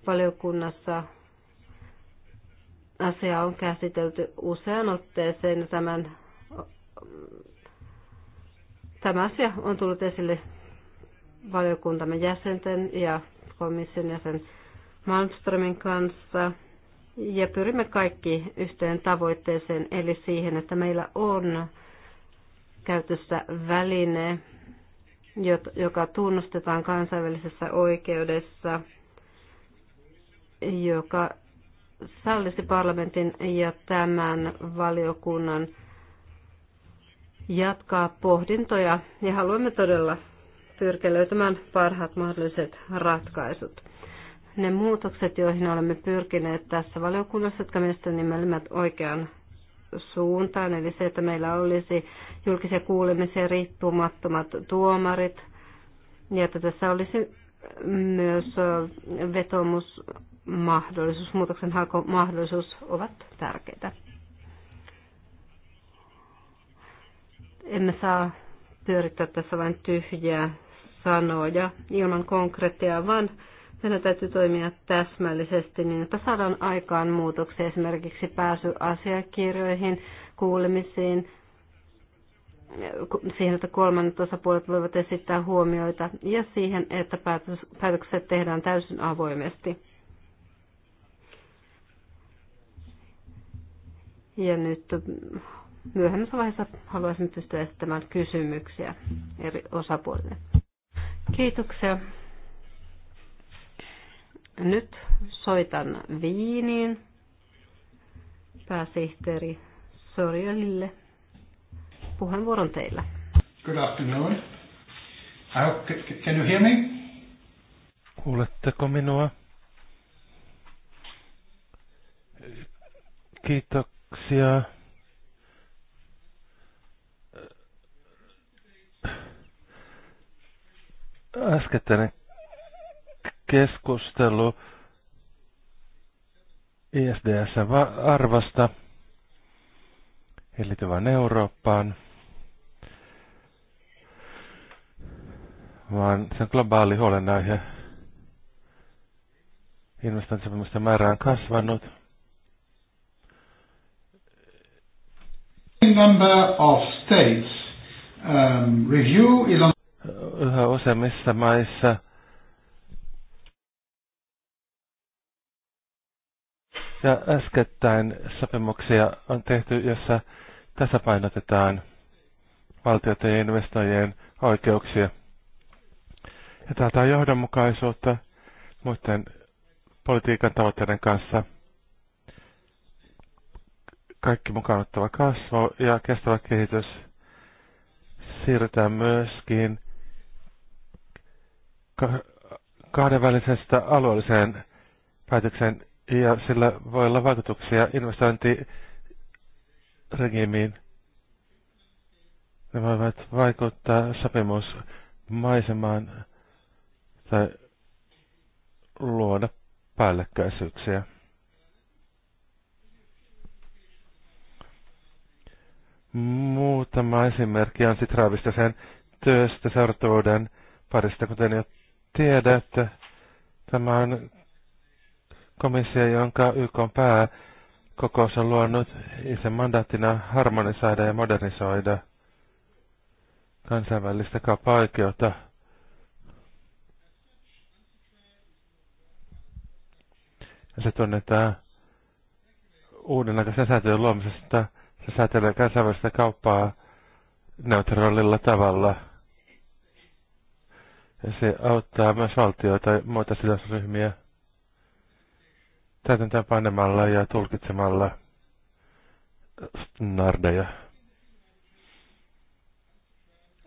Valiokunnassa asia on käsitelty usean otteeseen ja tämän, tämä asia on tullut esille valiokuntamme jäsenten ja komission jäsen Malmströmin kanssa. Ja pyrimme kaikki yhteen tavoitteeseen, eli siihen, että meillä on käytössä väline, joka tunnustetaan kansainvälisessä oikeudessa, joka sallisi parlamentin ja tämän valiokunnan jatkaa pohdintoja ja haluamme todella pyrkiä löytämään parhaat mahdolliset ratkaisut. Ne muutokset, joihin olemme pyrkineet tässä valiokunnassa, jotka mielestäni nimelmät oikean suuntaan, eli se, että meillä olisi julkisia kuulemisia riippumattomat tuomarit, ja että tässä olisi myös vetomusmahdollisuus, mahdollisuus ovat tärkeitä. Emme saa pyörittää tässä vain tyhjiä sanoja ilman konkreettia vaan meidän täytyy toimia täsmällisesti niin, että saadaan aikaan muutoksia esimerkiksi pääsy asiakirjoihin, kuulemisiin, siihen, että kolmannet osapuolet voivat esittää huomioita ja siihen, että päätökset tehdään täysin avoimesti. Ja nyt myöhemmässä vaiheessa haluaisin pystyä esittämään kysymyksiä eri osapuolille. Kiitoksia. Nyt soitan Viiniin pääsihteeri Sorjelille. Puheenvuoron teillä. Good afternoon. I hope, can you hear me? Kuuletteko minua? Kiitoksia. Äskettäinen keskustelu isds arvasta Ei vain Eurooppaan, vaan se on globaali huolenaihe. Investointisopimusten määrä on kasvanut. Number of states um, review is on... Yhä useimmissa maissa – Ja äskettäin sopimuksia on tehty, jossa tasapainotetaan valtioiden ja investoijien oikeuksia. Ja on johdonmukaisuutta muiden politiikan tavoitteiden kanssa. Kaikki mukaan ottava kasvu ja kestävä kehitys. Siirrytään myöskin kahdenvälisestä alueelliseen päätöksen ja sillä voi olla vaikutuksia investointiregimiin. Ne voivat vaikuttaa sopimusmaisemaan tai luoda päällekkäisyyksiä. Muutama esimerkki on Traavista sen työstä seurattavuuden parista, kuten jo tiedätte. Tämä on komissio, jonka YK on pääkokous on luonut itse mandaattina harmonisoida ja modernisoida kansainvälistä kauppa-oikeutta. Ja se tunnetaan uudenlaisen säätelyn luomisesta. Se säätelee kansainvälistä kauppaa neutraalilla tavalla. Ja se auttaa myös valtioita ja muita sidosryhmiä täytäntöön panemalla ja tulkitsemalla standardeja.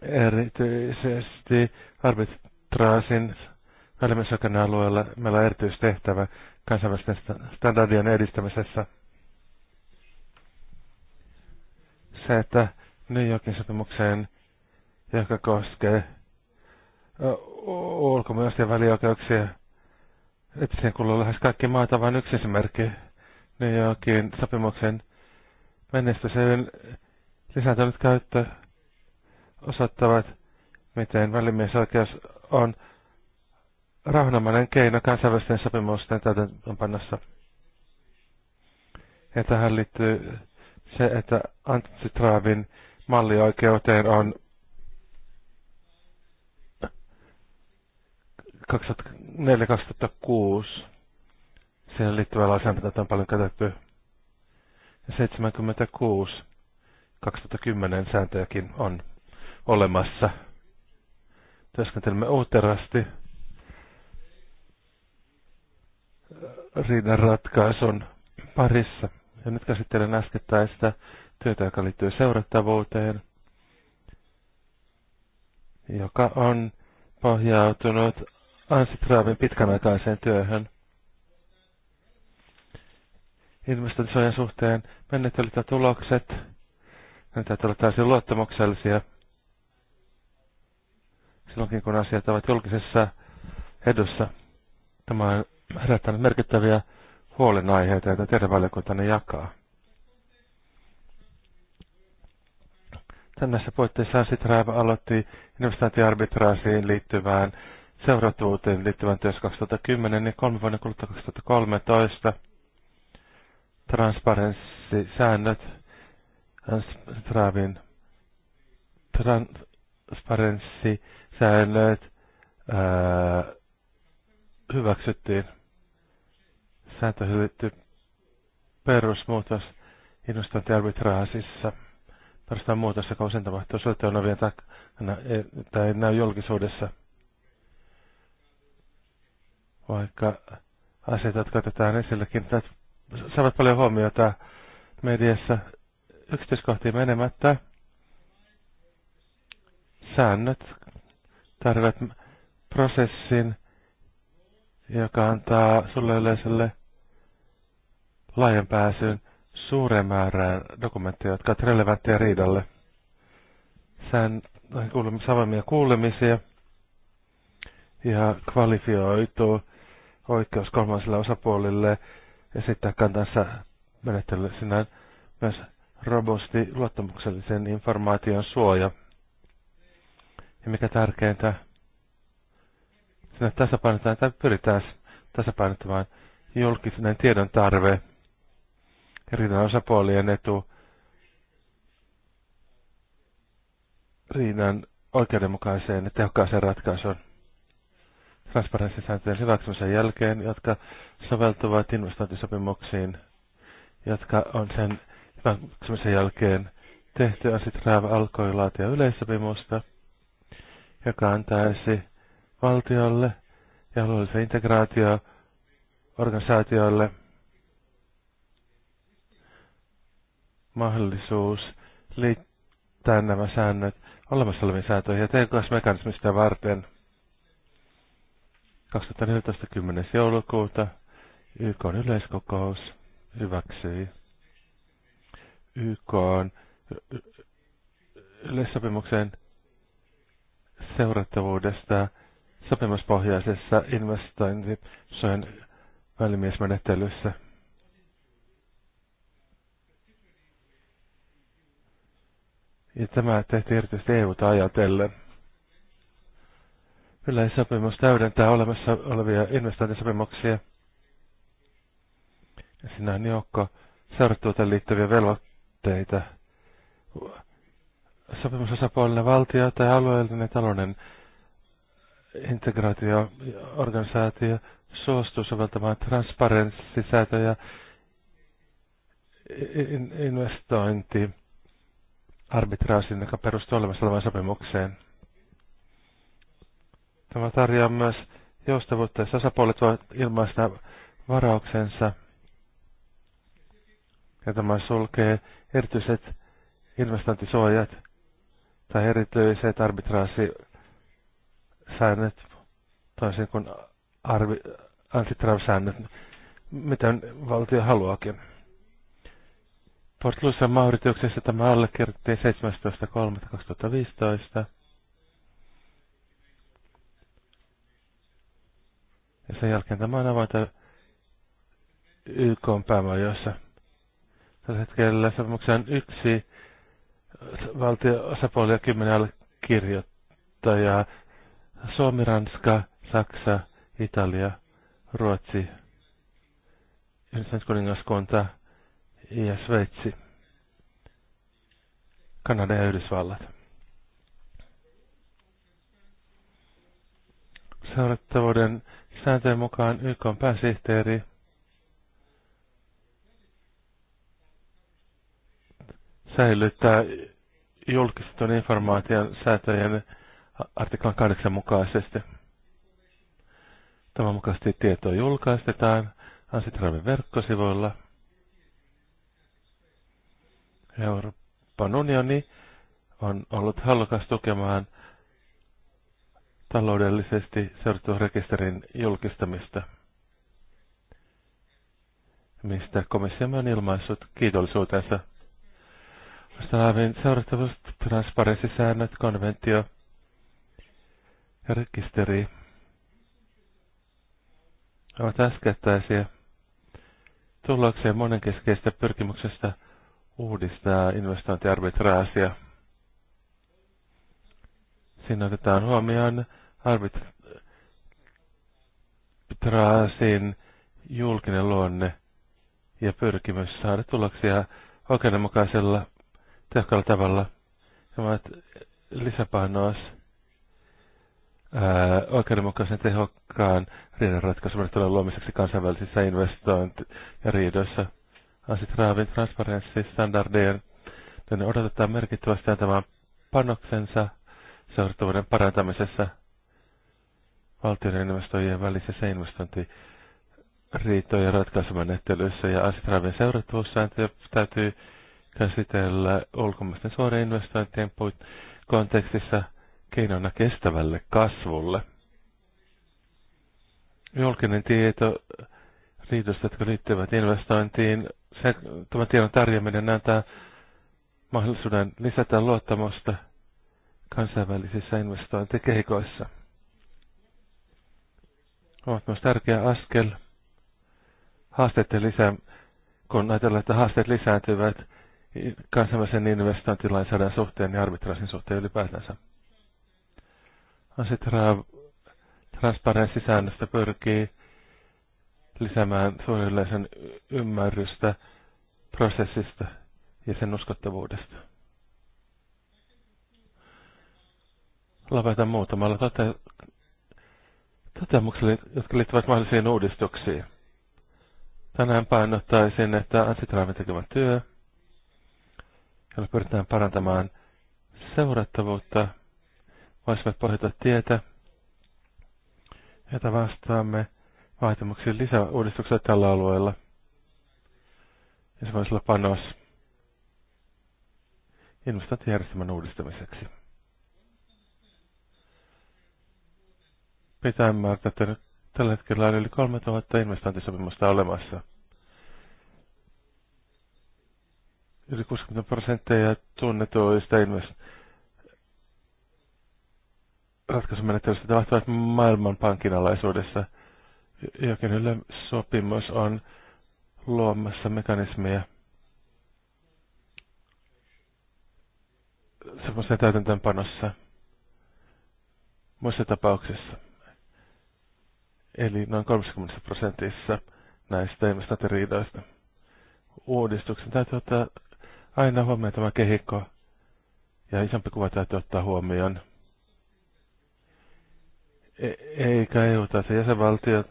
Erityisesti arbitraasin välimiesoikeuden alueella meillä on erityistehtävä kansainvälisten standardien edistämisessä. Se, että New Yorkin sopimukseen, joka koskee ulkomaisten välioikeuksia, että siihen kuuluu lähes kaikki maata, vain yksi esimerkki New Yorkin sopimuksen menestyseen lisääntynyt käyttö osoittavat, miten välimiesoikeus on rauhanomainen keino kansainvälisten sopimusten täytäntöönpannossa. Ja tähän liittyy se, että antitraavin mallioikeuteen on 2004-2006. Siihen liittyvää lainsäädäntöä on paljon käytetty. Ja 76 2010 sääntöjäkin on olemassa. Työskentelemme uuterasti riidan ratkaisun parissa. Ja nyt käsittelen äskettäistä työtä, joka liittyy seurattavuuteen, joka on pohjautunut Ansi Traavin pitkänaikaiseen työhön. Investointisuojan suhteen menettelyt ja tulokset, ne täytyy olla täysin luottamuksellisia. Silloinkin kun asiat ovat julkisessa edussa. Tämä on herättänyt merkittäviä huolenaiheita, joita teidän jakaa. Tänässä puitteissa Sitraa aloitti investointiarbitraasiin liittyvään seuratuuteen liittyvän työs 2010 ja kolme vuoden kuluttua 2013 transparenssisäännöt transparenssisäännöt hyväksyttiin. Sääntö hyvitty perusmuutos investointiarbitraasissa. perustan muutos, joka usein tapahtuu suunnitelmavien takana tai näy julkisuudessa – vaikka asiat, jotka otetaan esillekin, saavat paljon huomiota mediassa yksityiskohtiin menemättä. Säännöt tarvitsevat prosessin, joka antaa sulle yleisölle laajan pääsyn suureen määrään dokumentteja, jotka ovat relevantteja riidalle. Sään kuulemisia, kuulemisia ja kvalifioituu oikeus kolmansille osapuolille esittää kantansa menettelylle sinään myös robusti luottamuksellisen informaation suoja. Ja mikä tärkeintä, sinne tasapainotetaan tai pyritään tasapainottamaan julkisen tiedon tarve ja riidan osapuolien etu riidan oikeudenmukaiseen ja tehokkaaseen ratkaisuun transparenssisääntöjen hyväksymisen jälkeen, jotka soveltuvat investointisopimuksiin, jotka on sen hyväksymisen jälkeen tehty, on sitten RAV alkoi laatia yleissopimusta, joka antaisi valtiolle ja alueellisen integraatio organisaatioille mahdollisuus liittää nämä säännöt olemassa oleviin sääntöihin ja TKS-mekanismista varten – 2014 joulukuuta YK on yleiskokous hyväksyi YK on yleissopimuksen seurattavuudesta sopimuspohjaisessa investointisojen välimiesmenettelyssä. Ja tämä tehtiin erityisesti EU-ta ajatellen. Yleissopimus täydentää olemassa olevia investointisopimuksia. Ja siinä on joukko seuratuuteen liittyviä velvoitteita. Sopimusosapuolinen valtio tai alueellinen talouden integraatioorganisaatio suostuu soveltamaan transparenssisäätöjä investointi arbitraasin, joka perustuu olemassa olevaan sopimukseen. Tämä tarjoaa myös joustavuutta, jos osapuolet voivat ilmaista varauksensa. Ja tämä sulkee erityiset investointisuojat tai erityiset arbitraasisäännöt, toisin kuin arvi, antitraussäännöt, mitä valtio haluakin. Portluissa Lusan tämä allekirjoitettiin 17.3.2015. Ja sen jälkeen tämä on avointa YK päämajoissa. Tällä hetkellä sopimuksen yksi valtio osapuoli ja kymmenen allekirjoittajaa. Suomi, Ranska, Saksa, Italia, Ruotsi, Yhdistynyt kuningaskunta ja Sveitsi, Kanada ja Yhdysvallat. Seurattavuuden Sääntöjen mukaan YK on pääsihteeri. säilyttää julkistetun informaation sääntöjen artiklan 8 mukaisesti. Tämän mukaisesti tietoa julkaistetaan Ansitraven verkkosivuilla. Euroopan unioni on ollut halukas tukemaan – taloudellisesti seuratun rekisterin julkistamista, mistä komissio on ilmaissut kiitollisuutensa. Vastaavin seurattavuus, transparenssisäännöt, konventio ja rekisteri ovat äskettäisiä tullakseen monenkeskeistä pyrkimyksestä uudistaa investointiarbitraasia. Siinä otetaan huomioon arbitraasin julkinen luonne ja pyrkimys saada tuloksia oikeudenmukaisella tehokkaalla tavalla. Nämä ovat oikeudenmukaisen tehokkaan riidanratkaisumenettelyn luomiseksi kansainvälisissä investointi- ja riidoissa. Asitraavin transparenssistandardien ne odotetaan merkittävästi antamaan panoksensa seurattavuuden parantamisessa – valtioiden investoijien välisissä investointiriitojen ratkaisumenettelyissä ja asetraavien seurattavuussääntöjä täytyy käsitellä ulkomaisten suorien investointien kontekstissa keinona kestävälle kasvulle. Julkinen tieto riitosta, jotka liittyvät investointiin, se, tämän tiedon tarjoaminen antaa mahdollisuuden lisätä luottamusta kansainvälisissä investointikehikoissa ovat myös tärkeä askel haasteiden lisää, kun ajatellaan, että haasteet lisääntyvät kansainvälisen investointilainsäädännön suhteen ja arbitraasin suhteen ylipäätänsä. Asitra transparenssisäännöstä pyrkii lisäämään suuren ymmärrystä prosessista ja sen uskottavuudesta. Lopetan muutamalla tote- toteamuksille, jotka liittyvät mahdollisiin uudistuksiin. Tänään painottaisin, että Ansitraamin tekemä työ, jolla pyritään parantamaan seurattavuutta, voisivat pohjata tietä, jota vastaamme vaatimuksiin lisäuudistuksia tällä alueella. Ja se voisi olla panos investointijärjestelmän uudistamiseksi. pitää ymmärtää, että nyt tällä hetkellä on yli 3000 investointisopimusta olemassa. Yli 60 prosenttia tunnetuista ratkaisumenettelystä tapahtuvat maailmanpankin alaisuudessa. Jokin sopimus on luomassa mekanismeja semmoisen täytäntöönpanossa muissa tapauksissa eli noin 30 prosentissa näistä investointiriidoista. Uudistuksen täytyy ottaa aina huomioon tämä kehikko ja isompi kuva täytyy ottaa huomioon. E- eikä EU tai se jäsenvaltiot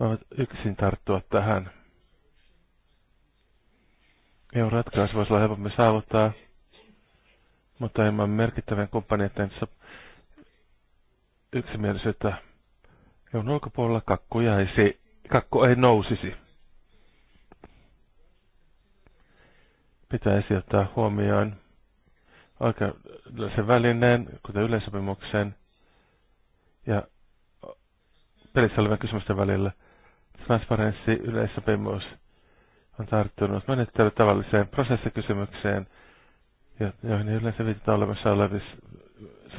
voivat yksin tarttua tähän. EU ratkaisu voisi olla helpommin saavuttaa, mutta ilman merkittävien kumppaneiden yksimielisyyttä EUn ulkopuolella kakku, jäisi, kakku ei nousisi. Pitäisi ottaa huomioon oikeudellisen välineen, kuten yleisopimuksen ja pelissä olevien kysymysten välillä. Transparenssi, yleissopimus on tarttunut menettely tavalliseen prosessikysymykseen, joihin yleensä viitataan olemassa olevissa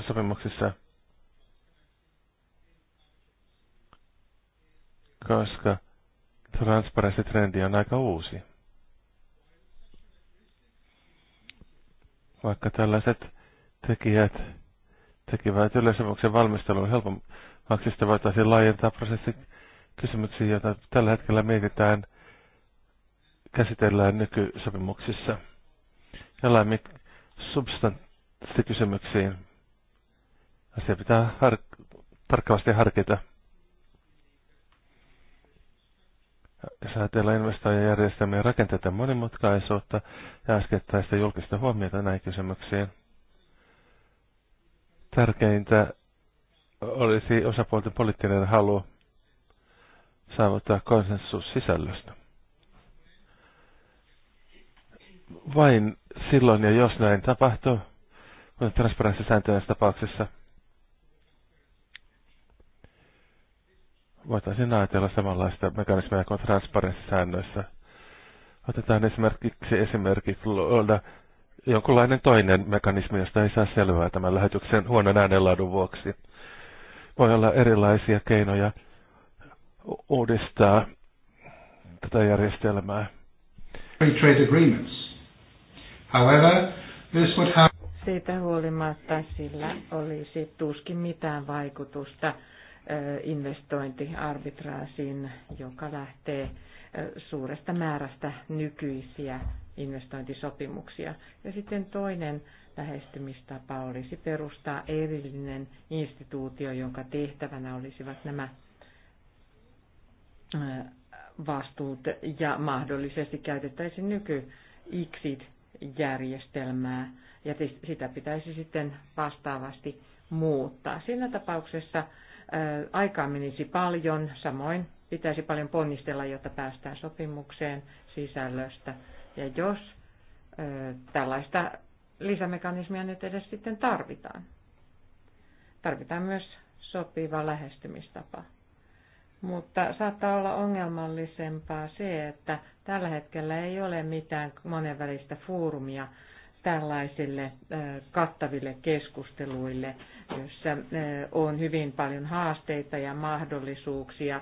sopimuksissa – koska transparenssitrendi on aika uusi. Vaikka tällaiset tekijät tekivät yleisömyksen valmistelun helpommaksi, sitä voitaisiin laajentaa prosessi kysymyksiin, joita tällä hetkellä mietitään, käsitellään nykysopimuksissa. Jollain substanssikysymyksiin asia pitää har- tarkkaavasti harkita. jos ajatellaan investoijajärjestelmien rakenteiden monimutkaisuutta ja äskettäistä julkista huomiota näihin kysymyksiin, tärkeintä olisi osapuolten poliittinen halu saavuttaa konsensus sisällöstä. Vain silloin ja jos näin tapahtuu, kun transparenssisääntöjen tapauksessa – voitaisiin ajatella samanlaista mekanismia kuin transparenssisäännöissä. Otetaan esimerkiksi esimerkiksi luoda jonkunlainen toinen mekanismi, josta ei saa selvää tämän lähetyksen huonon äänenlaadun vuoksi. Voi olla erilaisia keinoja uudistaa tätä järjestelmää. Trade agreements. However, this would have... Siitä huolimatta sillä olisi tuskin mitään vaikutusta investointiarbitraasiin, joka lähtee suuresta määrästä nykyisiä investointisopimuksia. Ja sitten toinen lähestymistapa olisi perustaa erillinen instituutio, jonka tehtävänä olisivat nämä vastuut ja mahdollisesti käytettäisiin nyky järjestelmää ja sitä pitäisi sitten vastaavasti muuttaa. Siinä tapauksessa aikaa menisi paljon, samoin pitäisi paljon ponnistella, jotta päästään sopimukseen sisällöstä. Ja jos tällaista lisämekanismia nyt edes sitten tarvitaan. Tarvitaan myös sopiva lähestymistapa. Mutta saattaa olla ongelmallisempaa se, että tällä hetkellä ei ole mitään monenvälistä foorumia, tällaisille kattaville keskusteluille, joissa on hyvin paljon haasteita ja mahdollisuuksia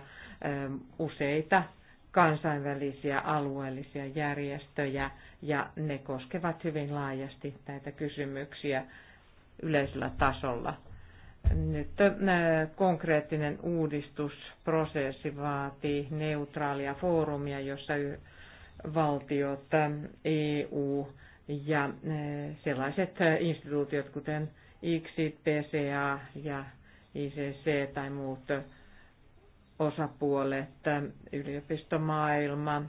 useita kansainvälisiä alueellisia järjestöjä ja ne koskevat hyvin laajasti näitä kysymyksiä yleisellä tasolla. Nyt konkreettinen uudistusprosessi vaatii neutraalia foorumia, jossa valtiot, EU, ja e, sellaiset e, instituutiot, kuten ICSID, PCA ja ICC tai muut osapuolet, e, yliopistomaailma,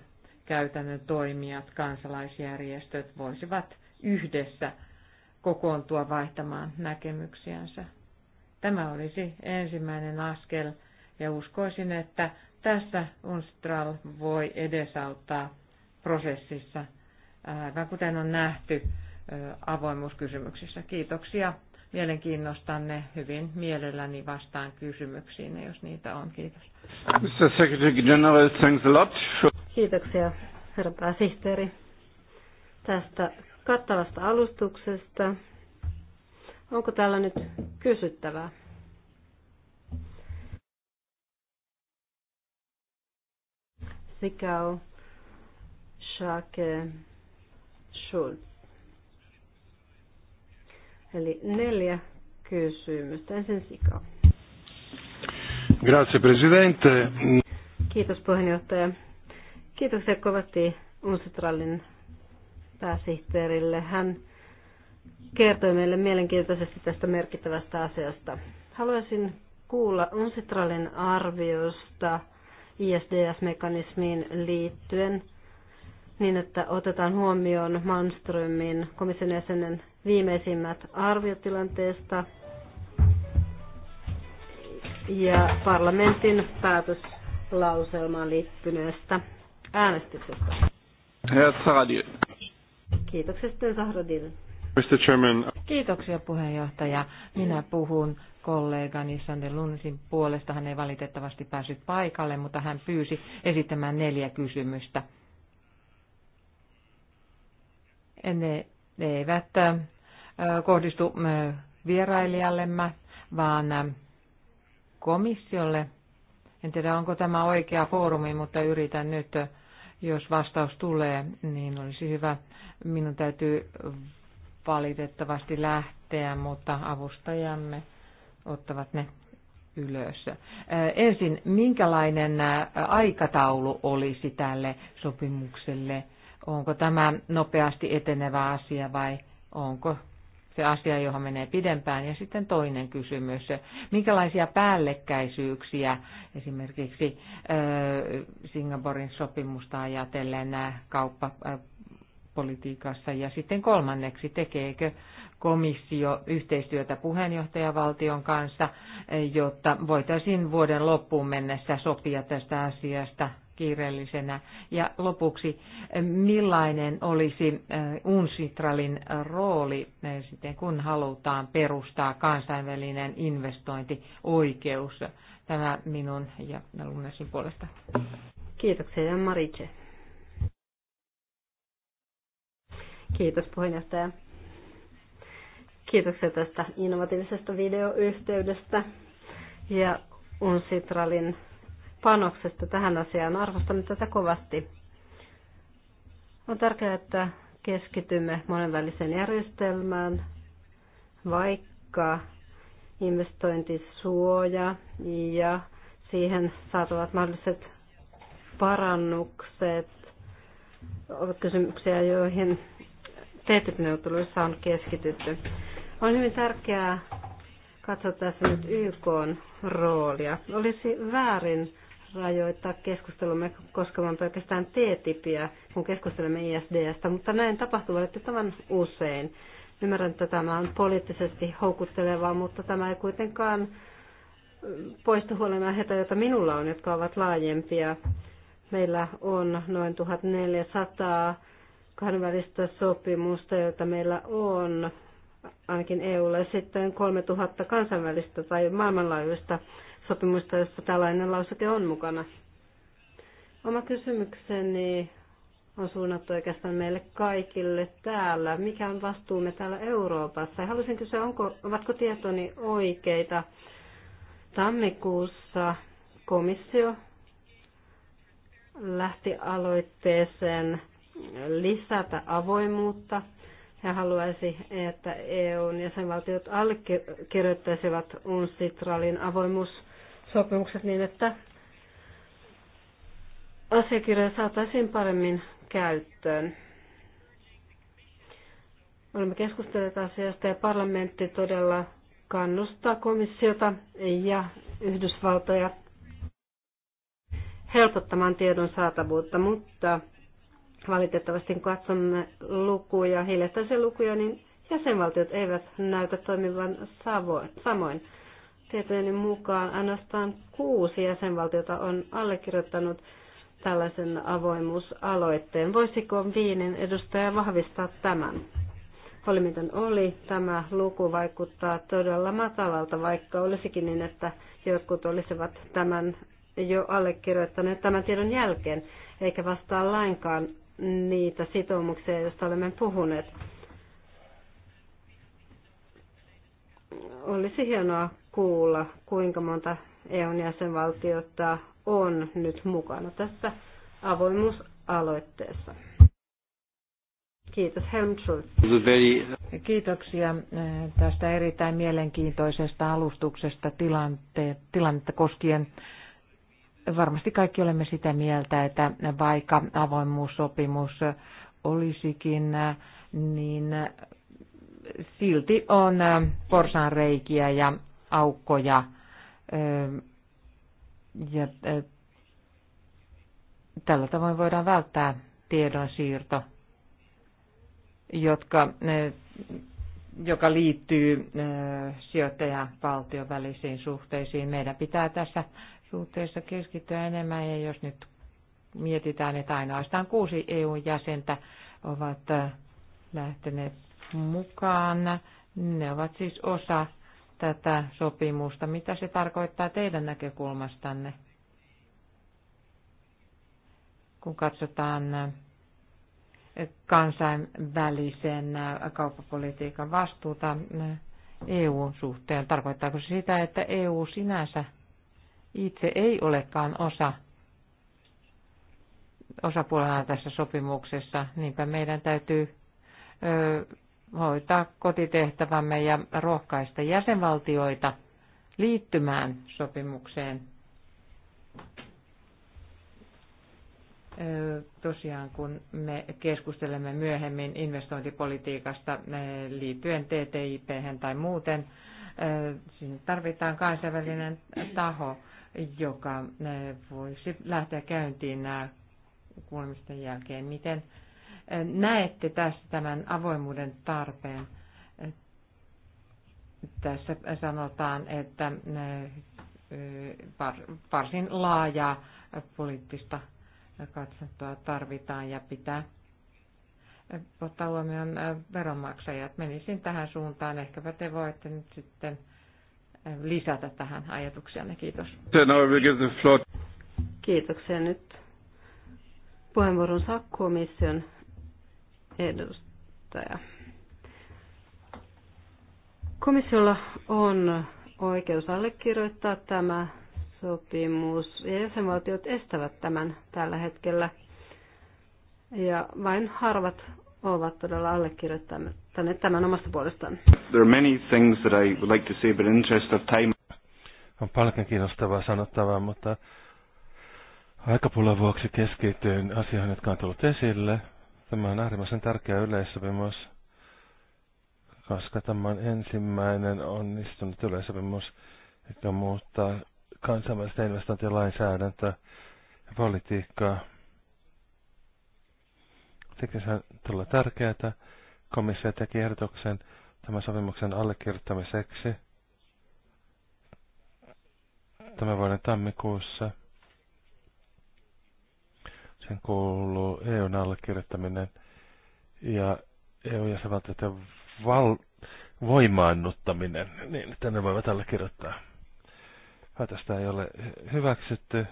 käytännön toimijat, kansalaisjärjestöt voisivat yhdessä kokoontua vaihtamaan näkemyksiänsä. Tämä olisi ensimmäinen askel ja uskoisin, että tässä Unstral voi edesauttaa prosessissa aivan kuten on nähty avoimuuskysymyksissä. Kiitoksia mielenkiinnostanne. Hyvin mielelläni vastaan kysymyksiin, jos niitä on. Kiitos. Mr. Secretary General, thanks a lot. Kiitoksia, herra pääsihteeri, tästä kattavasta alustuksesta. Onko täällä nyt kysyttävää? Sikau, Shake, Schulz. Eli neljä kysymystä. Ensin Sika. Grazie, presidente. Kiitos puheenjohtaja. Kiitoksia kovasti Unsitralin pääsihteerille. Hän kertoi meille mielenkiintoisesti tästä merkittävästä asiasta. Haluaisin kuulla Unsitralin arviosta ISDS-mekanismiin liittyen – niin, että otetaan huomioon Manströmin komission jäsenen viimeisimmät arviotilanteesta ja parlamentin päätöslauselmaan liittyneestä äänestyksestä. Kiitoksia sitten Sahradil. Mr. Chairman. Kiitoksia puheenjohtaja. Minä puhun kollegani Sander Lunsin puolesta. Hän ei valitettavasti päässyt paikalle, mutta hän pyysi esittämään neljä kysymystä ne eivät kohdistu vierailijallemme, vaan komissiolle. En tiedä, onko tämä oikea foorumi, mutta yritän nyt, jos vastaus tulee, niin olisi hyvä. Minun täytyy valitettavasti lähteä, mutta avustajamme ottavat ne ylös. Ensin, minkälainen aikataulu olisi tälle sopimukselle? onko tämä nopeasti etenevä asia vai onko se asia, johon menee pidempään. Ja sitten toinen kysymys, minkälaisia päällekkäisyyksiä esimerkiksi Singaporen sopimusta ajatellen kauppapolitiikassa. Ja sitten kolmanneksi, tekeekö komissio yhteistyötä puheenjohtajavaltion kanssa, jotta voitaisiin vuoden loppuun mennessä sopia tästä asiasta kiireellisenä. Ja lopuksi, millainen olisi eh, UNSITRALin eh, rooli eh, sitten, kun halutaan perustaa kansainvälinen investointioikeus? Tämä minun ja Lunnesin puolesta. Kiitoksia ja Maritse. Kiitos puheenjohtaja. Kiitoksia tästä innovatiivisesta videoyhteydestä ja UNSITRALin panoksesta tähän asiaan. arvostan tätä kovasti. On tärkeää, että keskitymme monenväliseen järjestelmään, vaikka investointisuoja ja siihen saatavat mahdolliset parannukset ovat kysymyksiä, joihin TTIP-neuvotteluissa on keskitytty. On hyvin tärkeää katsoa tässä nyt YK roolia. Olisi väärin rajoittaa keskustelumme koskemaan pelkästään T-tipiä, kun keskustelemme ISDstä, mutta näin tapahtuu valitettavan usein. Ymmärrän, että tämä on poliittisesti houkuttelevaa, mutta tämä ei kuitenkaan poista huolenaiheita, joita minulla on, jotka ovat laajempia. Meillä on noin 1400 kahdenvälistä sopimusta, joita meillä on ainakin EUlle sitten 3000 kansainvälistä tai maailmanlaajuista sopimusta, jossa tällainen lauseke on mukana. Oma kysymykseni on suunnattu oikeastaan meille kaikille täällä. Mikä on vastuumme täällä Euroopassa? Ja haluaisin kysyä, onko, ovatko tietoni oikeita? Tammikuussa komissio lähti aloitteeseen lisätä avoimuutta ja haluaisi, että EUn jäsenvaltiot allekirjoittaisivat UNCITRALin avoimuus sopimukset niin, että asiakirjoja saataisiin paremmin käyttöön. Olemme keskustelleet asiasta ja parlamentti todella kannustaa komissiota ja Yhdysvaltoja helpottamaan tiedon saatavuutta, mutta valitettavasti kun katsomme lukuja, hiljattaisia lukuja, niin jäsenvaltiot eivät näytä toimivan samoin. Tietojeni mukaan ainoastaan kuusi jäsenvaltiota on allekirjoittanut tällaisen avoimuusaloitteen. Voisiko Viinin edustaja vahvistaa tämän? Oli miten oli, tämä luku vaikuttaa todella matalalta, vaikka olisikin niin, että jotkut olisivat tämän jo allekirjoittaneet tämän tiedon jälkeen, eikä vastaa lainkaan niitä sitoumuksia, joista olemme puhuneet. Olisi hienoa kuulla, kuinka monta EUn jäsenvaltiota on nyt mukana tässä avoimuusaloitteessa. Kiitos Helmut Kiitoksia eh, tästä erittäin mielenkiintoisesta alustuksesta tilante, tilannetta koskien. Varmasti kaikki olemme sitä mieltä, että vaikka avoimuussopimus olisikin, eh, niin silti on eh, porsan reikiä ja aukkoja. Ja tällä tavoin voidaan välttää tiedonsiirto, jotka, joka liittyy sijoittajan valtion välisiin suhteisiin. Meidän pitää tässä suhteessa keskittyä enemmän ja jos nyt mietitään, että ainoastaan kuusi EU-jäsentä ovat lähteneet mukaan. Ne ovat siis osa tätä sopimusta. Mitä se tarkoittaa teidän näkökulmastanne, kun katsotaan eh, kansainvälisen eh, kauppapolitiikan vastuuta EU-suhteen? Eh, e tarkoittaako se sitä, että EU sinänsä itse ei olekaan osa osapuolena tässä sopimuksessa, niinpä meidän täytyy ö, hoitaa kotitehtävämme ja rohkaista jäsenvaltioita liittymään sopimukseen. Tosiaan kun me keskustelemme myöhemmin investointipolitiikasta liittyen TTIP tai muuten, sinne tarvitaan kansainvälinen taho, joka voisi lähteä käyntiin nämä kuulemisten jälkeen, miten näette tässä tämän avoimuuden tarpeen? Tässä sanotaan, että varsin laajaa poliittista katsantoa tarvitaan ja pitää ottaa huomioon veronmaksajat. Menisin tähän suuntaan. Ehkäpä te voitte nyt sitten lisätä tähän ajatuksianne. Kiitos. Kiitoksia nyt. Puheenvuoron saa komission edustaja. Komissiolla on oikeus allekirjoittaa tämä sopimus ja jäsenvaltiot estävät tämän tällä hetkellä. Ja vain harvat ovat todella allekirjoittaneet tämän omasta puolestaan. There are many things that I would like to say, but in interest of time... On paljon kiinnostavaa sanottavaa, mutta aikapulan vuoksi keskityn asioihin, jotka on tullut esille – Tämä on äärimmäisen tärkeä yleissopimus, koska tämä on ensimmäinen onnistunut yleissopimus, joka muuttaa kansainvälistä investointilainsäädäntöä ja politiikkaa. Siksi se on tulla tärkeää. Komissio teki ehdotuksen tämän sopimuksen allekirjoittamiseksi tämän vuoden tammikuussa – sen kuuluu EUn allekirjoittaminen ja EU-jäsenvaltioiden val- voimaannuttaminen, niin että ne voivat allekirjoittaa. Tästä ei ole hyväksytty.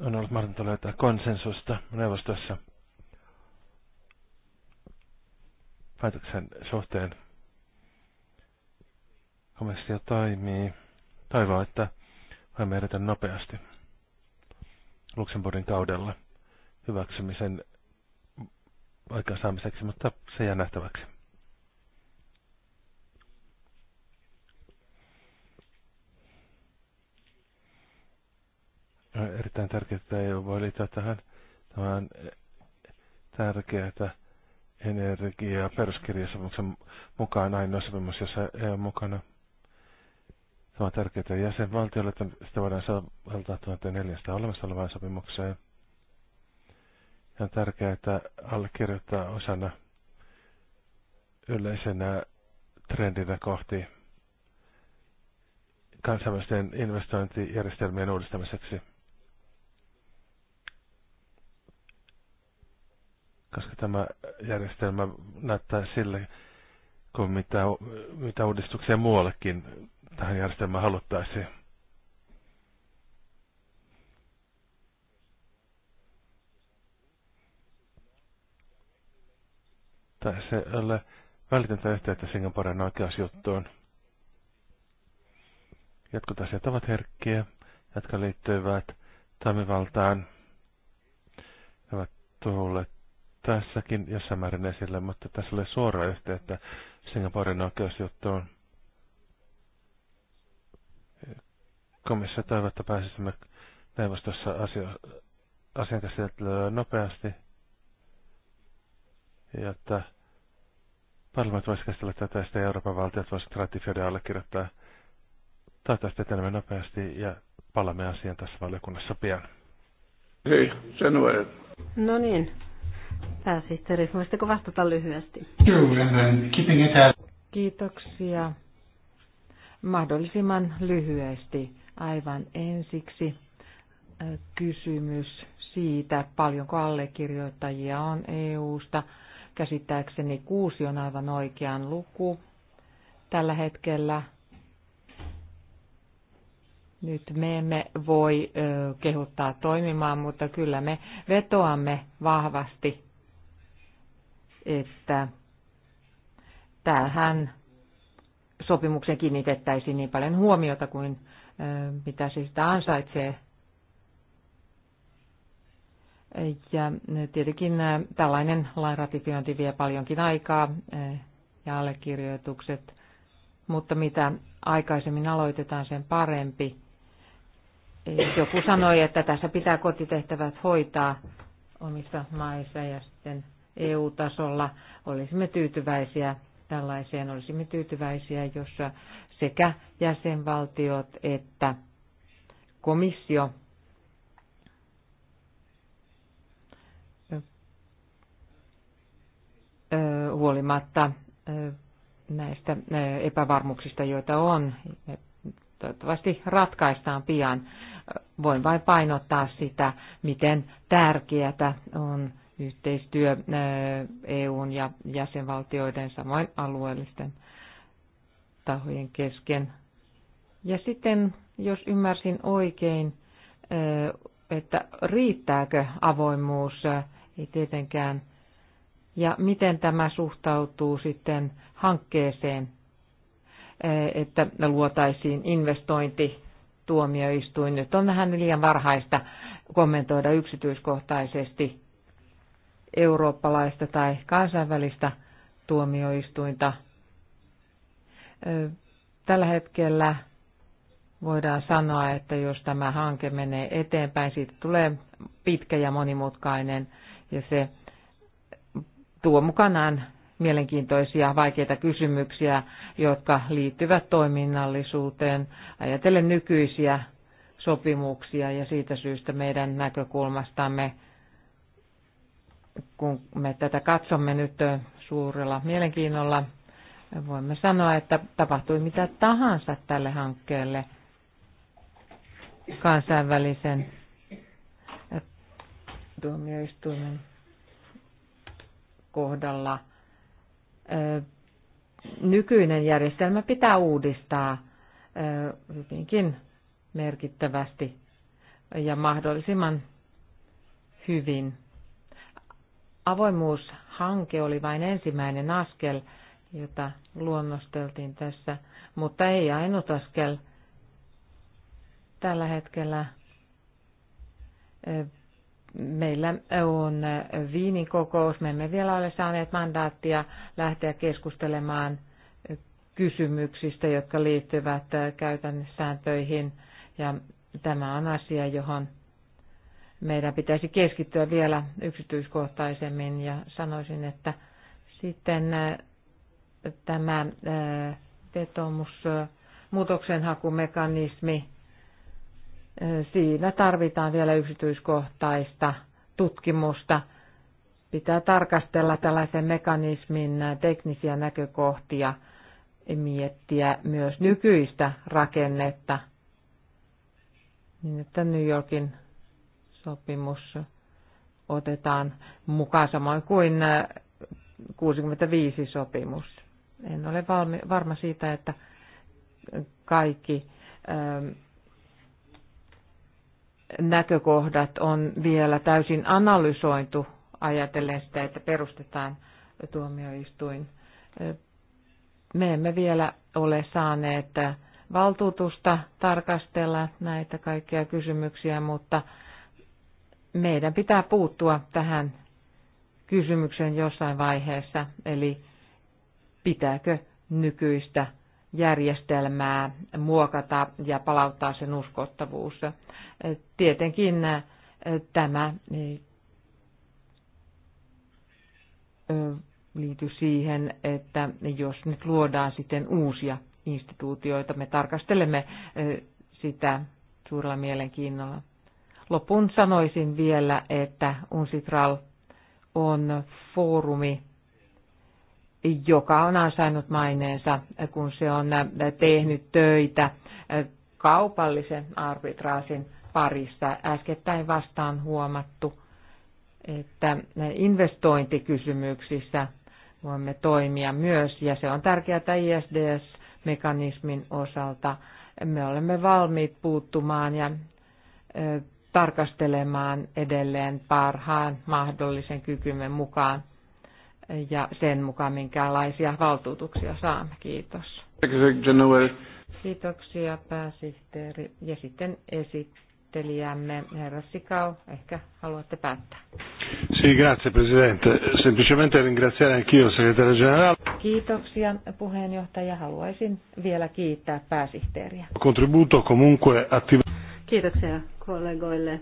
On ollut mahdollista löytää konsensusta neuvostossa päätöksen suhteen. Komissio toimii. Toivoo, että voimme edetä nopeasti. Luxemburgin kaudella hyväksymisen aikaansaamiseksi, mutta se jää nähtäväksi. Erittäin tärkeää, että EU voi liittää tähän. Tämä tärkeää energia- peruskirjassa peruskirjasopimuksen mukaan ainoa sopimus, jossa EU on mukana. Se on tärkeää jäsenvaltiolle, että sitä voidaan soveltaa 1400 olemassa olevaan sopimukseen. Ja on tärkeää, että allekirjoittaa osana yleisenä trendinä kohti kansainvälisten investointijärjestelmien uudistamiseksi. Koska tämä järjestelmä näyttää sille, kuin mitä, mitä uudistuksia muuallekin tähän järjestelmään haluttaisiin. Tai se ole välitöntä yhteyttä Singaporen oikeusjuttuun. Jotkut asiat ovat herkkiä, jotka liittyvät toimivaltaan. Ne ovat tulleet tässäkin jossain määrin esille, mutta tässä oli suora yhteyttä Singaporen oikeusjuttuun. komissio toivoo, että pääsisimme neuvostossa asio, asiankäsittelyä nopeasti. nopeasti, että parlamentti voisi käsitellä tätä ja sitten Euroopan valtiot voisivat ratifioida ja allekirjoittaa. Toivottavasti etenemme nopeasti ja palaamme asian tässä valiokunnassa pian. Hei, sen voi. No niin, pääsihteeri, voisitteko vastata lyhyesti? Kiitoksia. Mahdollisimman lyhyesti. Aivan ensiksi kysymys siitä, paljonko allekirjoittajia on EU-sta. Käsittääkseni kuusi on aivan oikean luku tällä hetkellä. Nyt me emme voi kehottaa toimimaan, mutta kyllä me vetoamme vahvasti, että tähän sopimukseen kiinnitettäisiin niin paljon huomiota kuin mitä se sitä siis ansaitsee. Ja tietenkin tällainen lain ratifiointi vie paljonkin aikaa ja allekirjoitukset, mutta mitä aikaisemmin aloitetaan, sen parempi. Joku sanoi, että tässä pitää kotitehtävät hoitaa omissa maissa ja sitten EU-tasolla olisimme tyytyväisiä tällaiseen. Olisimme tyytyväisiä, jos sekä jäsenvaltiot että komissio huolimatta näistä epävarmuuksista, joita on, toivottavasti ratkaistaan pian. Voin vain painottaa sitä, miten tärkeätä on yhteistyö EUn ja jäsenvaltioiden samoin alueellisten tahojen kesken. Ja sitten, jos ymmärsin oikein, että riittääkö avoimuus, ei tietenkään, ja miten tämä suhtautuu sitten hankkeeseen, että luotaisiin investointituomioistuin. Nyt on vähän liian varhaista kommentoida yksityiskohtaisesti eurooppalaista tai kansainvälistä tuomioistuinta Tällä hetkellä voidaan sanoa, että jos tämä hanke menee eteenpäin, siitä tulee pitkä ja monimutkainen ja se tuo mukanaan mielenkiintoisia vaikeita kysymyksiä, jotka liittyvät toiminnallisuuteen. Ajatellen nykyisiä sopimuksia ja siitä syystä meidän näkökulmastamme, kun me tätä katsomme nyt suurella mielenkiinnolla, voimme sanoa, että tapahtui mitä tahansa tälle hankkeelle kansainvälisen tuomioistuimen kohdalla. Nykyinen järjestelmä pitää uudistaa hyvinkin merkittävästi ja mahdollisimman hyvin. Avoimuushanke oli vain ensimmäinen askel – jota luonnosteltiin tässä, mutta ei ainut askel. Tällä hetkellä eh, meillä on Viinin kokous. Me emme vielä ole saaneet mandaattia lähteä keskustelemaan kysymyksistä, jotka liittyvät eh, käytännössääntöihin. Ja tämä on asia, johon meidän pitäisi keskittyä vielä yksityiskohtaisemmin ja sanoisin, että sitten eh, tämä äh, vetomus äh, muutoksenhakumekanismi. Äh, siinä tarvitaan vielä yksityiskohtaista tutkimusta. Pitää tarkastella tällaisen mekanismin teknisiä näkökohtia ja miettiä myös nykyistä rakennetta, niin että New Yorkin sopimus otetaan mukaan samoin kuin 65 sopimus. En ole valmi, varma siitä, että kaikki ähm, näkökohdat on vielä täysin analysointu ajatellen sitä, että perustetaan tuomioistuin. Äh, me emme vielä ole saaneet äh, valtuutusta tarkastella näitä kaikkia kysymyksiä, mutta meidän pitää puuttua tähän kysymykseen jossain vaiheessa. Eli pitääkö nykyistä järjestelmää muokata ja palauttaa sen uskottavuus. Tietenkin tämä liity siihen, että jos nyt luodaan sitten uusia instituutioita, me tarkastelemme sitä suurella mielenkiinnolla. Lopun sanoisin vielä, että UNSITRAL on foorumi, joka on ansainnut maineensa, kun se on äh, tehnyt töitä äh, kaupallisen arbitraasin parissa. Äskettäin vastaan huomattu, että äh, investointikysymyksissä voimme toimia myös, ja se on tärkeää ISDS-mekanismin osalta. Me olemme valmiit puuttumaan ja tarkastelemaan edelleen parhaan mahdollisen kykymme mukaan ja sen mukaan minkälaisia valtuutuksia saamme. Kiitos. Kiitoksia pääsihteeri ja sitten esittelijämme herra Sikau. Ehkä haluatte päättää. Sì, grazie Presidente. Semplicemente ringraziare anch'io il segretario generale. Kiitoksia puheenjohtaja. Haluaisin vielä kiittää pääsihteeriä. Contributo comunque attivo. Kiitoksia kollegoille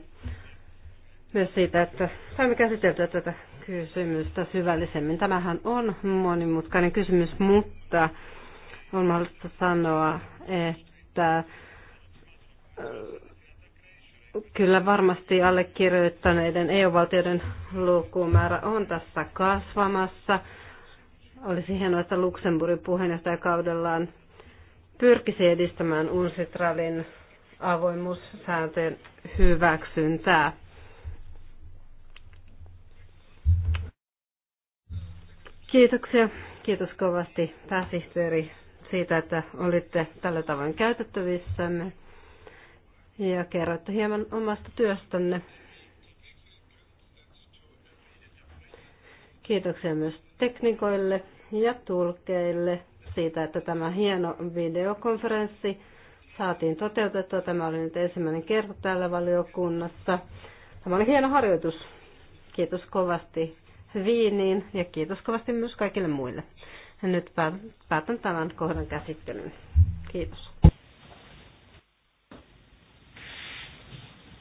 myös siitä, että saimme käsiteltyä tätä kysymystä syvällisemmin. Tämähän on monimutkainen kysymys, mutta on mahdollista sanoa, että kyllä varmasti allekirjoittaneiden EU-valtioiden lukumäärä on tässä kasvamassa. Olisi hienoa, että Luxemburgin puheenjohtajakaudellaan pyrkisi edistämään Unsitralin avoimuussääntöjen hyväksyntää. Kiitoksia. Kiitos kovasti pääsihteeri siitä, että olitte tällä tavoin käytettävissänne ja kerroitte hieman omasta työstänne. Kiitoksia myös teknikoille ja tulkeille siitä, että tämä hieno videokonferenssi saatiin toteutettua. Tämä oli nyt ensimmäinen kerta täällä valiokunnassa. Tämä oli hieno harjoitus. Kiitos kovasti viiniin ja kiitos kovasti myös kaikille muille. Ja nyt päätän tämän kohdan käsittelyyn. Kiitos.